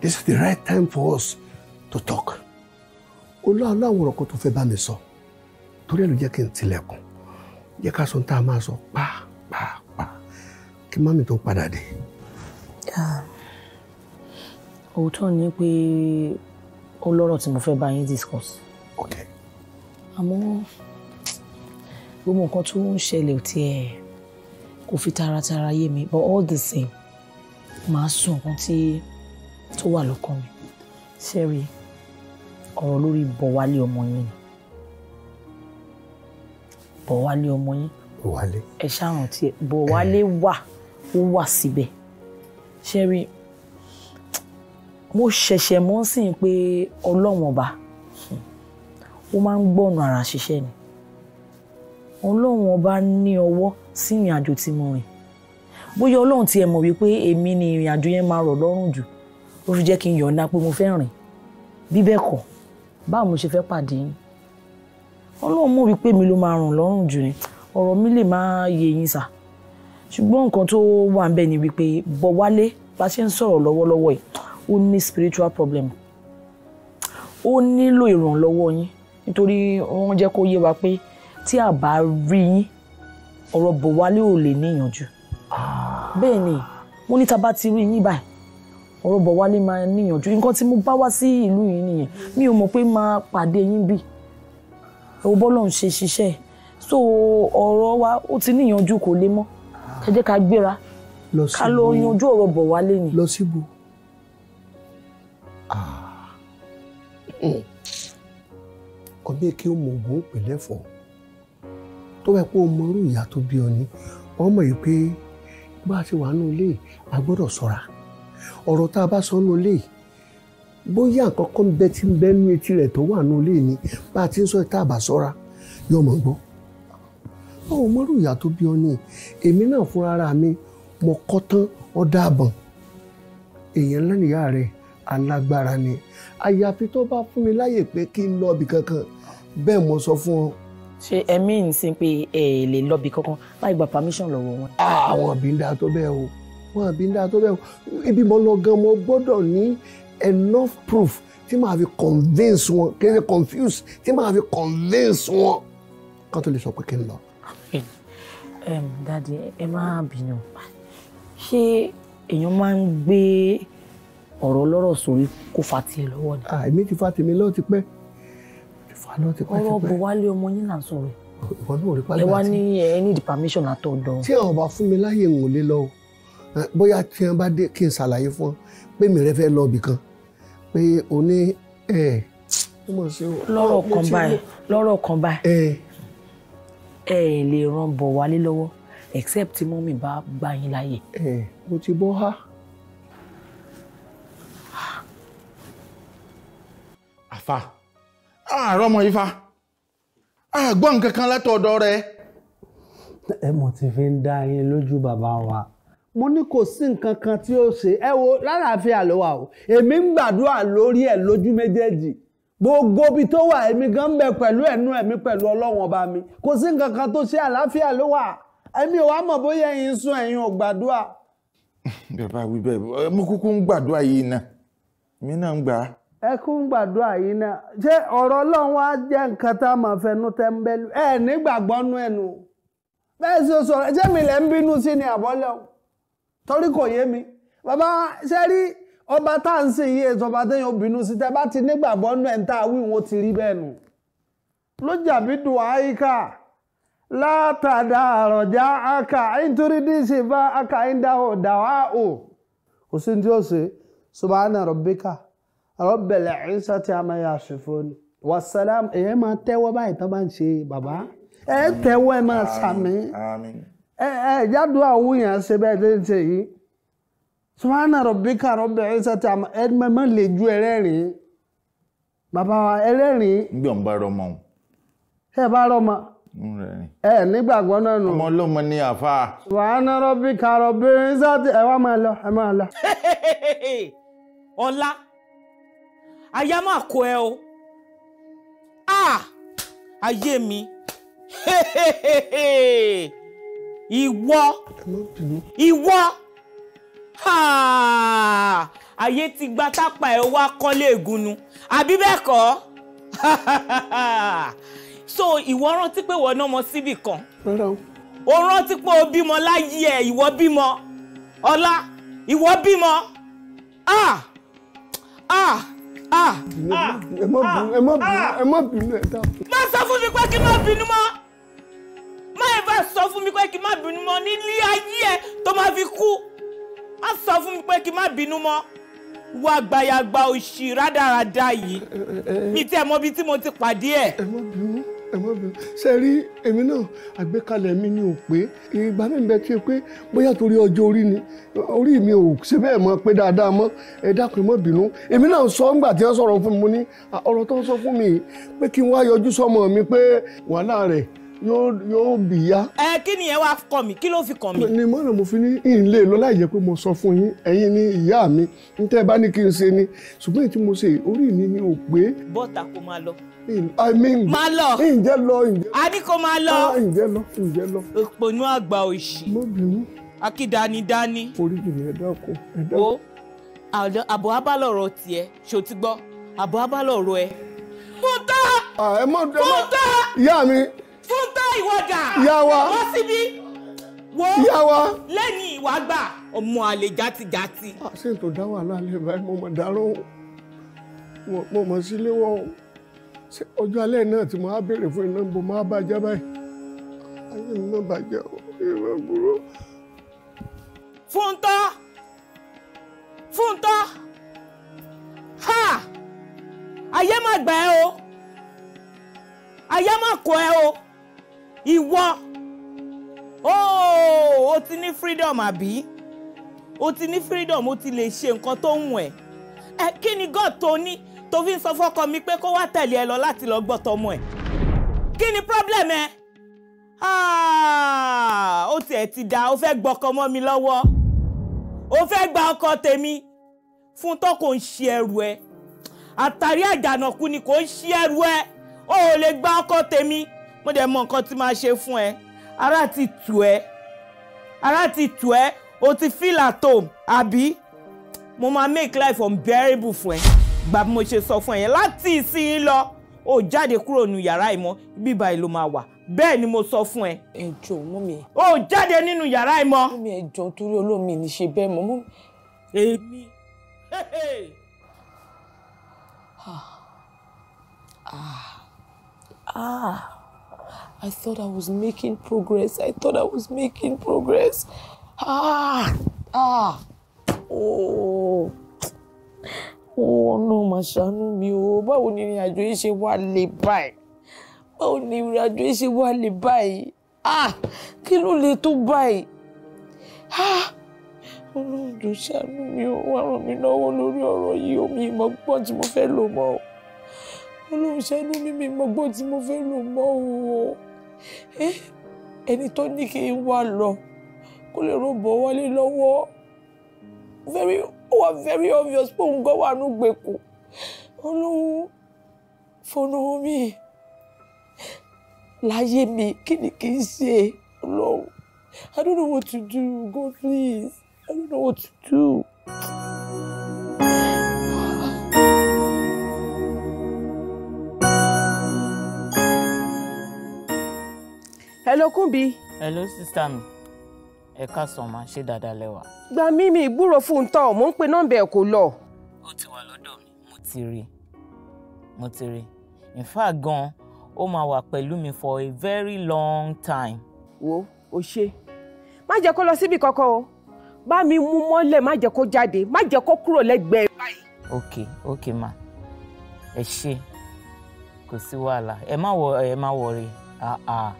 This is the right time for us to talk. ó láwọn ọ̀rọ̀ kan tó fẹ́ bá mi sọ torí ẹ̀ ló jẹ́ kí n tilẹ̀kùn jẹ́ ká sọ ní tá a máa sọ pàápàá kí mami tó padà dé. òótọ́ ni pé ó lọ́rọ̀ tí mo fẹ́ bá yín discuss. àmọ́ gbogbo nǹkan tó ń ṣẹlẹ̀ ò tiẹ̀ kò fi taratara yé mi but all the same màá sùn nǹkan tí tó wà lọ́kàn mi ṣẹ́rí ọ̀rọ̀ lórí bọ̀wálé ọmọ yín ni bọ̀wálé ọmọ yín bọ̀wálé ẹ ṣàrùn tí ẹ bọ̀wálé eh. wà ó wà síbẹ̀ ṣẹ́rí mo ṣẹ̀ṣẹ̀ mọ́ sí pé ọlọ́wọ̀n ọba ó máa ń gbọ́nà ara ṣiṣẹ́ ni ọlọ́run ọba ní ọwọ́ sí ìrìn àjò tí mo rìn bóyá ọlọ́run tiẹ̀ mọ̀ wípé èmi ni ìrìn àjò yẹn máa rọ̀ lọ́rùn jù ó fi jẹ́ kí n yọ̀ǹda pé mo fẹ́ rìn bí bẹ́ẹ̀ kọ́ báwo mo ṣe fẹ́ pàdé yín ọlọ́run mọ̀ wípé mi ló máa ràn lọ́rùn jù ni ọ̀rọ̀ mi lè má yé yín sà ṣùgbọ́n nǹkan tó wà ń bẹ̀ ni wípé bọ̀ wálé bá ṣe ń sọ̀rọ̀ lọ́wọ́lọ́wọ́ yìí ó ní spiritual problem ó nílò ìrànlọ́wọ́ yín nítorí wọ́n jẹ́ kó yé wa pé tí a bá rí yín ọ̀rọ̀ Bọ̀wálé ò lè níyànjú bẹ́ẹ̀ ni mo ní tá a bá ti rí yín báyìí ọ̀rọ̀ Bọ̀wálé máa níyànjú nǹkan tí mo bá wá sí ìlú yìí nìyẹn mi ò mọ̀ pé máa pàdé yín bí ẹ̀ bọ́ lọ́n ṣe ṣiṣẹ́ so ọ̀rọ̀ wa ó ti níyànjú kò lè mọ́ ẹ jẹ́ ká gbéra ká lọ yanjú ọ̀rọ̀ Bọ̀wálé ni. lọ síbo ọbẹ̀ ah. kí ó mọ ògùn òpè lẹ́fọ̀ọ́ tó bá kó o ìyá tó bí ọ ni wọ́n yìí pé bá a wà bá sọ nínú ilé bóyá nǹkan kan bẹ ti ń bẹ́ nínú etí rẹ̀ tó wà ni bá a ti ń sọ tá a bá ṣọ́ra yóò mọ̀ gbọ́. ìyá tó bí ni èmi náà fúnra ara mi mo kọ́ tán ọ dáàbọ̀n èèyàn rẹ̀ alágbára ni àyàfi tó bá fún mi láyè pé kí n lọ ibì kankan bẹ́ẹ̀ mo sọ fún ọ. ṣe ẹmí nsìn pé ẹ lè lọ́bì kankan láì gba permission lọ́wọ́ wọn. Ah, àwọn àbí ń da tó bẹ́ẹ̀ o wọn àbí ń da tó bẹ́ẹ̀ o ibi mo lọ gan mo gbọ́dọ̀ ní enough proof tí màá fi convince wọn kí n ṣe confuse tí màá fi convince wọn kan tó lè sọ pé kí n lọ. Um, dadi ẹ máa bínú ṣé èèyàn máa ń gbé ọ̀rọ̀ lọ́rọ̀ sórí kó fa tiẹ̀ lọ́wọ́ ni. Ah, èmi ti fa tèmi lọ́wọ́ ti pẹ́ ìfànà ti pẹ́ ti pẹ́. ọ̀rọ̀ Bọ̀wálé ọmọ yín là ń sọ̀rọ̀. ìwọ náà rí pálí àti. ẹ wá ní ẹ ní permission àtọ̀dọ̀. tí àwọn bá fún mi láyè ń lé lọ bóyá tí wọn bá dé kí n ṣàlàyé fún ọ pé mi rẹ fẹ́ lọ ibì kan pé o ní ẹ ó mọ̀ sí lọ́rọ̀ kan báyìí lọ́rọ̀ kan báyìí ẹ lè ran Bọ̀wálé lọ́wọ́ except tí mọ́mì bá gbà yín láyè. mo ti bọ́ ha. àfa àárọ̀ mọ ifá àgbọ̀n kankan látọ̀dọ̀ rẹ. ẹ mọ̀ tí fi ń dá yín lójú bàbá wa mo ní kò sí nǹkan kan tí ó ṣe ẹ wo lálàáfíà ló wà o èmi ń gbàdúrà lórí ẹ lójú méjèèjì gbogbo ibi tó wà èmi gan ń bẹ pẹ̀lú ẹ̀nu ẹ̀mí pẹ̀lú ọlọ́wọ́n ọba mi kò sí nǹkan kan tó ṣe àlàáfíà ló wà èmi ò wá mọ̀ bóyá ẹ̀yin sún ẹ̀yin ò gbàdúrà. bàbá wí mo kúkú ń gbàdúrà yìí náà mi náà ń gbà ẹ kú ń gbàdúrà yìí náà ṣé ọ̀rọ̀ ọlọ́run á jẹ́ nǹkan tá a máa fẹnu tẹ́ńbẹ́lú ẹ nígbàgbọ́ nú ẹnu bẹ́ẹ̀ sì sọ̀rọ̀ ṣé mi lẹ̀ ń bínú sí ni àbọ́lẹ̀ o torí kò yé mi bàbá ṣe rí ọba tá à ń sìn yí ètò ọba téèyàn bínú sí tẹ bá ti nígbàgbọ́ nú ẹ̀ ń tá wí wọn ti rí bẹ́ẹ̀ nù ló jàbí dùn àyíká látàdá àròjá aka nítorí díṣe bá ń dáhùn o kò sí ní tí ó ṣe rọ́bẹ̀lẹ̀ ẹ̀ṣọ́ tí a máa yà ṣùfọ́ ni wàsálàm èyẹ máa tẹ́wọ́ báyìí tó bá ń ṣe bàbá ẹ tẹ́wọ́ ẹ máa ṣàmì ẹ ẹ jáde àwọn èèyàn ṣe bẹ́ẹ̀ tó ń ṣe yìí subhana rabbika rabbil izzati amma ẹ máa lè ju ẹlẹ́rìn bàbá wa ẹlẹ́rìn. nígbà ń bá rọmọ. ẹ bá rọmọ ẹ nígbàgbọ́ náà nù. ọmọ ọlọ́mọ ni àfa. subhana aya máa kó ẹ o ah ayé mi (laughs) ìwọ ìwọ ah! ayé ti gba tápà ẹ wá kọ́lé ègúnnu àbí bẹ́ẹ̀ kọ́ (laughs) so ìwọ rántí pé wọ́n náà mọ síbì kan o rántí pé o bímọ láyé ẹ ìwọ bímọ ọlá ìwọ bímọ ah ah ah, ah, ah, ẹ má bínú ẹ má bínú ẹ dá. má sọ fún mi pé kí n má bínú mọ́ má ẹ bá sọ fún mi pé kí n má bínú mọ́ nílé ayé ẹ tó máa fi kú má sọ fún mi pé kí n má bínú mọ́ wá gbayagba òṣì rádaràda yìí mi tẹ́ mọ́ bí tí mo ti pàdé ẹ̀. ẹ má bínú ẹ má bẹ ṣe rí èmi náà àgbékalẹ̀ mi ni ò pé ìgbà mi bẹ tí o pé bóyá torí ọjọ́ orí ni orí mi ò ṣe bẹ́ẹ̀ mọ̀ pé dáadáa mọ́ ẹ dákun mọ́ bínú èmi náà sọ ńgbà tí wọ́n sọ̀rọ̀ fún mi ní ọ̀rọ̀ tó ń sọ fún mi pé kí n wá yọjú sọmọ mi pé wàhálà rẹ̀ yóò bì yá. ẹ kí ni ẹ wá kọ mi kí ló fi kàn mí. ni mo rẹ̀ mo fi ní ìlé lọ láì jẹ́ pé mo sọ fún yín ẹ̀yin ni ìyá mi n tẹ́ bá ní kí n ṣe ni ṣùgbọ́n èyí mo ṣe orí mi ni ò pé. bọ́ta kò máa lọ máa lọ ǹjẹ́ lọ ǹjẹ́ lọ a ní kó máa lọ ah, ǹjẹ́ lọ ǹjẹ́ lọ. òpònú àgbà òṣì akídánidání. oríjì ni ẹ dákun ẹ dákun. o àbọ̀ abálọ̀rọ̀ tiẹ̀ ṣó gbọ́ àbọ̀ abálọ̀rọ̀ ẹ. fúntà fúntà ìyá mi. fúntà ìwọ̀dà ìyá wa wọ́n síbí wo ìyá wa lẹ́yìn ìwà gbà ọmọ àlè jàtìjàtì. àṣé ah, ètò dá wàhálà lè ṣé ọjọ́ alẹ́ náà tí mo á béèrè fún iná bò máa bàjẹ́ báyìí ayé mi náà bàjẹ́ o ìwé burú. Fúntọ́ Fúntọ́ ha ayé má gbà ẹ́ o ayé má kọ ẹ́ o ìwọ ooo o ti ní freedom àbí o ti ní freedom o ti lè ṣe nǹkan tó ń wẹ̀ ẹ kí ni God tó ní tó fi ń sọ fọ́kọ mi pé kó wá tẹ̀lé ẹ lọ láti lọ gbọ́ tọmọ ẹ̀ kí ni problem ẹ ah, ó tiẹ̀ ti dá ó fẹ́ gbọ́kọ mọ́ mi lọ́wọ́ ó fẹ́ gba ọkọ tèmi fún tó kò ń ṣe ẹrù ẹ àtàrí àjànàkú ni kò ń ṣe ẹrù ẹ ó ò lè gba ọkọ tèmi mo dẹ̀ mọ nǹkan tí máa ṣe fún ẹ ara ti tù ẹ ara ti tù ẹ o ti feel at home àbí mo máa make life unbearable fún ẹ gba bí mo ṣe sọ fún ẹ yẹn láti ìsinyìí lọ ò jáde kúrò nínú yàrá ìmọ̀ bíbá ẹ ló máa wà bẹ́ẹ̀ ni mo sọ fún ẹ. ẹ jọ mú mi. ó jáde nínú yàrá ìmọ̀. mú mi ẹ jọ torí olómi ní ṣe bẹ́ẹ̀ mọ́ mú èmi. ah ah ah I thought I was making progress I thought I was making progress ah ah oh ọ̀nà màṣánú mi o báwo ni ìrìn yìí ṣe wá lè báyìí báwo ni ìrìn àjò yìí ṣe wá lè báyìí ah kí ló lè tó báyìí ah ọlọ́run jọ̀ọ́ ṣàánú mi o wá ràn mí lọ́wọ́ lórí ọ̀rọ̀ yìí omi ìmọ̀gbọ́n tí mo fẹ́ lò mọ́ o ọlọ́run ṣàánú mi mi ìmọ̀gbọ́n tí mo fẹ́ lò mọ́ o eh, ẹni tó ní kí n wá lọ kó lè rọ̀bọ̀ wálé lọ́wọ́ very ó wà very obvious pé òun gan wà nù gbèkú olóhùn fọnà mi láyé mi kí ni kí n ṣe Ọlọ́run I don't know what to do God please I don't know what to do. hello Kumbi. hello sista mi ẹ káàsán máa ṣe dáadáa lẹ́wà. gba mímí ìgbúrò fún un tán mò ń pe nọ́mbà ẹ̀ kò lọ. ó ti wà lọ́dọ̀ mi mo ti rí mo ti rí in fact gan ó máa wà pẹ̀lú mi for a very long time. wo o ṣe má jẹ́ kó lọ síbi kankan o bá mi mú mọ́lẹ̀ má jẹ́ kó jáde má jẹ́ kó kúrò lẹ́gbẹ̀ẹ́ ok ok ma ẹ ṣe kò sí wàhálà ẹ má wọ ẹ má wọrí ah, ah.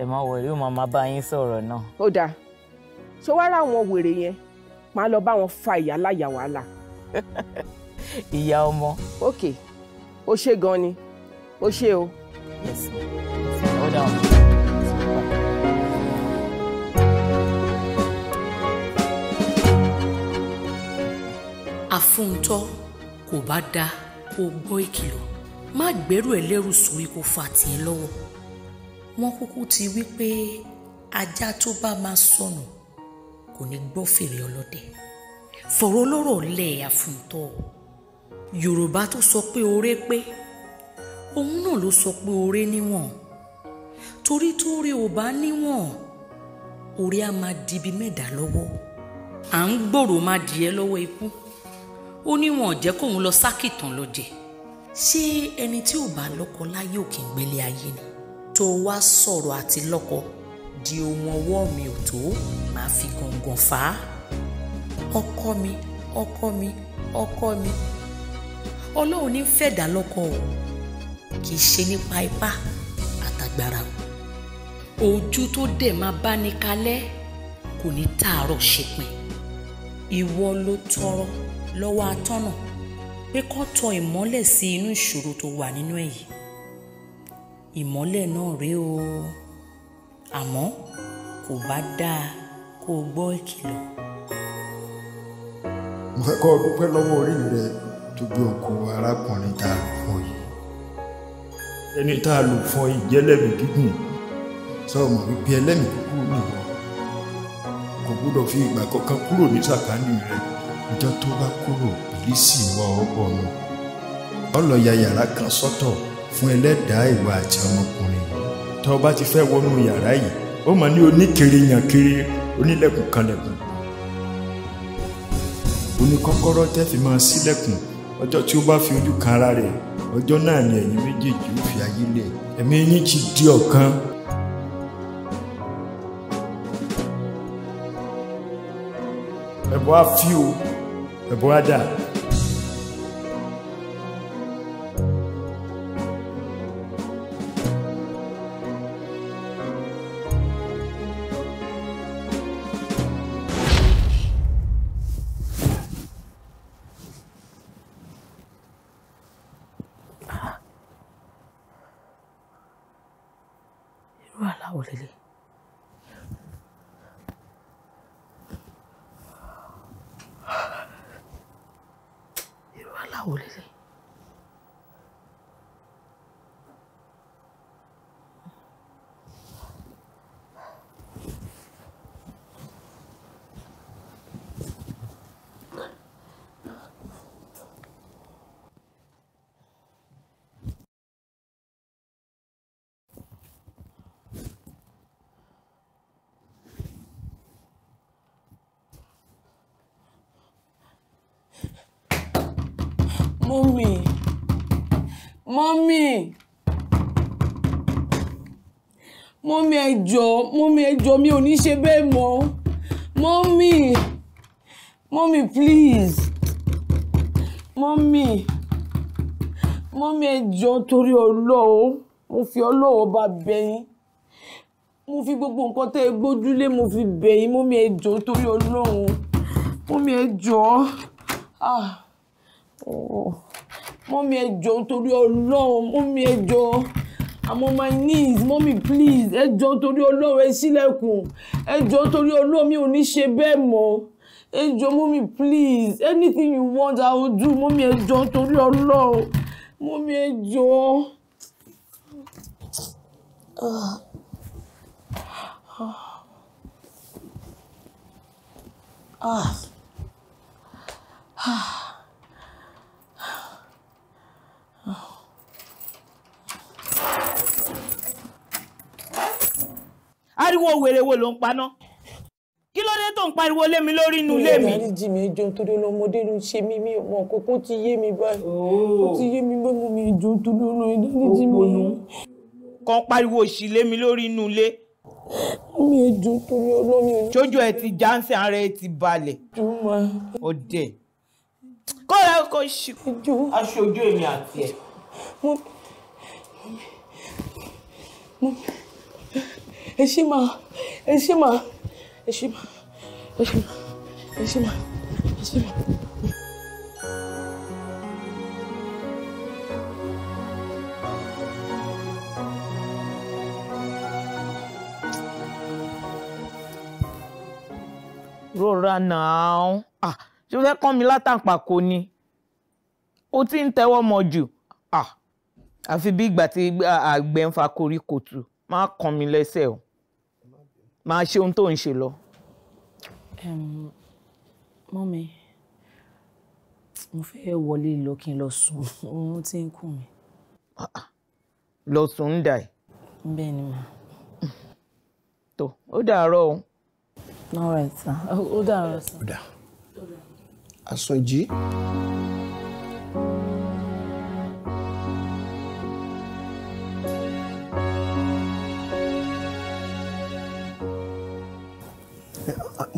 ẹ má wọrí ó máa máa bá yín sọ̀rọ̀ náà. ó dáa ṣé wàá rà àwọn wèrè yẹn máa lọ bá wọn fa ìyá láyà wàhálà. (laughs) ìyá ọmọ. ok o ṣe gan ni o ṣe o. yes hold on. àfúntọ́ kò bá da kó gbọ́ ìkìlọ̀ má gbẹ́rù ẹ̀ lẹ́rù sórí kó fa tiẹ̀ lọ́wọ́ wọ́n kúkú ti wí pé ajá tó bá máa sọnù. So kò ní gbọ́ fèrè ọlọ́dẹ fọ̀rọ̀ lọ́rọ̀ lẹ̀ àfùntọ́ yorùbá tó sọ pé oore pé òun náà ló sọ pé oore níwọ̀n torí tó rí ò bá níwọ̀n oore á máa dibi mẹ́ẹ̀dá lọ́wọ́ à ń gbòòrò máa dìé lọ́wọ́ ikú ó níwọ̀n jẹ́ kóun lọ sákìtàn lọ jẹ ṣé ẹni tí ò bá lọ́kọ láyé òkè gbélé ayé ni tó wá sọ̀rọ̀ àti lọ́kọ di ohun ọwọ́ mi ò tó màá fi gàngàn fà á ọkọ mi ọkọ mi ọkọ mi ọlọ́run ní fẹ̀dá lọ́kọ o kì í ṣe nípa ipá àtàgbára o ojú tó dẹ̀ máa bá ní kalẹ̀ kò ní tààrọ̀ ṣèpin ìwọ ló tọrọ lọ́wọ́ atọ́nà pé kó tọ ìmọ́lẹ̀ sí inú ìṣòro tó wà nínú èyí ìmọ́lẹ̀ náà rèé o àmọ́ kò bá dáa kó o gbọ́ ìkìlọ̀. mo fẹ́ kọ́ ọ dúpẹ́ lọ́wọ́ orí rẹ tó gbé ọkọ arákùnrin tá a lò fún yìí. ẹni tá a lò fún yìí jẹ́ lẹ́mìí gígùn sọ ma wípé ẹlẹ́mìí kúrò nìyẹn kò gbúdọ̀ fi ìgbà kankan kúrò ní sàkání rẹ ọjọ́ tó bá kúrò bìlísì wọ ọkọ mi ọlọ́ya yàrá kan sọ́tọ̀ fún ẹlẹ́dàá ìwà àti ọmọkùnrin yìí tó o bá ti fẹ́ wọnú yàrá yìí ó mọ̀ ní oníkiri yàn kiri onílẹ̀kùn kanlẹ̀kùn oníkọ́kọ́rọ́ tẹ́ fi máa sílẹ̀kùn ọjọ́ tí ó bá fi ojú kan ara rẹ̀ ọjọ́ náà ni ẹ̀yin méjèèjì ó fi ayé lẹ̀ ẹ̀mí yín ti di ọ̀kan. ẹ̀bùn á fi o ẹ̀bùn á dà. jọ̀ọ́ mọ́mí ẹ jọ̀ọ́ mi ò ní ṣe bẹ́ẹ̀ mọ́ mọ́mí mọ́mí please mọ́mí mọ́mí ẹ jọ̀ọ́ torí ọlọ́ọ̀ mo fi ọlọ́ọ̀ bá bẹ̀yìn mo fi gbogbo nǹkan tẹ́ ẹ gbójúlé mo fi bẹ̀yìn mọ́mí ẹ jọ̀ọ́ torí ọlọ́run mọ́mí ẹ jọ̀ọ́ ah oh mọ́mí ẹ jọ̀ọ́ torí ọlọ́run mọ́mí ẹ jọ̀ọ́. I'm on my knees mommy please ẹ jọ̀ọ́ torí Ọlọ́run ẹ ṣílẹ̀kùn ẹ jọ̀ọ́ torí Ọlọ́run mi ò ní ṣe bẹ́ẹ̀ mọ́ ẹ jọ̀ọ́ mommy please anything you want I will do mommy ẹ jọ̀ọ́ torí Ọlọ́run mommy ẹ jọ̀ọ́. Ah. Ah. ah. ariwo wèrè wo ló ń paná kí ló dé tó ń pariwo lé mi lórí inú ilé mi. ìyá jì mí jọ nítorí ọlọmọdé ló ń ṣe mí mi ọmọ kókó ti yé mi báyìí ó ti yé mi bẹ́ẹ̀ mú mi jọ nítorí ọlọmọdé jì mí. kan pariwo òṣì lé mi lórí inú ilé. mi ò jọ nítorí ọlọ́mi ò ní. sójú ẹ ti jáǹsì ara ẹ ti balẹ̀. o kọ́ra kò ṣíkú aṣojú èmi àti ẹ̀. mo mi ẹ ṣé mà ẹ ṣé mà ẹ ṣé mà ẹ ṣé mà ẹ ṣé mà ẹ ṣé mà. ah ṣé o fẹ́ kán mi látàǹpàkò ni o ti ń tẹ́wọ́ mọ́ jù ah àfi bí ìgbà tí ah, àgbẹ̀ ń fa koríko tù má kàn mí lẹ́sẹ̀ o máa ṣe ohun tó ń ṣe lọ. mọ́mi mo fẹ́ wọlé lọ kí n lọ sùn oorun tí ń kùn mí. lọ sùn ń dà ẹ́. bẹ́ẹ̀ ni mà. tó ó dàárọ̀ o. all right sir ó dàárọ̀ sir. ó àsọjí.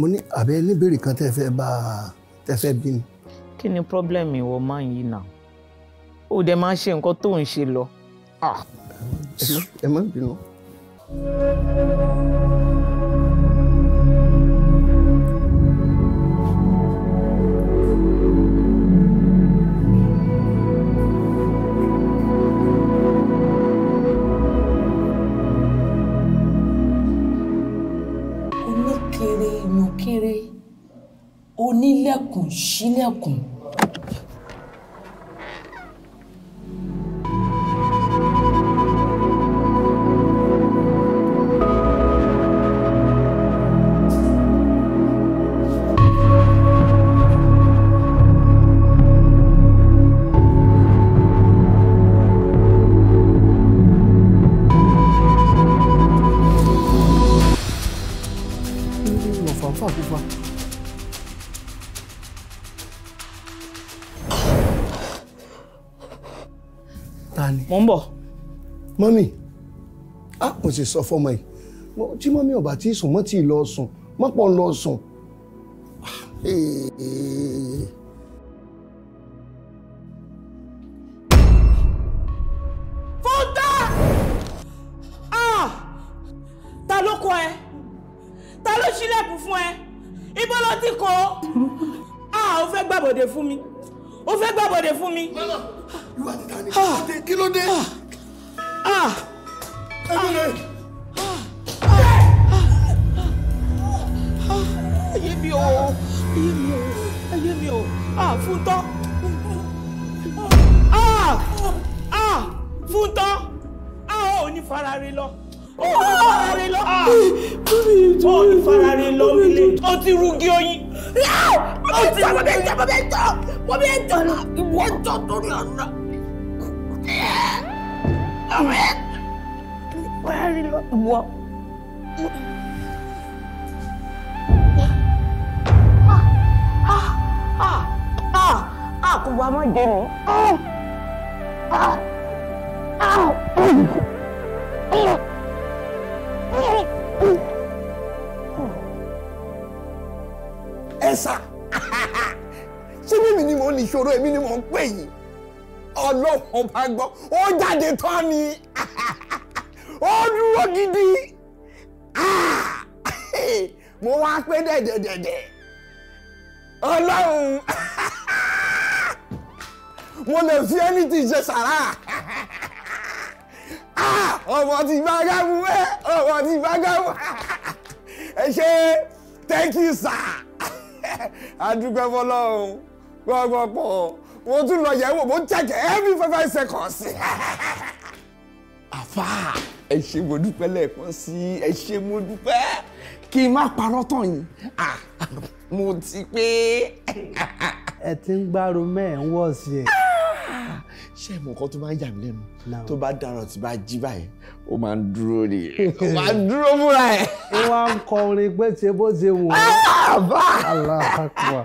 mo ní àbẹ níbèrè kan tẹ́ fẹ́ bá tẹ́ fẹ́ bí ni. kí ni pọ́blẹ́mù ìwọ máa ń yí náà ó dẹ̀ máa ń ṣe nǹkan tó ń ṣe lọ. Ah, ẹ má bínú. reconcilia com ṣe sọ fọmọ yìí tí mọ́mí ò bá tí sùn mọ́ tí ì lọ sùn mọ́pọ̀ ń lọ sùn. fúntà ah! ta ló kọ ẹ ta ló ṣílẹ̀kùn fún ẹ ibo ló ti kọ ó ah, fẹ́ gbàbọ̀dẹ̀ fún mi ó fẹ́ gbàbọ̀dẹ̀ fún mi. ìwà kí ló dé kí ló dé. farare lọ ó ní farare lọ ó ní farare lọ ilé ó ti rugi oyin. ó ti rugi oyin. mo bẹ jọ mo bẹ jọ ìwọ jọ torí ọ̀nà. ah, ah, ah, ah, ah, ah, ah, cancer ṣé mímì ni mò ń níṣòro èmi ni mò ń pè yìí ọlọ́run bá gbọ́ ó jáde tán ni ó dúró gidi mo wá pé dẹ̀dẹ̀dẹ̀dẹ̀ ọlọ́run mo lè fi ẹni tí ṣe sàrà ọmọ ti bá gáwú ẹ ọmọ ti bá gáwú ẹ ṣe thank you sir. (laughs) adúpẹ́ fọlọ́run gbọ́gbọ́ pọ̀ wọ́n tún lọ yẹ̀wò mo ń check every five five seconds. (laughs) àfà ẹ ṣe mo dúpẹ́ lẹ́ẹ̀kan sí ẹ ṣe mo dúpẹ́ kí n má parọ́ tán yìí mo ti pé. (laughs) ẹ ti ń gbárùmẹ́ ẹ̀ ń wọ̀ sí ẹ. Ah! ṣé ìmọ̀ kan tó máa ń yà mí lẹ́nu tó bá dáràn tí bá jí báyìí ó máa ń dúró ni (laughs) ó máa ń dúró múra ẹ̀. ó wá ń kọ orin pé tiẹ̀ bó ṣe wò ó. Ah, aláàkúwà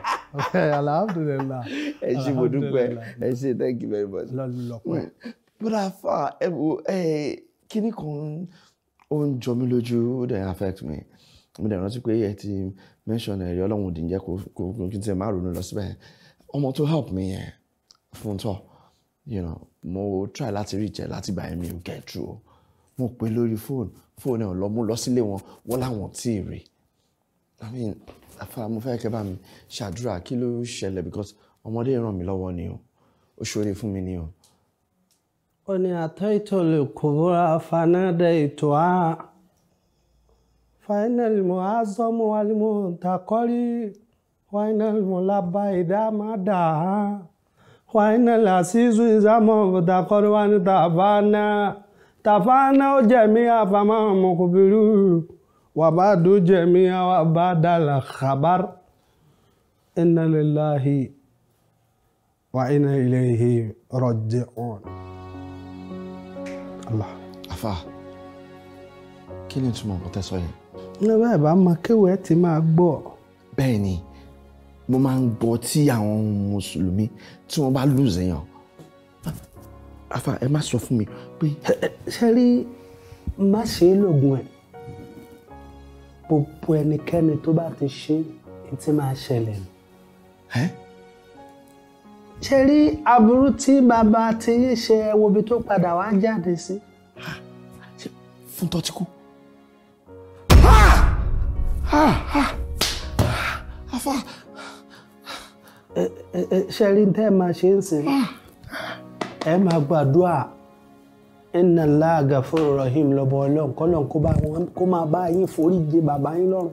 alhamdulilayi. ẹ ṣe mo dúpẹ́ ẹ ṣe thank you very much. lọ́lọ́pẹ́. Mm. bọ́dà fà ẹ wo kíní kan ó ń jọ mí lójú ó dẹ̀ affect me mo dẹ̀ rántí pé ẹ ti mention ẹ̀rí ọlọ́run òdì ń jẹ́ kó kí n ti máa ronú lọ síbẹ̀ ọmọ tó help me yẹn fún tọ́ you know mo try láti rí ìjẹ láti gbà yẹn mi ò get through o mo pè lórí fóònù fóònù ẹ̀ lọ mo lọ sílé wọn wọ́n láwọn tí ì rí i mean afárá mo fẹ́ kẹ́ bá mi ṣàdúrà kí ló ṣẹlẹ̀ because ọmọdé ràn mí lọ́wọ́ ni o ó ṣoore fún mi ni o. ó ní àtọ́ ìtò lè kúbúra fanadẹ ètò á Finally mo á zọ́mú wa ni mo takọ́rí final mo lábá ìdá má dà á wàhánà làṣìṣù ìsámọ̀ òtàkọ́rọ́ wa ní tàfánà tàfánà ó jẹ̀mí àfàmà ọmọkùnrin wàbá dùn jẹ̀mí àwọn bá dàlà khabar inna lillahi wa inna ilayhi raji'un. Allah. afa kí ni ìtumọ̀ nǹkan sọ yẹn. ní bẹ́ẹ̀ bá máa kéwèé ti máa gbọ́. bẹ́ẹ̀ ni mo máa ń gbọ́ tí àwọn mùsùlùmí tí wọ́n bá lùzẹ̀ yàn afa ẹ má sọ fún mi pé. ṣe rí má ṣe é lògùn ẹ gbogbo ẹnikẹ́ni tó bá ti ṣe é tí máa ṣẹlẹ̀ nù. ṣe rí aburú tí bàbá ti ń ṣe ẹwọ ibi tó padà wá jáde sí. fún tọ́tí kú. afa ṣe rí tẹ́ ẹ máa ṣe ń sìn ah. ẹ máa gbàdúrà ẹnà láàgà fún rahim lọ́bọ̀ ọlọ́run kọ́lọ́n kó máa bá yín foríjì bàbá yín lọ́rùn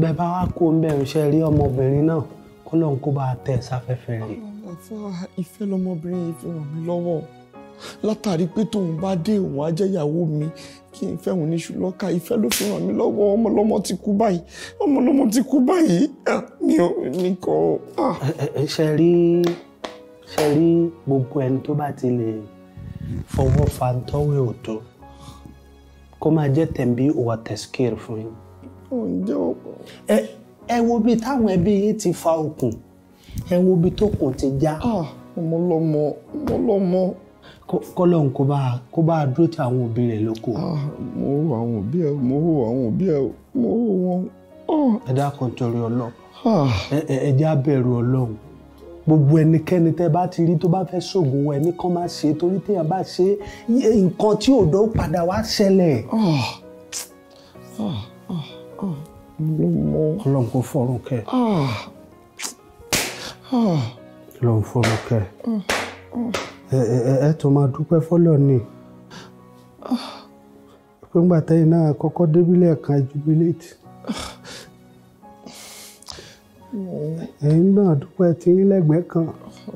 bẹ́ẹ̀ bá wá kó ń bẹ̀rù ṣe rí ọmọbìnrin náà kọ́lọ́n kó bá tẹ̀ sáfẹ́fẹ́ rẹ̀. àfa ìfẹ́ lọmọbìnrin yìí fi ràn mí lọ́wọ́ látàrí pé tóun bá dé òun á jẹ́ ìyàwó mi kí n fẹ́ òun níṣu lọ́ka ìfẹ́ ló fi ràn mí lọ́wọ́ ọmọlọ́mọ ti kú báyìí ọmọlọ́mọ ti kú báyìí mi ò ní kọ́ ọ. ṣe rí ṣe rí gbogbo ẹni tó bá ti lè fọwọ́ fa tọ́wé òtó kó máa jẹ́ tẹ̀m̀bí òwà tẹ̀síkìrì fún yín. ǹjẹ́ o. ẹ ẹ wo bí táwọn ẹbí yìí ti fa okùn ẹ wo bí tó kùn ti já. ọmọlọ́mọ ọmọlọ́mọ kọ́lọ́hún kó bá kó bá dúró ti àwọn òbí rẹ̀ lóko. Ah, mo hó àwọn òbí ẹ mo hó àwọn òbí ẹ mo hó wọn. Ah. ẹ dákun torí Ọlọ́run ah. ẹ jẹ́ á bẹ̀rù Ọlọ́run gbogbo ẹnikẹ́ni tẹ́ bá ti rí tó bá fẹ́ ṣògùn ẹ ní kán má ṣe torí téèyàn bá ṣe nǹkan tí ò dán padà wá ṣẹlẹ̀. Ọlọ́run kò fọ̀rùn kẹ́ Ọlọ́run fọ̀rùn kẹ́. ẹ tó máa dúpẹ́ fọ́lọ́ ni pé ńgbà tẹ́yìn náà débílẹ̀ kan jubilate ẹ̀yin náà dúpẹ́ tí yín lẹ́gbẹ̀ẹ́ kan.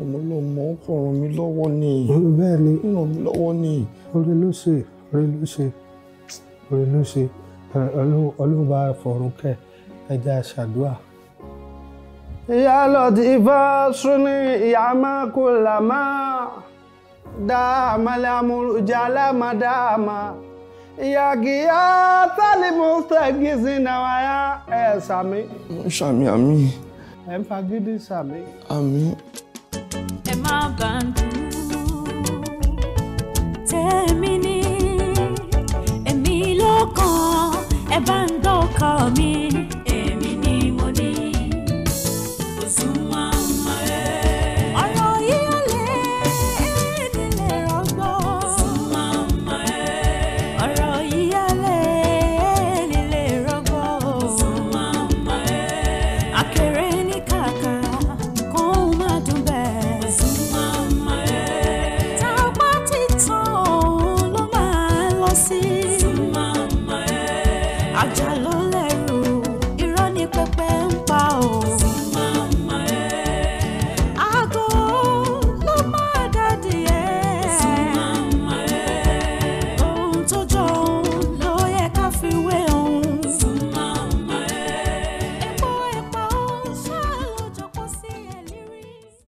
ọmọ mọ ọkọ ràn lọ́wọ́ ni. bẹ́ẹ̀ ni ràn mí lọ́wọ́ ni. ló ṣe ìyá lọ́ọ́ ti sún ní ìyá máa Dama الأمر جل madama ya يا tali المستيقظين ويا سامي سامي أمي ẹ ń fagídí sàmì. àmín. ẹ má bá ń dùn tẹ́mi ní mi.